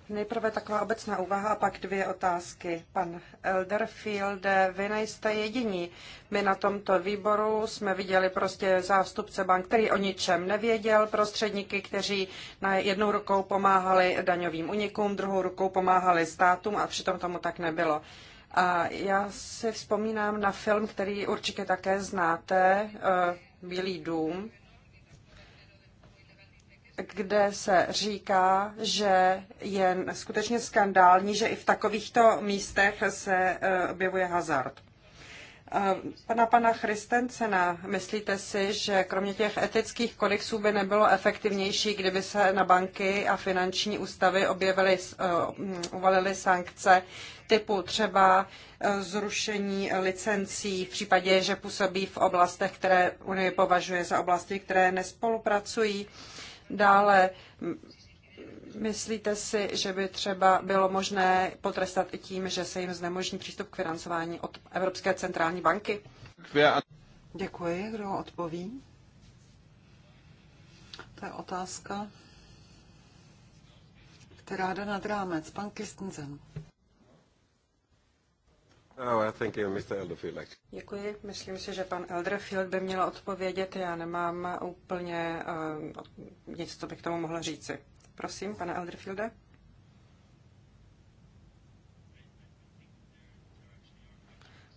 Nejprve taková obecná úvaha a pak dvě otázky. Pan Elderfield, vy nejste jediní. My na tomto výboru jsme viděli prostě zástupce bank, který o ničem nevěděl, prostředníky, kteří na jednou rukou pomáhali daňovým unikům, druhou rukou pomáhali státům a přitom tomu tak nebylo. A já si vzpomínám na film, který určitě také znáte, eh, Bílý dům, kde se říká, že je skutečně skandální, že i v takovýchto místech se e, objevuje hazard. E, pana pana Christensena, myslíte si, že kromě těch etických kodexů by nebylo efektivnější, kdyby se na banky a finanční ústavy objevily, e, uvalily sankce typu třeba zrušení licencí v případě, že působí v oblastech, které Unie považuje za oblasti, které nespolupracují? Dále Myslíte si, že by třeba bylo možné potrestat i tím, že se jim znemožní přístup k financování od Evropské centrální banky? Děkuji. Kdo odpoví? To je otázka, která jde nad rámec. Pan Kristensen. Oh, Děkuji. Myslím si, že pan Elderfield by měl odpovědět. Já nemám úplně uh, nic, co bych tomu mohla říci. Prosím, pane Elderfielde.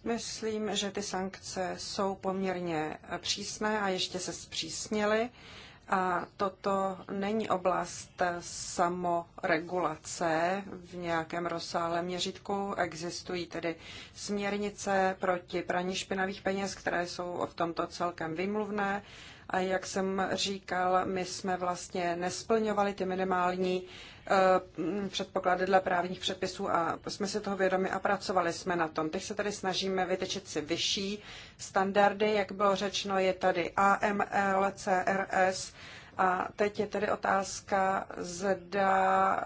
Myslím, že ty sankce jsou poměrně přísné a ještě se zpřísnily. Uh, a toto není oblast samoregulace v nějakém rozsáhlém měřitku. Existují tedy směrnice proti praní špinavých peněz, které jsou v tomto celkem vymluvné a jak jsem říkal, my jsme vlastně nesplňovali ty minimální eh, předpoklady dle právních předpisů a jsme si toho vědomi a pracovali jsme na tom. Teď se tady snažíme vytečit si vyšší standardy, jak bylo řečeno, je tady AML, CRS, a teď je tedy otázka, zda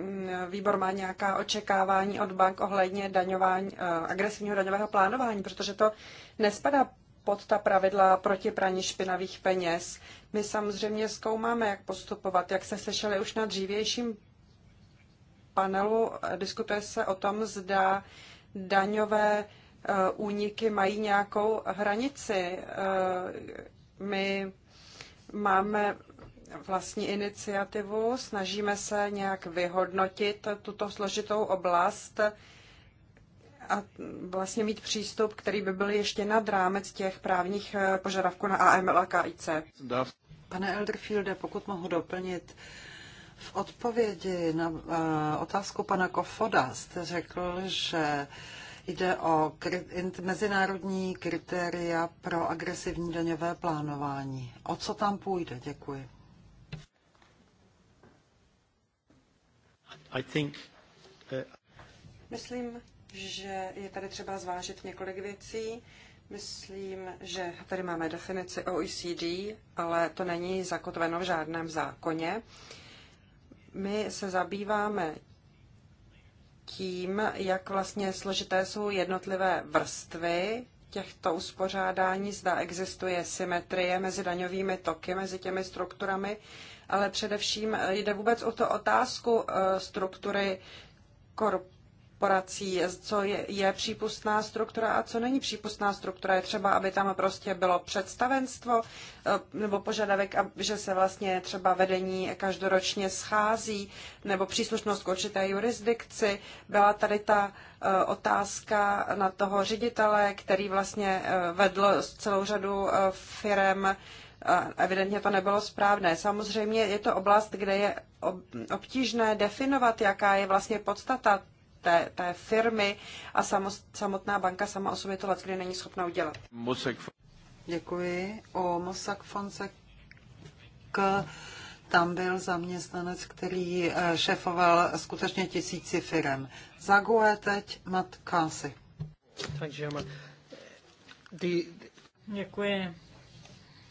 mm, výbor má nějaká očekávání od bank ohledně daňování, eh, agresivního daňového plánování, protože to nespadá pod ta pravidla proti praní špinavých peněz. My samozřejmě zkoumáme, jak postupovat. Jak se slyšeli už na dřívějším panelu, diskutuje se o tom, zda daňové eh, úniky mají nějakou hranici. Eh, my máme vlastní iniciativu, snažíme se nějak vyhodnotit tuto složitou oblast a vlastně mít přístup, který by byl ještě nad rámec těch právních eh, požadavků na AML a KIC. Pane Elderfielde, pokud mohu doplnit, v odpovědi na eh, otázku pana Kofoda jste řekl, že jde o mezinárodní kritéria pro agresivní daňové plánování. O co tam půjde? Děkuji. I think, uh... Myslím, že je tady třeba zvážit několik věcí. Myslím, že tady máme definici OECD, ale to není zakotveno v žádném zákoně. My se zabýváme tím, jak vlastně složité jsou jednotlivé vrstvy těchto uspořádání, zda existuje symetrie mezi daňovými toky, mezi těmi strukturami, ale především jde vůbec o to otázku eh, struktury korporace korporací, co je, je přípustná struktura a co není přípustná struktura. Je třeba, aby tam prostě bylo představenstvo eh, nebo požadavek, že se vlastně třeba vedení každoročně schází nebo příslušnost k určité jurisdikci. Byla tady ta eh, otázka na toho ředitele, který vlastně eh, vedl celou řadu firm evidentně to nebylo správné. Samozřejmě je to oblast, kde je obtížné definovat, jaká je vlastně podstata té, té firmy a samotná banka sama o sobě to letkdy není schopna udělat. Děkuji. O Mosak Fonsek tam byl zaměstnanec, který eh, šefoval skutečně tisíci firm. Zaguje teď Matt Kasi. Eh, Děkuji.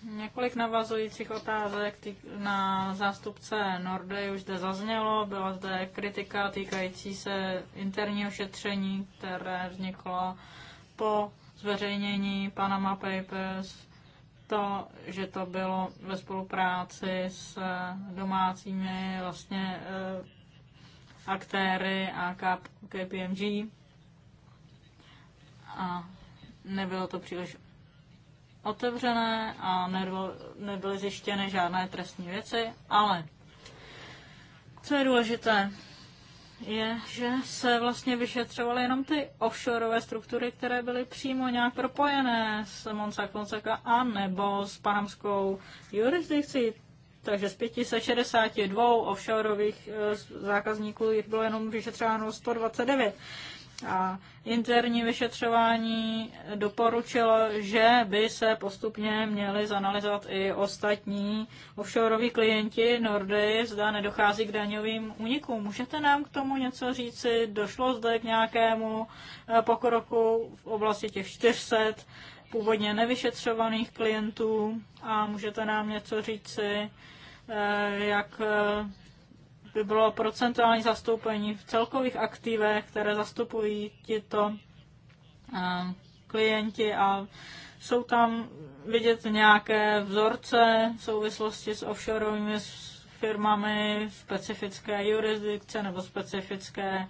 Několik navazujících otázek na zástupce Nordej už zde zaznělo. Byla zde kritika týkající se interního šetření, které vzniklo po zveřejnění Panama Papers. To, že to bylo ve spolupráci s domácími vlastně eh, aktéry a KPMG. A nebylo to příliš otevřené a nebyly zjištěny žádné trestní věci, ale co je důležité, je, že se vlastně vyšetřovaly jenom ty offshoreové struktury, které byly přímo nějak propojené s Monsa Konceka a nebo s panamskou jurisdikcí. Takže z 562 offshoreových eh, zákazníků jich bylo jenom vyšetřováno 129. A interní vyšetřování doporučilo, že by se postupně měli zanalizovat i ostatní offshoreoví klienti Nordy, zda nedochází k daňovým únikům. Můžete nám k tomu něco říci? Došlo zde k nějakému eh, pokroku v oblasti těch 400 původně nevyšetřovaných klientů a můžete nám něco říci, eh, jak eh, by bylo procentuální zastoupení v celkových aktivech, které zastupují tyto klienti a jsou tam vidět nějaké vzorce v souvislosti s offshoreovými firmami, specifické jurisdikce nebo specifické e,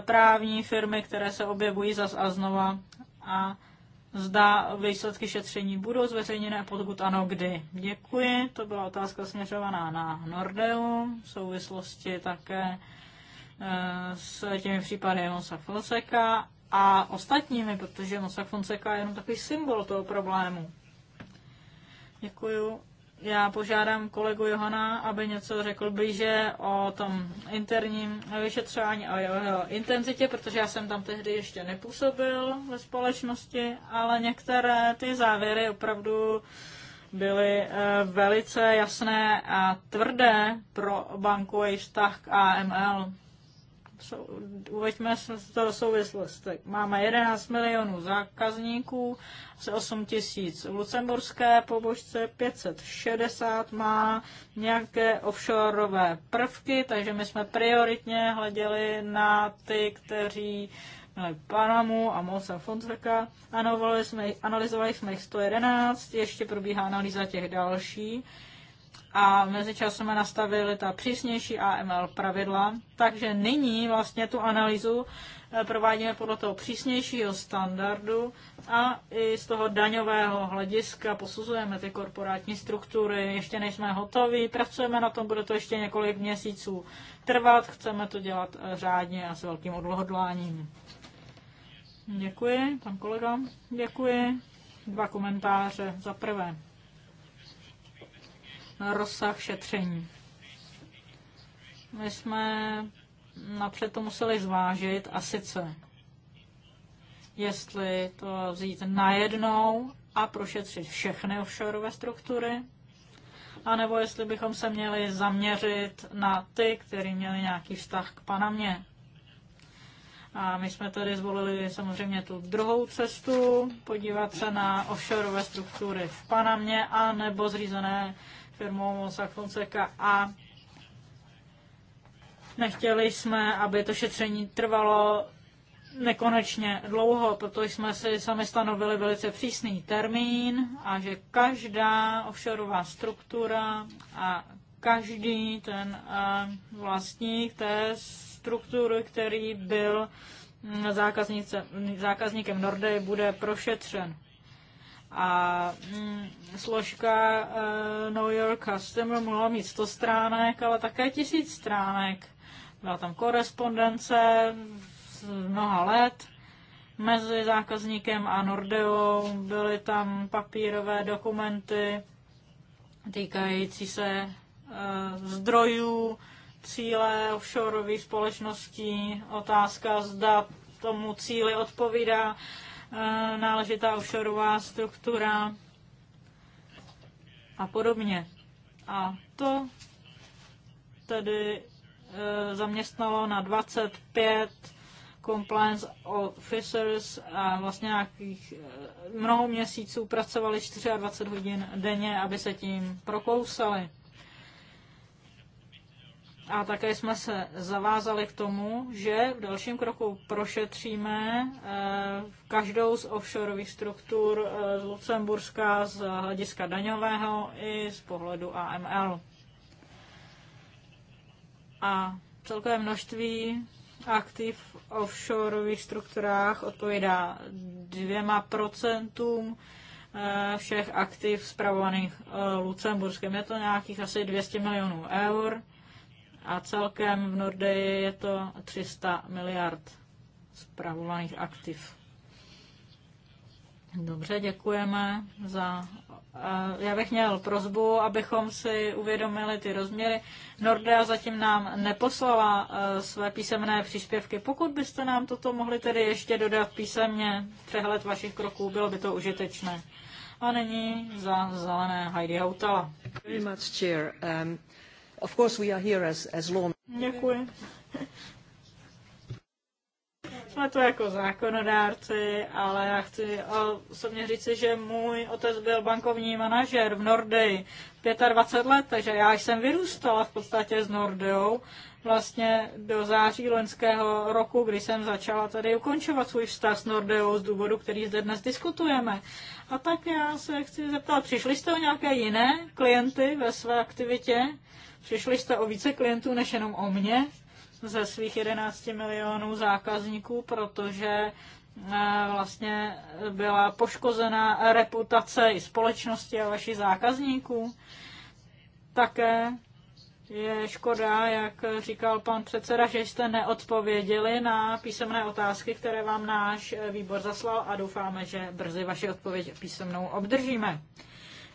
právní firmy, které se objevují zas a znova. A Zda výsledky šetření budou zveřejněné a pokud ano, kdy. Děkuji. To byla otázka směřovaná na Nordeu v souvislosti také eh, s těmi případy Mosa Fonseca a ostatními, protože Mosa Fonseca je jenom takový symbol toho problému. Děkuji já požádám kolegu Johana, aby něco řekl blíže o tom interním vyšetřování a jeho intenzitě, protože já jsem tam tehdy ještě nepůsobil ve společnosti, ale některé ty závěry opravdu byly eh, velice jasné a tvrdé pro banku její vztah k AML uveďme se to do Tak Máme 11 milionů zákazníků, se 8 tisíc v lucemburské pobožce, 560 má nějaké offshoreové prvky, takže my jsme prioritně hleděli na ty, kteří měli Panamu a Mosa Fonseca. Analyzovali jsme, analyzovali jsme jich 111, ještě probíhá analýza těch dalších a mezičas jsme nastavili ta přísnější AML pravidla, takže nyní vlastně tu analýzu eh, provádíme podle toho přísnějšího standardu a i z toho daňového hlediska posuzujeme ty korporátní struktury. Ještě nejsme hotoví, pracujeme na tom, bude to ještě několik měsíců trvat, chceme to dělat eh, řádně a s velkým odhodláním. Děkuji, pan kolega, děkuji. Dva komentáře. Za prvé, rozsah šetření. My jsme napřed to museli zvážit a sice, jestli to vzít najednou a prošetřit všechny offshore struktury, anebo jestli bychom se měli zaměřit na ty, kteří měli nějaký vztah k Panamě. A my jsme tady zvolili samozřejmě tu druhou cestu, podívat se na offshore struktury v Panamě a nebo zřízené firmou Mossack Fonseca a nechtěli jsme, aby to šetření trvalo nekonečně dlouho, proto jsme si sami stanovili velice přísný termín a že každá offshoreová struktura a každý ten eh, vlastník té struktury, který byl mm, zákazníkem Nordej, bude prošetřen a mm, složka uh, e, Know Your Customer mohla mít 100 stránek, ale také 1000 stránek. Byla tam korespondence z mnoha let mezi zákazníkem a Nordeou, byly tam papírové dokumenty týkající se uh, zdrojů, cíle offshoreových společností, otázka zda tomu cíli odpovídá Eh, náležitá offshoreová struktura a podobně. A to tedy eh, zaměstnalo na 25 compliance officers a vlastně nějakých eh, mnoho měsíců pracovali 24 hodin denně, aby se tím prokousali. A také jsme se zavázali k tomu, že v dalším kroku prošetříme eh, každou z offshoreových struktur eh, z Lucemburska z hlediska daňového i z pohledu AML. A celkové množství aktiv v offshoreových strukturách odpovídá dvěma procentům eh, všech aktiv spravovaných Lucemburskem. Je to nějakých asi 200 milionů eur a celkem v Nordeji je to 300 miliard zpravovaných aktiv. Dobře, děkujeme za... Já bych měl prozbu, abychom si uvědomili ty rozměry. Nordea zatím nám neposlala e, své písemné příspěvky. Pokud byste nám toto mohli tedy ještě dodat písemně, přehled vašich kroků, bylo by to užitečné. A nyní za zelené Heidi Hautala. Very much, chair. Um... Of course we are here as, as law. Děkuji. Jsme to jako zákonodárci, ale já chci osobně říci, že můj otec byl bankovní manažer v Nordeji 25 let, takže já jsem vyrůstala v podstatě s Nordeou vlastně do září loňského roku, kdy jsem začala tady ukončovat svůj vztah s Nordeou z důvodu, který zde dnes diskutujeme. A tak já se chci zeptat, přišli jste o nějaké jiné klienty ve své aktivitě? Přišli jste o více klientů než jenom o mě ze svých 11 milionů zákazníků, protože eh, vlastně byla poškozena reputace i společnosti a vašich zákazníků. Také je škoda, jak říkal pan předseda, že jste neodpověděli na písemné otázky, které vám náš eh, výbor zaslal a doufáme, že brzy vaše odpověď písemnou obdržíme.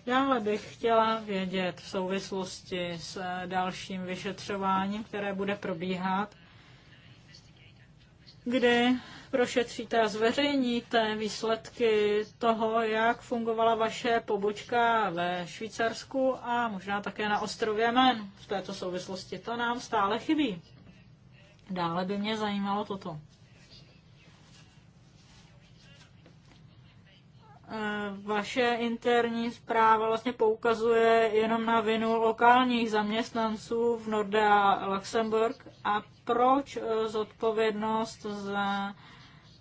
Dále bych chtěla vědět v souvislosti s dalším vyšetřováním, které bude probíhat, kdy prošetříte a zveřejníte výsledky toho, jak fungovala vaše pobočka ve Švýcarsku a možná také na ostrově Men. V této souvislosti to nám stále chybí. Dále by mě zajímalo toto. Eh, vaše interní zpráva vlastně poukazuje jenom na vinu lokálních zaměstnanců v Nordea Luxemburg a proč eh, zodpovědnost za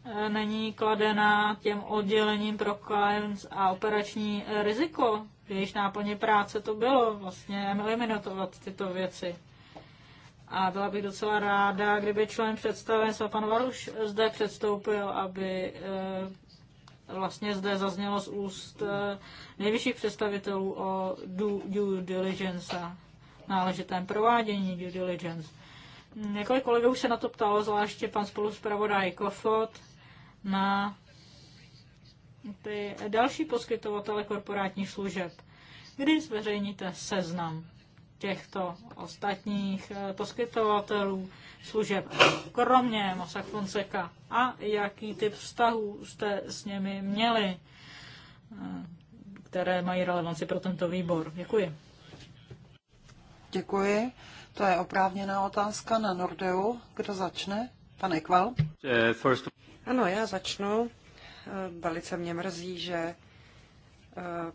eh, není kladena těm oddělením pro clients a operační riziko, když náplně práce to bylo, vlastně eliminovat tyto věci. A byla bych docela ráda, kdyby člen představenstva pan Varuš zde předstoupil, aby vlastně zde zaznělo z úst eh, nejvyšších představitelů o due diligence náležitém provádění due diligence. Několik kolegů už se na to ptalo, zvláště pan spoluzpravodaj Kofot, na ty další poskytovatele korporátních služeb. Kdy zveřejníte seznam těchto ostatních eh, poskytovatelů služeb, kromě Mossack Fonseca, a jaký typ vztahů jste s nimi měli, eh, které mají relevanci pro tento výbor. Děkuji. Děkuji. To je oprávněná otázka na Nordeu. Kdo začne? Pane Kval? Eh, ano, já začnu. Velice mě mrzí, že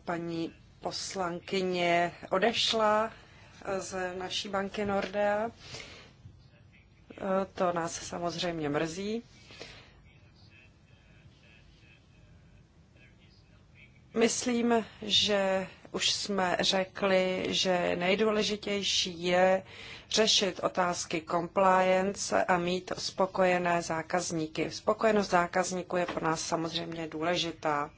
paní poslankyně odešla z naší banky Nordea. E, to nás samozřejmě mrzí. Myslím, že už jsme řekli, že nejdůležitější je řešit otázky compliance a mít spokojené zákazníky. Spokojenost zákazníků je pro nás samozřejmě důležitá.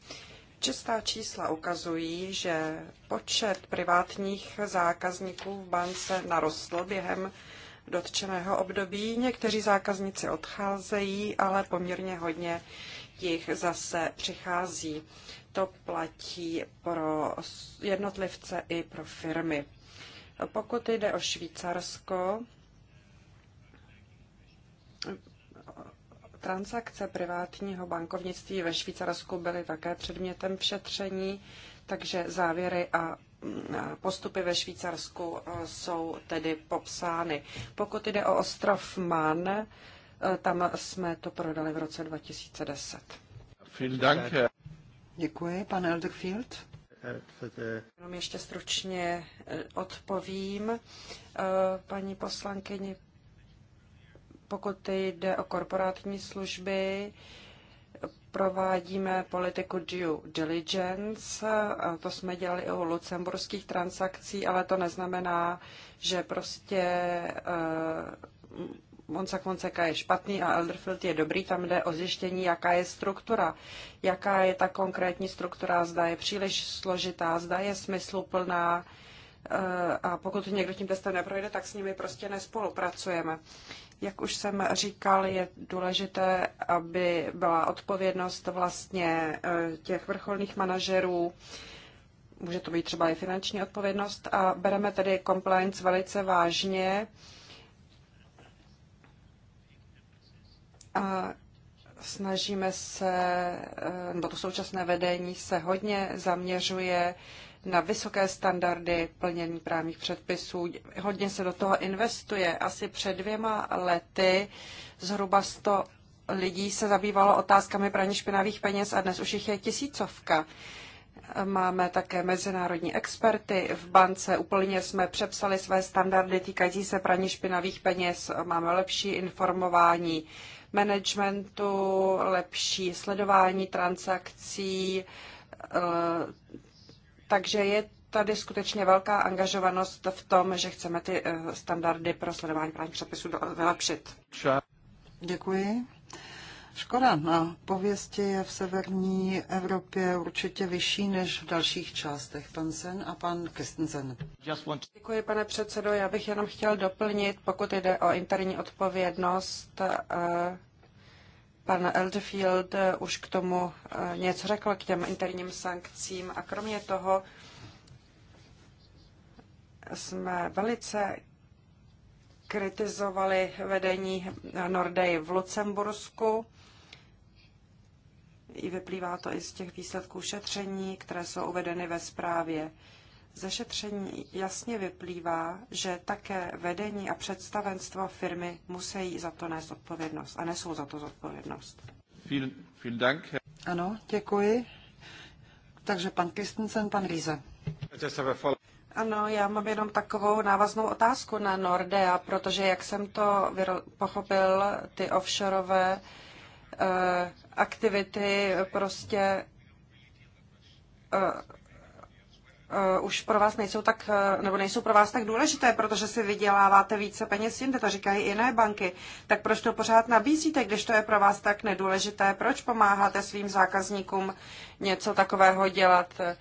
Čistá čísla ukazují, že počet privátních zákazníků v bance narostl během dotčeného období. Někteří zákazníci odcházejí, ale poměrně hodně jich zase přichází. To platí pro jednotlivce i pro firmy. Pokud jde o Švýcarsko, Transakce privátního bankovnictví ve Švýcarsku byly také předmětem všetření, takže závěry mm, a postupy ve Švýcarsku e, jsou tedy popsány. Pokud jde o ostrov Man, e, tam jsme to prodali v roce 2010. Děkuji, pan Elderfield. Jenom ještě stručně e, odpovím paní poslankyni pokud jde o korporátní služby, provádíme politiku due diligence. To jsme dělali i u lucemburských transakcí, ale to neznamená, že prostě Monsak eh, Monseka je špatný a Elderfield je dobrý. Tam jde o zjištění, jaká je struktura, jaká je ta konkrétní struktura, zda je příliš složitá, zda je smysluplná. Eh, a pokud někdo tím testem neprojde, tak s nimi prostě nespolupracujeme. Jak už jsem říkal, je důležité, aby byla odpovědnost vlastně e, těch vrcholných manažerů. Může to být třeba i finanční odpovědnost a bereme tedy compliance velice vážně. A snažíme se, e, nebo to současné vedení se hodně zaměřuje na vysoké standardy plnění právních předpisů. Hodně se do toho investuje. Asi před dvěma lety zhruba 100 lidí se zabývalo otázkami praní špinavých peněz a dnes už jich je tisícovka. Máme také mezinárodní experty v bance. Úplně jsme přepsali své standardy týkající se praní špinavých peněz. Máme lepší informování managementu, lepší sledování transakcí, takže je tady skutečně velká angažovanost v tom, že chceme ty eh, standardy pro sledování právních předpisů vylepšit. Děkuji. Škoda na pověsti je v severní Evropě určitě vyšší než v dalších částech. Pan Sen a pan Kristensen. Děkuji, pane předsedo. Já bych jenom chtěl doplnit, pokud jde o interní odpovědnost, eh, Pan Eldefield eh, už k tomu eh, něco řekl, k těm interním sankcím. A kromě toho jsme velice kritizovali vedení Nordej v Lucembursku. I vyplývá to i z těch výsledků šetření, které jsou uvedeny ve zprávě. Ze šetření jasně vyplývá, že také vedení a představenstvo firmy musí za to nést odpovědnost a nesou za to zodpovědnost. Vielen, vielen Dank. Ano, děkuji. Takže pan Kristensen, pan Riese. Ano, já mám jenom takovou návaznou otázku na Nordea, protože jak jsem to pochopil, ty offshoreové eh, aktivity prostě eh, uh, už pro vás nejsou tak, uh, nebo nejsou pro vás tak důležité, protože si vyděláváte více peněz jinde, to říkají jiné banky. Tak proč to pořád nabízíte, když to je pro vás tak nedůležité? Proč pomáháte svým zákazníkům něco takového dělat? Eh,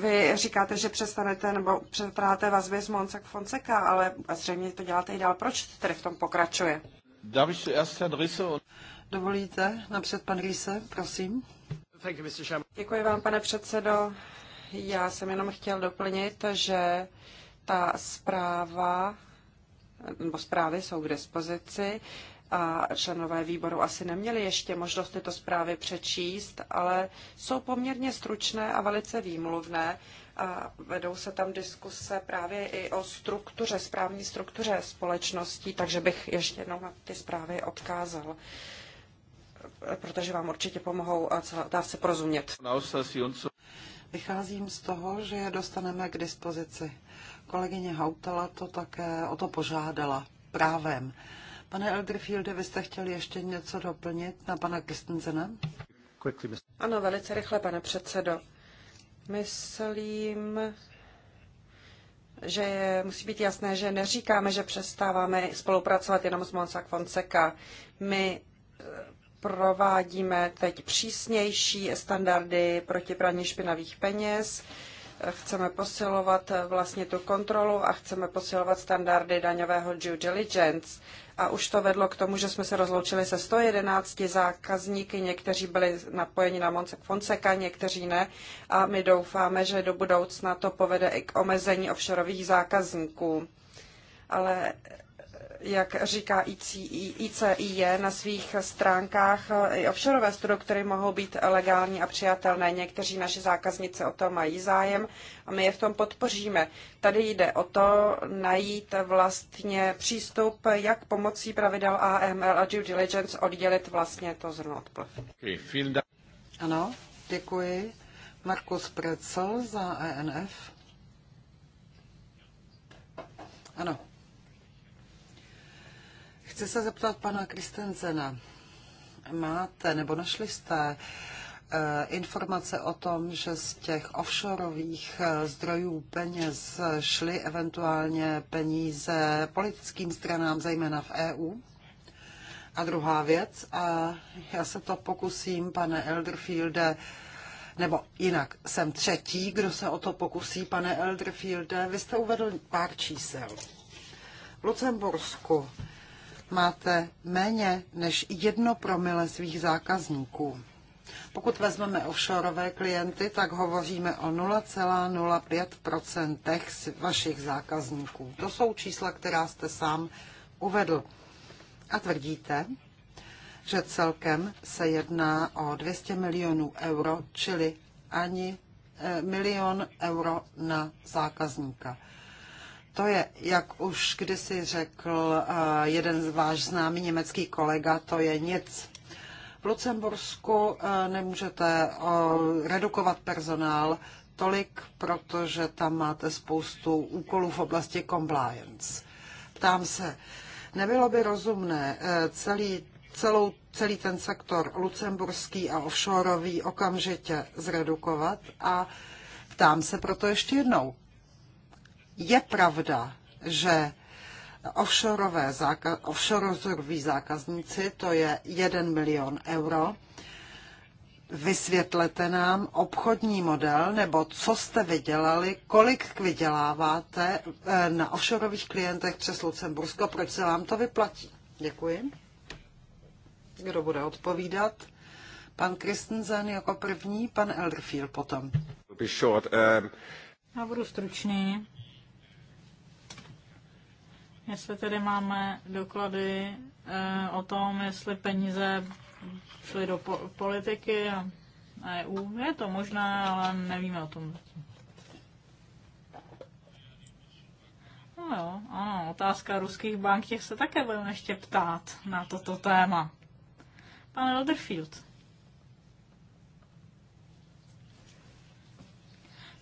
vy říkáte, že přestanete nebo přepráte vazby s Moncek Fonseca, ale zřejmě to děláte i dál. Proč tedy v tom pokračuje? Dovolíte napřed pan Riese, prosím. Děkuji vám, pane předsedo. Já jsem jenom chtěl doplnit, že ta zpráva, nebo zprávy jsou k dispozici a členové výboru asi neměli ještě možnost tyto zprávy přečíst, ale jsou poměrně stručné a velice výmluvné a vedou se tam diskuse právě i o struktuře, správní struktuře společností, takže bych ještě jednou na ty zprávy odkázal protože vám určitě pomohou a celá otázce porozumět. Vycházím z toho, že je dostaneme k dispozici. Kolegyně Hautala to také o to požádala právem. Pane Elderfielde, vy jste chtěli ještě něco doplnit na pana Kristensena? Ano, velice rychle, pane předsedo. Myslím, že je, musí být jasné, že neříkáme, že přestáváme spolupracovat jenom s Monsak Fonseca. My provádíme teď přísnější standardy proti praní špinavých peněz. Chceme posilovat vlastně tu kontrolu a chceme posilovat standardy daňového due diligence. A už to vedlo k tomu, že jsme se rozloučili se 111 zákazníky, někteří byli napojeni na Fonseca, někteří ne. A my doufáme, že do budoucna to povede i k omezení offshoreových zákazníků. Ale jak říká ICIE na svých stránkách, eh, i offshoreové struktury mohou být legální a přijatelné. Někteří naši zákazníci o to mají zájem a my je v tom podpoříme. Tady jde o to najít vlastně přístup, jak pomocí pravidel AML a due diligence oddělit vlastně to zrno od plev. Ano, děkuji. Markus Precel za ENF. Ano, Chci se zeptat pana Kristensena. Máte nebo našli jste eh, informace o tom, že z těch offshoreových eh, zdrojů peněz šly eventuálně peníze politickým stranám, zejména v EU? A druhá věc, a já se to pokusím, pane Elderfielde, nebo jinak, jsem třetí, kdo se o to pokusí, pane Elderfielde. Vy jste uvedl pár čísel. V Lucembursku máte méně než jedno promile svých zákazníků. Pokud vezmeme offshoreové klienty, tak hovoříme o 0,05 vašich zákazníků. To jsou čísla, která jste sám uvedl. A tvrdíte, že celkem se jedná o 200 milionů euro, čili ani eh, milion euro na zákazníka. To je, jak už kdysi řekl eh, jeden z váš známý německý kolega, to je nic. V Lucembursku eh, nemůžete eh, redukovat personál tolik, protože tam máte spoustu úkolů v oblasti compliance. Ptám se, nebylo by rozumné celý, celou, celý ten sektor lucemburský a offshoreový okamžitě zredukovat a Ptám se proto ještě jednou, je pravda, že offshore, záka- offshore zákazníci, to je 1 milion euro, Vysvětlete nám obchodní model, nebo co jste vydělali, kolik vyděláváte eh, na offshoreových klientech přes Lucembursko, proč se vám to vyplatí. Děkuji. Kdo bude odpovídat? Pan Christensen jako první, pan Elderfield potom. Um, Já budu stručný. Jestli tedy máme doklady eh, o tom, jestli peníze šly do po- politiky a EU, je to možné, ale nevíme o tom. No jo, ano, otázka ruských bank, těch se také budeme ještě ptát na toto téma. Pane Lederfield.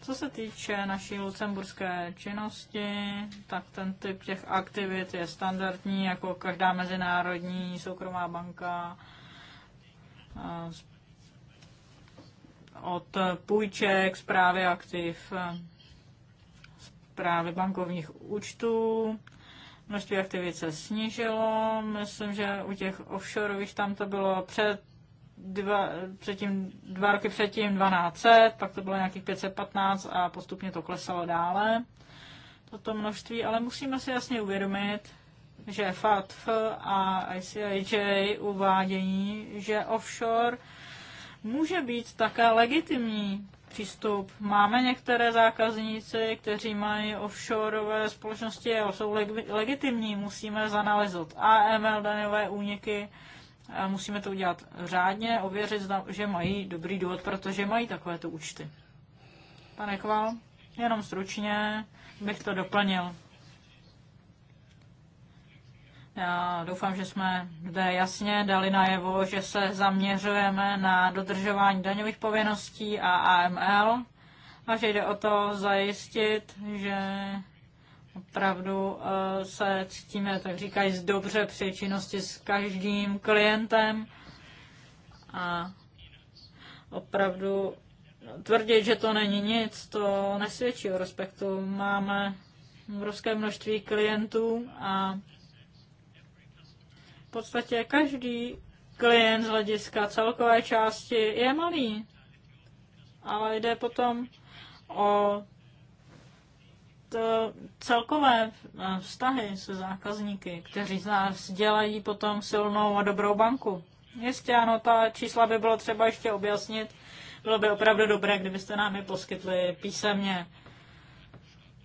Co se týče naší lucemburské činnosti, tak ten typ těch aktivit je standardní, jako každá mezinárodní soukromá banka. Od půjček, zprávy aktiv, zprávy bankovních účtů, množství aktivit se snížilo. Myslím, že u těch offshoreových tam to bylo před dva, předtím, dva roky předtím 12, pak to bylo nějakých 515 a postupně to klesalo dále, toto množství, ale musíme si jasně uvědomit, že FATF a ICIJ uvádění, že offshore může být také legitimní přístup. Máme některé zákazníci, kteří mají offshoreové společnosti jsou legitimní. Musíme zanalizovat AML, daňové úniky, musíme to udělat řádně, ověřit, že mají dobrý důvod, protože mají takovéto účty. Pane Kval, jenom stručně bych to doplnil. Já doufám, že jsme zde jasně dali najevo, že se zaměřujeme na dodržování daňových povinností a AML a že jde o to zajistit, že opravdu eh, se cítíme, tak říkají, dobře při činnosti s každým klientem a opravdu tvrdit, že to není nic, to nesvědčí o respektu. Máme obrovské množství klientů a v podstatě každý klient z hlediska celkové části je malý, ale jde potom o Eh, celkové eh, vztahy se zákazníky, kteří z nás dělají potom silnou a dobrou banku. Jistě ano, ta čísla by bylo třeba ještě objasnit. Bylo by opravdu dobré, kdybyste nám je poskytli písemně.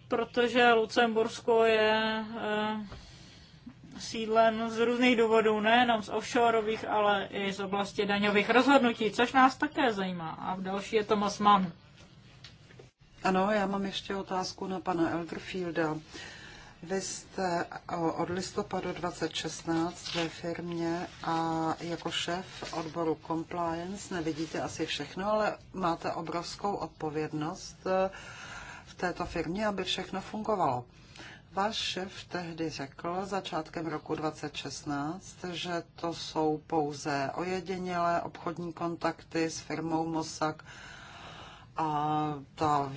Protože Lucembursko je e, sídlen z různých důvodů, nejenom z offshoreových, ale i z oblasti daňových rozhodnutí, což nás také zajímá. A v další je Tomas Mann. Ano, já mám ještě otázku na pana Elgerfielda. Vy jste eh, od listopadu 2016 ve firmě a jako šéf odboru compliance nevidíte asi všechno, ale máte obrovskou odpovědnost eh, v této firmě, aby všechno fungovalo. Váš šéf tehdy řekl začátkem roku 2016, že to jsou pouze ojedinělé obchodní kontakty s firmou Mossack a ta,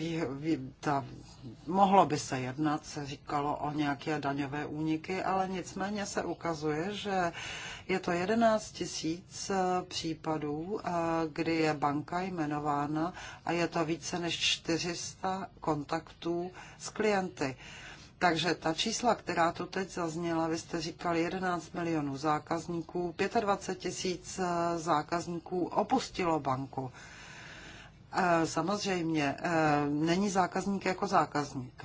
ta, mohlo by se jednat, se říkalo o nějaké daňové úniky, ale nicméně se ukazuje, že je to 11 tisíc eh, případů, eh, kdy je banka jmenována a je to více než 400 kontaktů s klienty. Takže ta čísla, která tu teď zazněla, vy jste říkali 11 milionů zákazníků, 25 tisíc eh, zákazníků opustilo banku. Eh, samozřejmě, eh, není zákazník jako zákazník.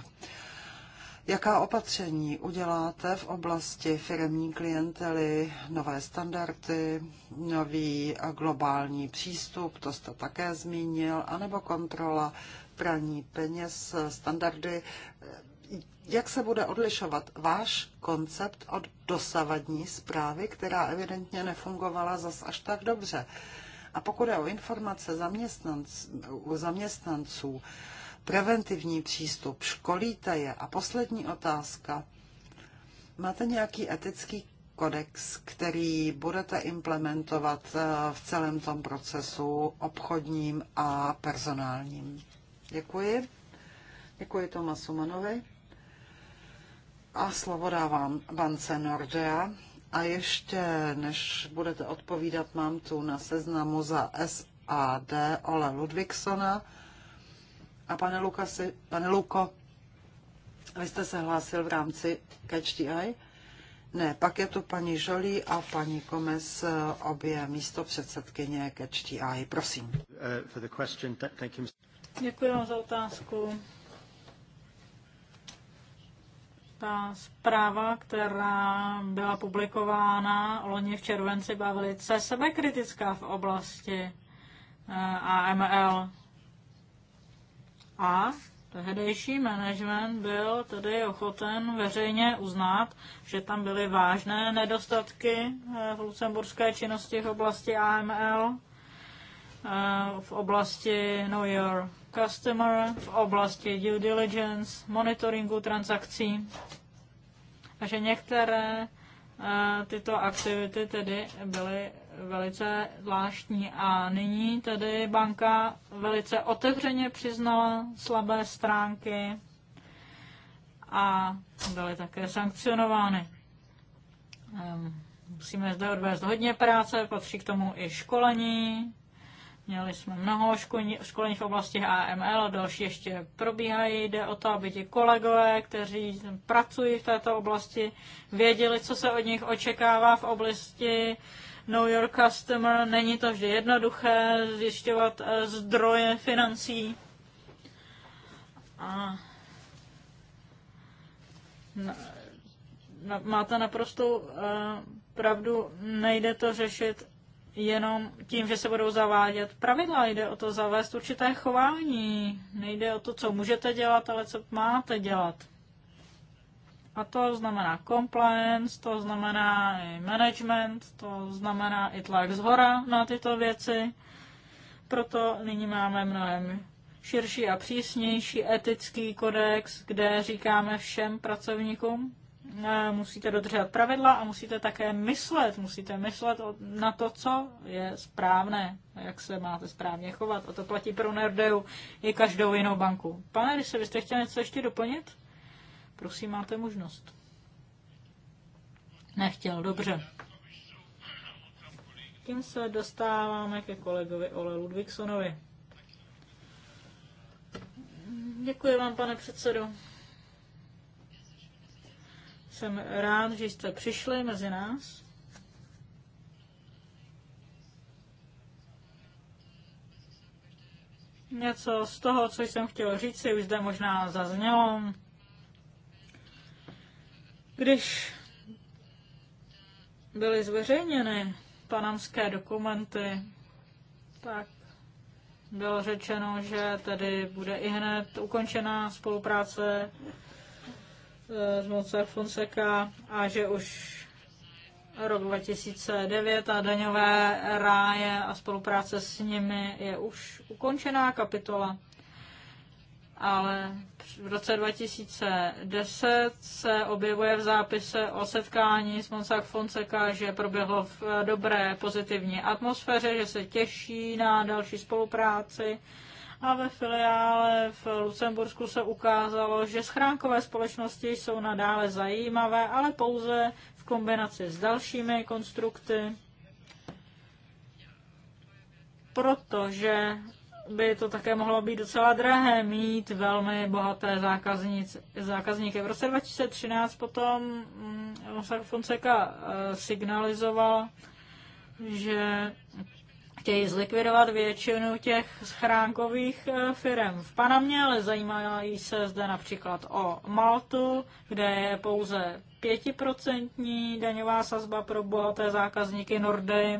Jaká opatření uděláte v oblasti firmní klientely, nové standardy, nový eh, globální přístup, to jste také zmínil, anebo kontrola praní peněz, standardy. Jak se bude odlišovat váš koncept od dosavadní zprávy, která evidentně nefungovala zas až tak dobře? A pokud je o informace zaměstnanc, u zaměstnanců, preventivní přístup, školíte je. A poslední otázka. Máte nějaký etický kodex, který budete implementovat eh, v celém tom procesu obchodním a personálním? Děkuji. Děkuji Tomasu Manovi. A slovo dávám bance Nordea. A ještě, než budete odpovídat, mám tu na seznamu za SAD Ole Ludvíksona A pane, Lukasi, pane Luko, vy jste se hlásil v rámci Catch Ne, pak je tu paní Žolí a paní Komes, obě místo předsedkyně Catch the Prosím. Uh, Děkuji vám za otázku. Ta zpráva, která byla publikována loni v červenci, byla velice sebekritická v oblasti eh, AML. A tehdejší management byl tedy ochoten veřejně uznat, že tam byly vážné nedostatky eh, v lucemburské činnosti v oblasti AML, eh, v oblasti Know Your Customer v oblasti due diligence, monitoringu transakcí a že některé eh, tyto aktivity tedy byly velice zvláštní a nyní tedy banka velice otevřeně přiznala slabé stránky a byly také sankcionovány. Ehm, musíme zde odvést hodně práce, patří k tomu i školení, Měli jsme mnoho školení v oblasti AML, další ještě probíhají. Jde o to, aby ti kolegové, kteří pracují v této oblasti, věděli, co se od nich očekává v oblasti Know Your Customer. Není to vždy jednoduché zjišťovat eh, zdroje financí. A na, na, máte naprostou uh, pravdu, nejde to řešit jenom tím, že se budou zavádět pravidla. Jde o to zavést určité chování. Nejde o to, co můžete dělat, ale co máte dělat. A to znamená compliance, to znamená i management, to znamená i tlak zhora na tyto věci. Proto nyní máme mnohem širší a přísnější etický kodex, kde říkáme všem pracovníkům, musíte dodržet pravidla a musíte také myslet, musíte myslet na to, co je správné, jak se máte správně chovat. A to platí pro Nerdeu i každou jinou banku. Pane když se jste chtěli něco ještě doplnit? Prosím, máte možnost. Nechtěl, dobře. Tím se dostáváme ke kolegovi Ole Ludvíksonovi. Děkuji vám, pane předsedo. Jsem rád, že jste přišli mezi nás. Něco z toho, co jsem chtěl říct, si už zde možná zaznělo. Když byly zveřejněny panamské dokumenty, tak bylo řečeno, že tedy bude i hned ukončena spolupráce z Mozart Fonseca a že už rok 2009 a daňové ráje a spolupráce s nimi je už ukončená kapitola. Ale v roce 2010 se objevuje v zápise o setkání s Monsak Fonseca, že proběhlo v dobré pozitivní atmosféře, že se těší na další spolupráci a ve filiále v Lucembursku se ukázalo, že schránkové společnosti jsou nadále zajímavé, ale pouze v kombinaci s dalšími konstrukty, protože by to také mohlo být docela drahé mít velmi bohaté zákaznice, zákazníky. V roce 2013 potom Mossack mm, Fonseca eh, signalizoval, že Chtějí zlikvidovat většinu těch schránkových eh, firm v Panamě, ale zajímají se zde například o Maltu, kde je pouze pětiprocentní daňová sazba pro bohaté zákazníky Nordy.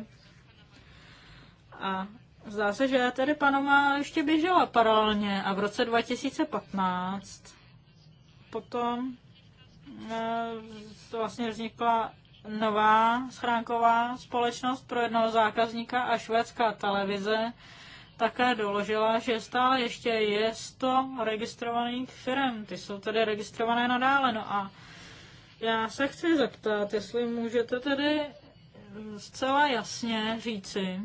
A zdá se, že tedy Panama ještě běžela paralelně a v roce 2015 potom eh, vlastně vznikla nová schránková společnost pro jednoho zákazníka a švédská televize také doložila, že stále ještě je 100 registrovaných firm. Ty jsou tedy registrované nadále. No a já se chci zeptat, jestli můžete tedy mm, zcela jasně říci,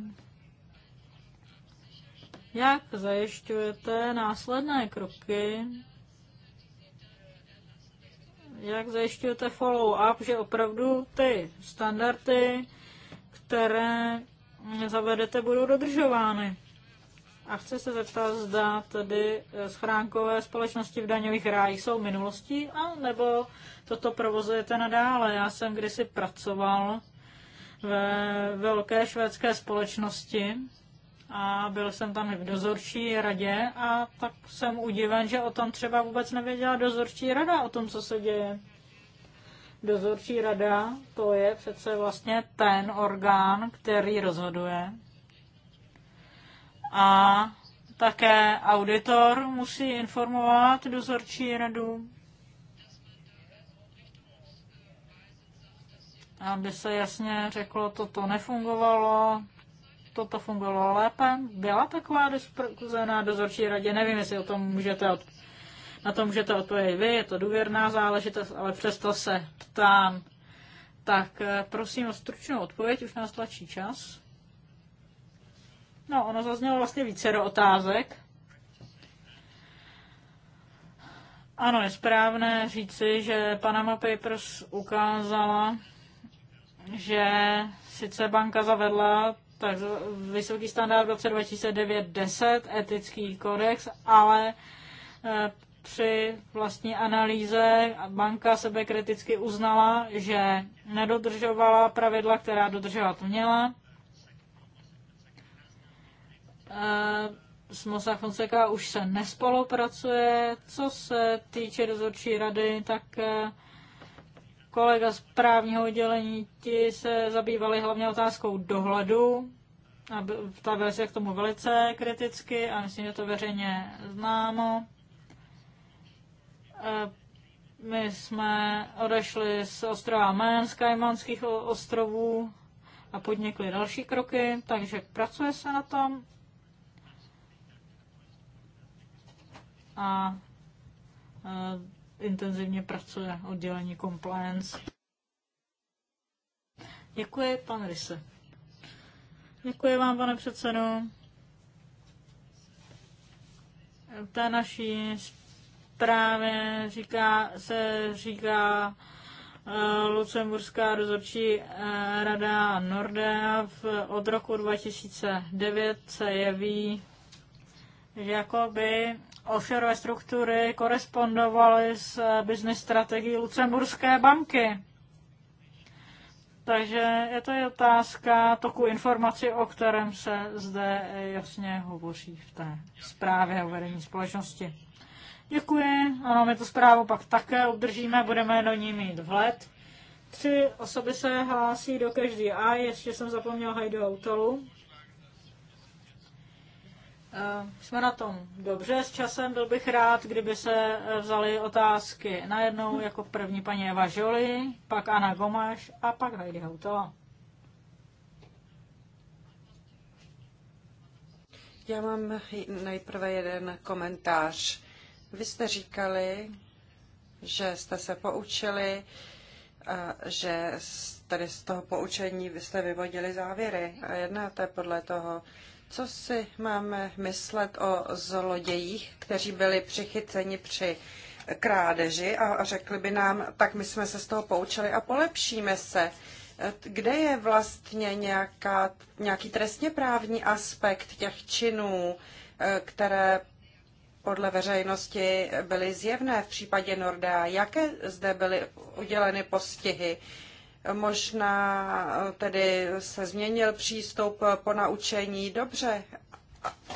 jak zajišťujete následné kroky jak zajišťujete follow-up, že opravdu ty standardy, které zavedete, budou dodržovány. A chci se zeptat, zda tedy eh, schránkové společnosti v daňových rájích jsou minulostí, a nebo toto provozujete nadále. Já jsem kdysi pracoval ve velké švédské společnosti, a byl jsem tam i v dozorčí radě a tak jsem udiven, že o tom třeba vůbec nevěděla dozorčí rada, o tom, co se děje. Dozorčí rada to je přece vlastně ten orgán, který rozhoduje. A také auditor musí informovat dozorčí radu, aby se jasně řeklo, toto nefungovalo, toto fungovalo lépe. Byla taková diskuze na dozorčí radě, nevím, jestli o tom můžete od... na tom můžete odpovědět vy, je to důvěrná záležitost, ale přesto se ptám. Tak eh, prosím o stručnou odpověď, už nás tlačí čas. No, ono zaznělo vlastně více do otázek. Ano, je správné říci, že Panama Papers ukázala, že sice banka zavedla tak vysoký standard v roce 2009-10, etický kodex, ale e, při vlastní analýze banka sebe kriticky uznala, že nedodržovala pravidla, která dodržovat měla. E, s Mosa Fonseca už se nespolupracuje. Co se týče dozorčí rady, tak e, kolega z právního oddělení, ti se zabývali hlavně otázkou dohledu a stavili se k tomu velice kriticky a myslím, že to veřejně známo. E, my jsme odešli z ostrova Man, z Kajmanských ostrovů a podnikli další kroky, takže pracuje se na tom. A e, intenzivně pracuje oddělení compliance. Děkuji, pan Ryse. Děkuji vám, pane předsedo. V té naší zprávě říká, se říká uh, Lucemburská rozhodčí uh, eh, rada Nordea. V, od roku 2009 se jeví, že jakoby offshore struktury korespondovaly s eh, business strategií Lucemburské banky. Takže je to otázka toku informací, o kterém se zde jasně hovoří v té zprávě o vedení společnosti. Děkuji, ano, my tu zprávu pak také obdržíme, budeme do ní mít vhled. Tři osoby se hlásí do každý a ještě jsem zapomněl Hajdu Autolu. Eh, jsme na tom dobře. S časem byl bych rád, kdyby se eh, vzaly otázky najednou jako první paní Eva Žoli, pak Anna Gomáš a pak Heidi Houto. Já mám nejprve jeden komentář. Vy jste říkali, že jste se poučili, a že tady z toho poučení vy jste vyvodili závěry a jednáte podle toho. Co si máme myslet o zlodějích, kteří byli přichyceni při krádeži a řekli by nám, tak my jsme se z toho poučili a polepšíme se. Kde je vlastně nějaká, nějaký trestně právní aspekt těch činů, které podle veřejnosti byly zjevné v případě Nordea? Jaké zde byly uděleny postihy? Možná eh, tedy se změnil přístup po naučení, dobře,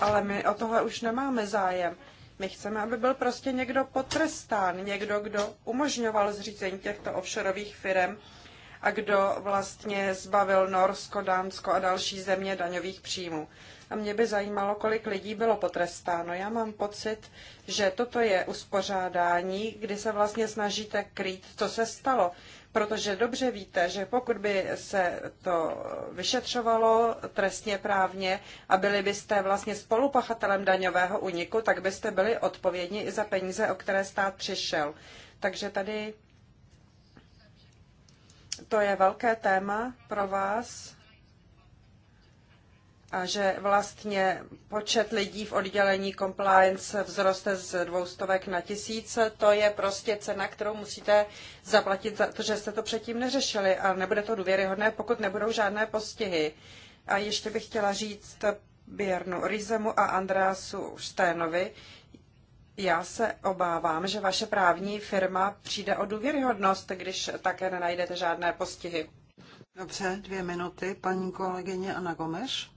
ale my o tohle už nemáme zájem. My chceme, aby byl prostě někdo potrestán, někdo, kdo umožňoval zřízení těchto offshoreových firm a kdo vlastně zbavil Norsko, Dánsko a další země daňových příjmů. A mě by zajímalo, kolik lidí bylo potrestáno. Já mám pocit, že toto je uspořádání, kdy se vlastně snažíte krýt, co se stalo protože dobře víte, že pokud by se to vyšetřovalo trestně právně a byli byste vlastně spolupachatelem daňového úniku, tak byste byli odpovědní i za peníze, o které stát přišel. Takže tady to je velké téma pro vás a že vlastně počet lidí v oddělení compliance vzroste z dvoustovek na tisíc, to je prostě cena, kterou musíte zaplatit za to, že jste to předtím neřešili a nebude to důvěryhodné, pokud nebudou žádné postihy. A ještě bych chtěla říct Běrnu Rizemu a Andrásu Šténovi, já se obávám, že vaše právní firma přijde o důvěryhodnost, když také nenajdete žádné postihy. Dobře, dvě minuty, paní kolegyně Ana Gomeš.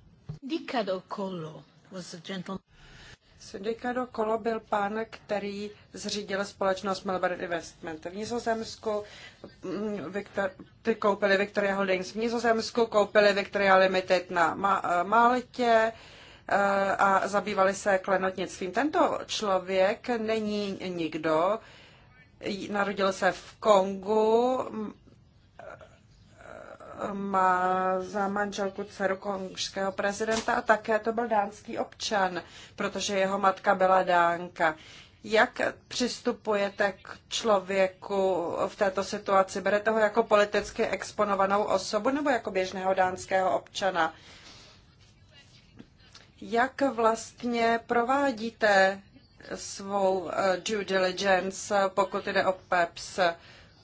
Dicado Colo was a gentleman. Dicado Kolo byl pán, který zřídil společnost Melbourne Investment v Nizozemsku. Mm, Victor, ty koupili Victoria Holdings v Nizozemsku, koupili Victoria Limited na eh, Maltě eh, a zabývali se klenotnictvím. Tento člověk není nikdo, narodil se v Kongu, má za manželku dceru konžského prezidenta a také to byl dánský občan, protože jeho matka byla dánka. Jak přistupujete k člověku v této situaci? Berete ho jako politicky exponovanou osobu nebo jako běžného dánského občana? Jak vlastně provádíte svou eh, due diligence, pokud jde o PEPS?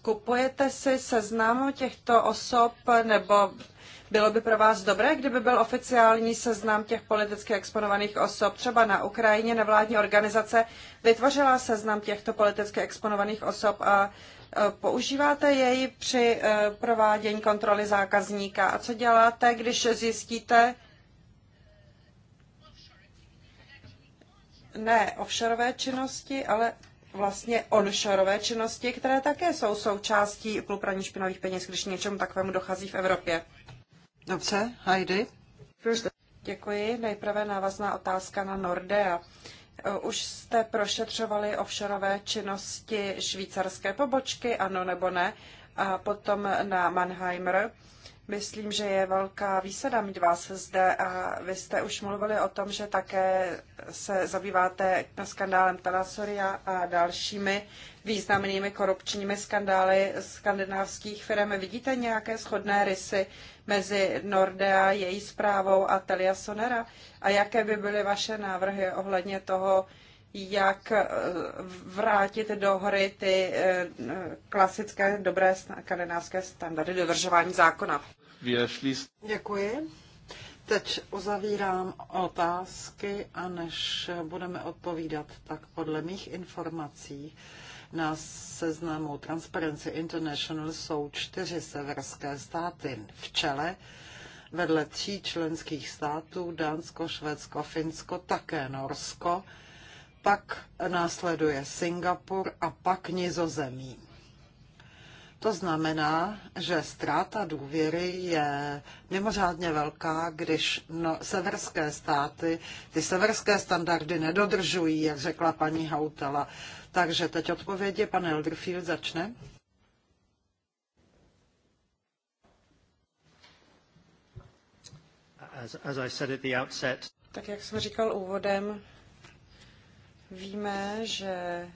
kupujete si seznam těchto osob, nebo bylo by pro vás dobré, kdyby byl oficiální seznam těch politicky exponovaných osob? Třeba na Ukrajině nevládní organizace vytvořila seznam těchto politicky exponovaných osob a e, Používáte jej při e, provádění kontroly zákazníka a co děláte, když zjistíte, ne offshoreové činnosti, ale vlastně onshore činnosti, které také jsou součástí praní špinavých peněz, když něčemu takovému dochází v Evropě. Dobře, Heidi. Děkuji. Nejprve návazná otázka na Nordea. Eh, už jste prošetřovali offshoreové činnosti švýcarské pobočky, ano nebo ne? A potom na Mannheimer. Myslím, že je velká výsada mít vás zde a vy jste už mluvili o tom, že také se zabýváte skandálem Talasoria a dalšími významnými korupčními skandály skandinávských firm. Vidíte nějaké shodné rysy mezi Nordea, její zprávou a Telia Sonera? A jaké by byly vaše návrhy ohledně toho, jak eh, vrátit do hry ty eh, klasické dobré skandinávské standardy dodržování zákona. Děkuji. Teď uzavírám otázky a než budeme odpovídat, tak podle mých informací na seznamu Transparency International jsou čtyři severské státy v čele, vedle tří členských států Dánsko, Švédsko, Finsko, také Norsko, pak následuje Singapur a pak Nizozemí. To znamená, že ztráta důvěry je mimořádně velká, když no, severské státy ty severské standardy nedodržují, jak řekla paní Hautala. Takže teď odpovědi, pan Elderfield začne. As, as I said at the outset. Tak jak jsem říkal úvodem, víme, že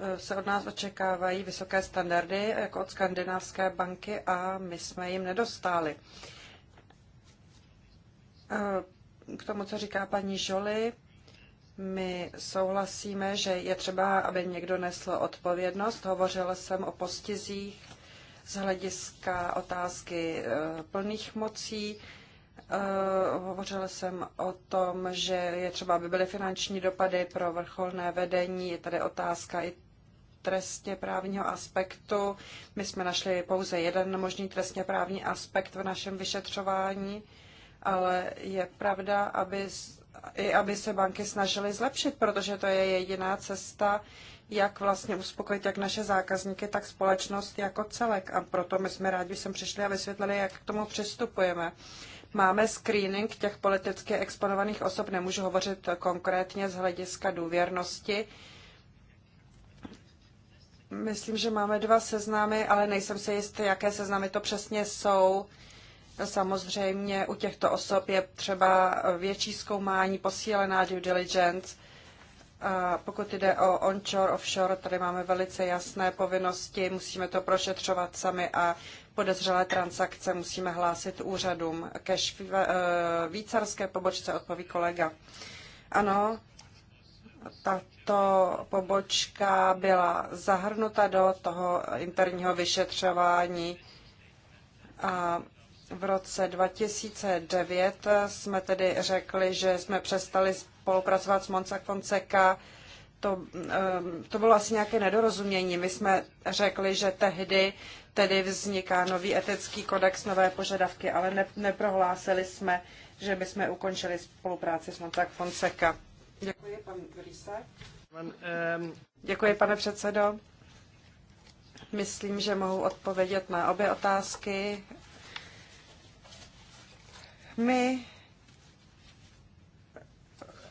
Eh, se od nás očekávají vysoké standardy, jako od skandinávské banky, a my jsme jim nedostáli. Eh, k tomu, co říká paní Žoli, my souhlasíme, že je třeba, aby někdo nesl odpovědnost. Hovořila jsem o postizích z hlediska otázky eh, plných mocí. Hovořila jsem o tom, že je třeba, aby byly finanční dopady pro vrcholné vedení. Je tady otázka i trestně právního aspektu. My jsme našli pouze jeden možný trestně právní aspekt v našem vyšetřování, ale je pravda, aby, i aby se banky snažily zlepšit, protože to je jediná cesta, jak vlastně uspokojit jak naše zákazníky, tak společnost jako celek. A proto my jsme rádi, že jsem přišli a vysvětlili, jak k tomu přistupujeme. Máme screening těch politicky exponovaných osob, nemůžu hovořit konkrétně z hlediska důvěrnosti, Myslím, že máme dva seznamy, ale nejsem si jistý, jaké seznamy to přesně jsou. Samozřejmě u těchto osob je třeba větší zkoumání, posílená due diligence. A pokud jde o onshore, offshore, tady máme velice jasné povinnosti, musíme to prošetřovat sami a podezřelé transakce musíme hlásit úřadům. Ke švýcarské eh, pobočce odpoví kolega. Ano, tato pobočka byla zahrnuta do toho interního vyšetřování a v roce 2009 jsme tedy řekli, že jsme přestali spolupracovat s Monza Fonseca. To, ehm, to bylo asi nějaké nedorozumění. My jsme řekli, že tehdy tedy vzniká nový etický kodex, nové požadavky, ale ne, neprohlásili jsme, že by jsme ukončili spolupráci s Monza Fonseca. Děkuji, pan ehm, Děkuji, pane předsedo. Myslím, že mohu odpovědět na obě otázky. My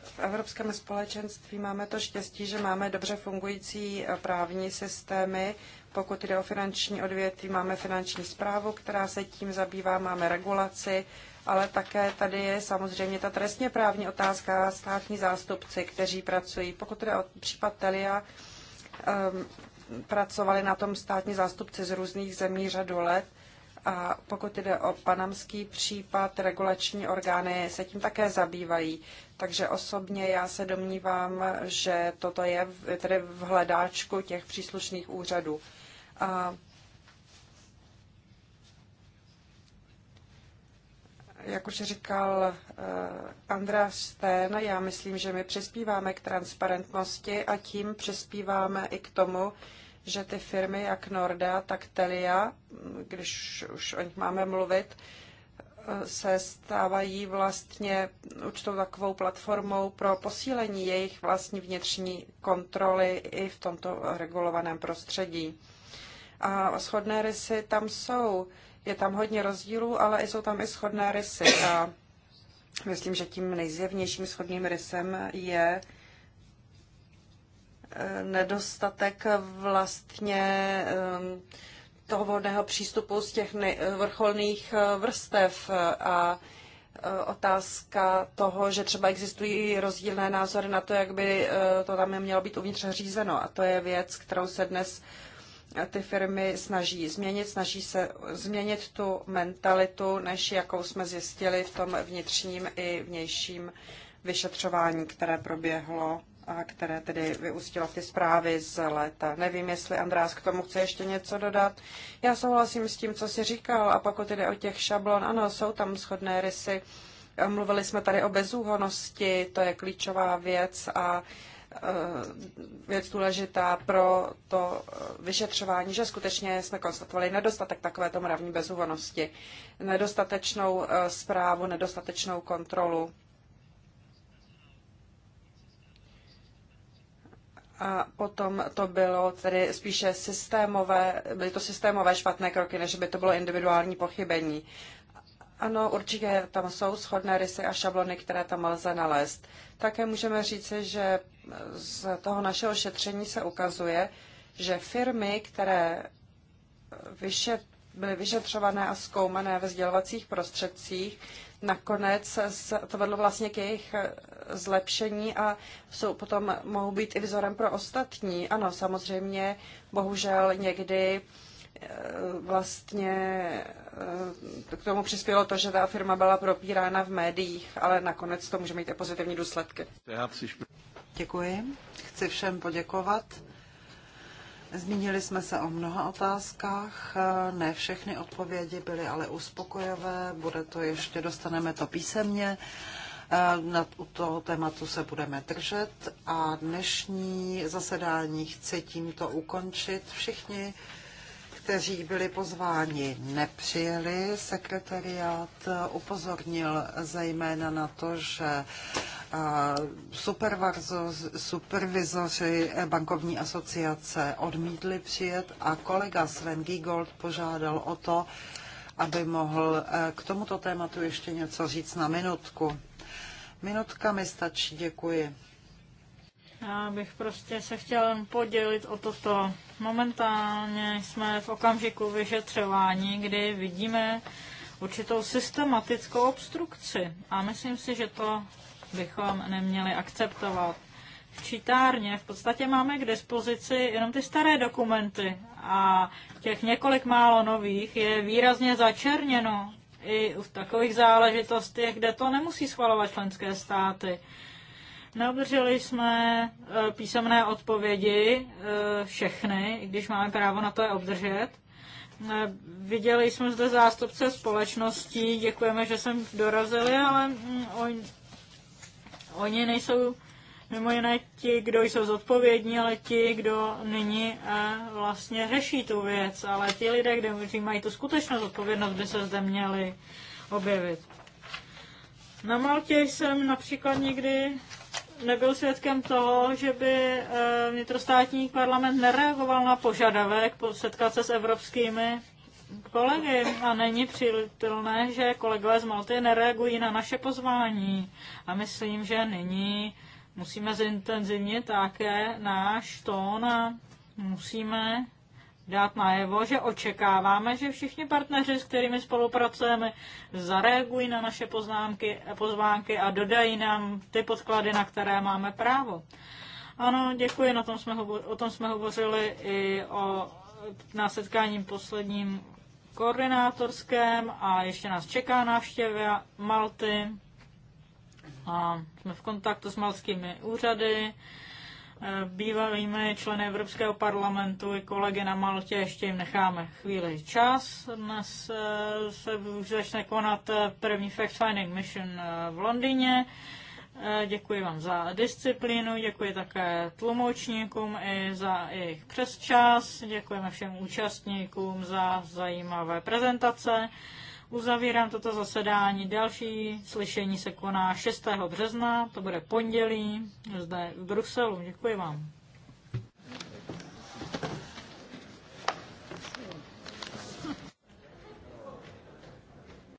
v Evropském společenství máme to štěstí, že máme dobře fungující právní systémy. Pokud jde o finanční odvětví, máme finanční zprávu, která se tím zabývá, máme regulaci ale také tady je samozřejmě ta trestně právní otázka státní zástupci, kteří pracují. Pokud jde o případ Telia, um, pracovali na tom státní zástupci z různých zemí řadu let a pokud jde o panamský případ, regulační orgány se tím také zabývají. Takže osobně já se domnívám, že toto je tedy v hledáčku těch příslušných úřadů. A jak už říkal eh, Andra Sten, já myslím, že my přispíváme k transparentnosti a tím přispíváme i k tomu, že ty firmy jak Norda, tak Telia, když už o nich máme mluvit, eh, se stávají vlastně určitou takovou platformou pro posílení jejich vlastní vnitřní kontroly i v tomto regulovaném prostředí. A shodné rysy tam jsou je tam hodně rozdílů, ale jsou tam i shodné rysy. A myslím, že tím nejzjevnějším shodným rysem je eh, nedostatek vlastně eh, toho vodného přístupu z těch vrcholných eh, vrstev a otázka toho, že třeba existují rozdílné názory na to, jak by to tam mělo být uvnitř řízeno. A to je věc, kterou se dnes ty firmy snaží změnit, snaží se změnit tu mentalitu, než jakou jsme zjistili v tom vnitřním i vnějším vyšetřování, které proběhlo a které tedy vyústilo v ty zprávy z léta. Nevím, jestli András k tomu chce ještě něco dodat. Já souhlasím s tím, co jsi říkal a pokud jde o těch šablon, ano, jsou tam shodné rysy. Mluvili jsme tady o bezúhonosti, to je klíčová věc a Eh, věc důležitá pro to eh, vyšetřování, že skutečně jsme konstatovali nedostatek takovéto mravní bezúhonosti, nedostatečnou eh, zprávu, nedostatečnou kontrolu. A potom to bylo tedy spíše systémové, byly to systémové špatné kroky, než by to bylo individuální pochybení. Ano, určitě tam jsou shodné rysy a šablony, které tam lze nalézt. Také můžeme říci, že z toho našeho šetření se ukazuje, že firmy, které vyšet, byly vyšetřované a zkoumané ve sdělovacích prostředcích, nakonec to vedlo vlastně k jejich eh, zlepšení a jsou potom mohou být i vzorem pro ostatní. Ano, samozřejmě, bohužel někdy eh, vlastně eh, k tomu přispělo to, že ta firma byla propírána v médiích, ale nakonec to může mít i pozitivní důsledky. Děkuji. Chci všem poděkovat. Zmínili jsme se o mnoha otázkách, ne všechny odpovědi byly ale uspokojivé, bude to ještě, dostaneme to písemně. Na toho tématu se budeme držet a dnešní zasedání chci tímto ukončit. Všichni kteří byli pozváni, nepřijeli. Sekretariát upozornil zejména na to, že supervizoři bankovní asociace odmítli přijet a kolega Sven Giegold požádal o to, aby mohl e, k tomuto tématu ještě něco říct na minutku. Minutka mi stačí, děkuji. Já bych prostě se chtěl podělit o toto. Momentálně jsme v okamžiku vyšetřování, kdy vidíme určitou systematickou obstrukci a myslím si, že to bychom neměli akceptovat. V čítárně v podstatě máme k dispozici jenom ty staré dokumenty a těch několik málo nových je výrazně začerněno i v takových záležitostech, kde to nemusí schvalovat členské státy. Neobdrželi jsme e, písemné odpovědi e, všechny, i když máme právo na to je obdržet. E, viděli jsme zde zástupce společností, děkujeme, že jsem dorazili, ale mm, on, oni nejsou mimo jiné ti, kdo jsou zodpovědní, ale ti, kdo nyní vlastně řeší tu věc. Ale ti lidé, kde mají tu skutečnou zodpovědnost, by se zde měli objevit. Na Maltě jsem například nikdy nebyl svědkem toho, že by eh, vnitrostátní parlament nereagoval na požadavek setkat se s evropskými kolegy a není přijatelné, že kolegové z Malty nereagují na naše pozvání. A myslím, že nyní musíme zintenzivnit také náš tón a musíme dát najevo, že očekáváme, že všichni partneři, s kterými spolupracujeme, zareagují na naše poznámky, pozvánky a dodají nám ty podklady, na které máme právo. Ano, děkuji, na tom jsme o tom jsme hovořili i o, na setkání posledním koordinátorském a ještě nás čeká návštěva Malty. A jsme v kontaktu s malskými úřady Eh, bývalými členy Evropského parlamentu i kolegy na Maltě. Ještě jim necháme chvíli čas. Dnes eh, se už začne konat eh, první fact-finding mission v Londýně. Děkuji vám za disciplínu, děkuji také tlumočníkům i za jejich přesčas, děkujeme všem účastníkům za zajímavé prezentace. Uzavírám toto zasedání. Další slyšení se koná 6. března, to bude pondělí, zde v Bruselu. Děkuji vám.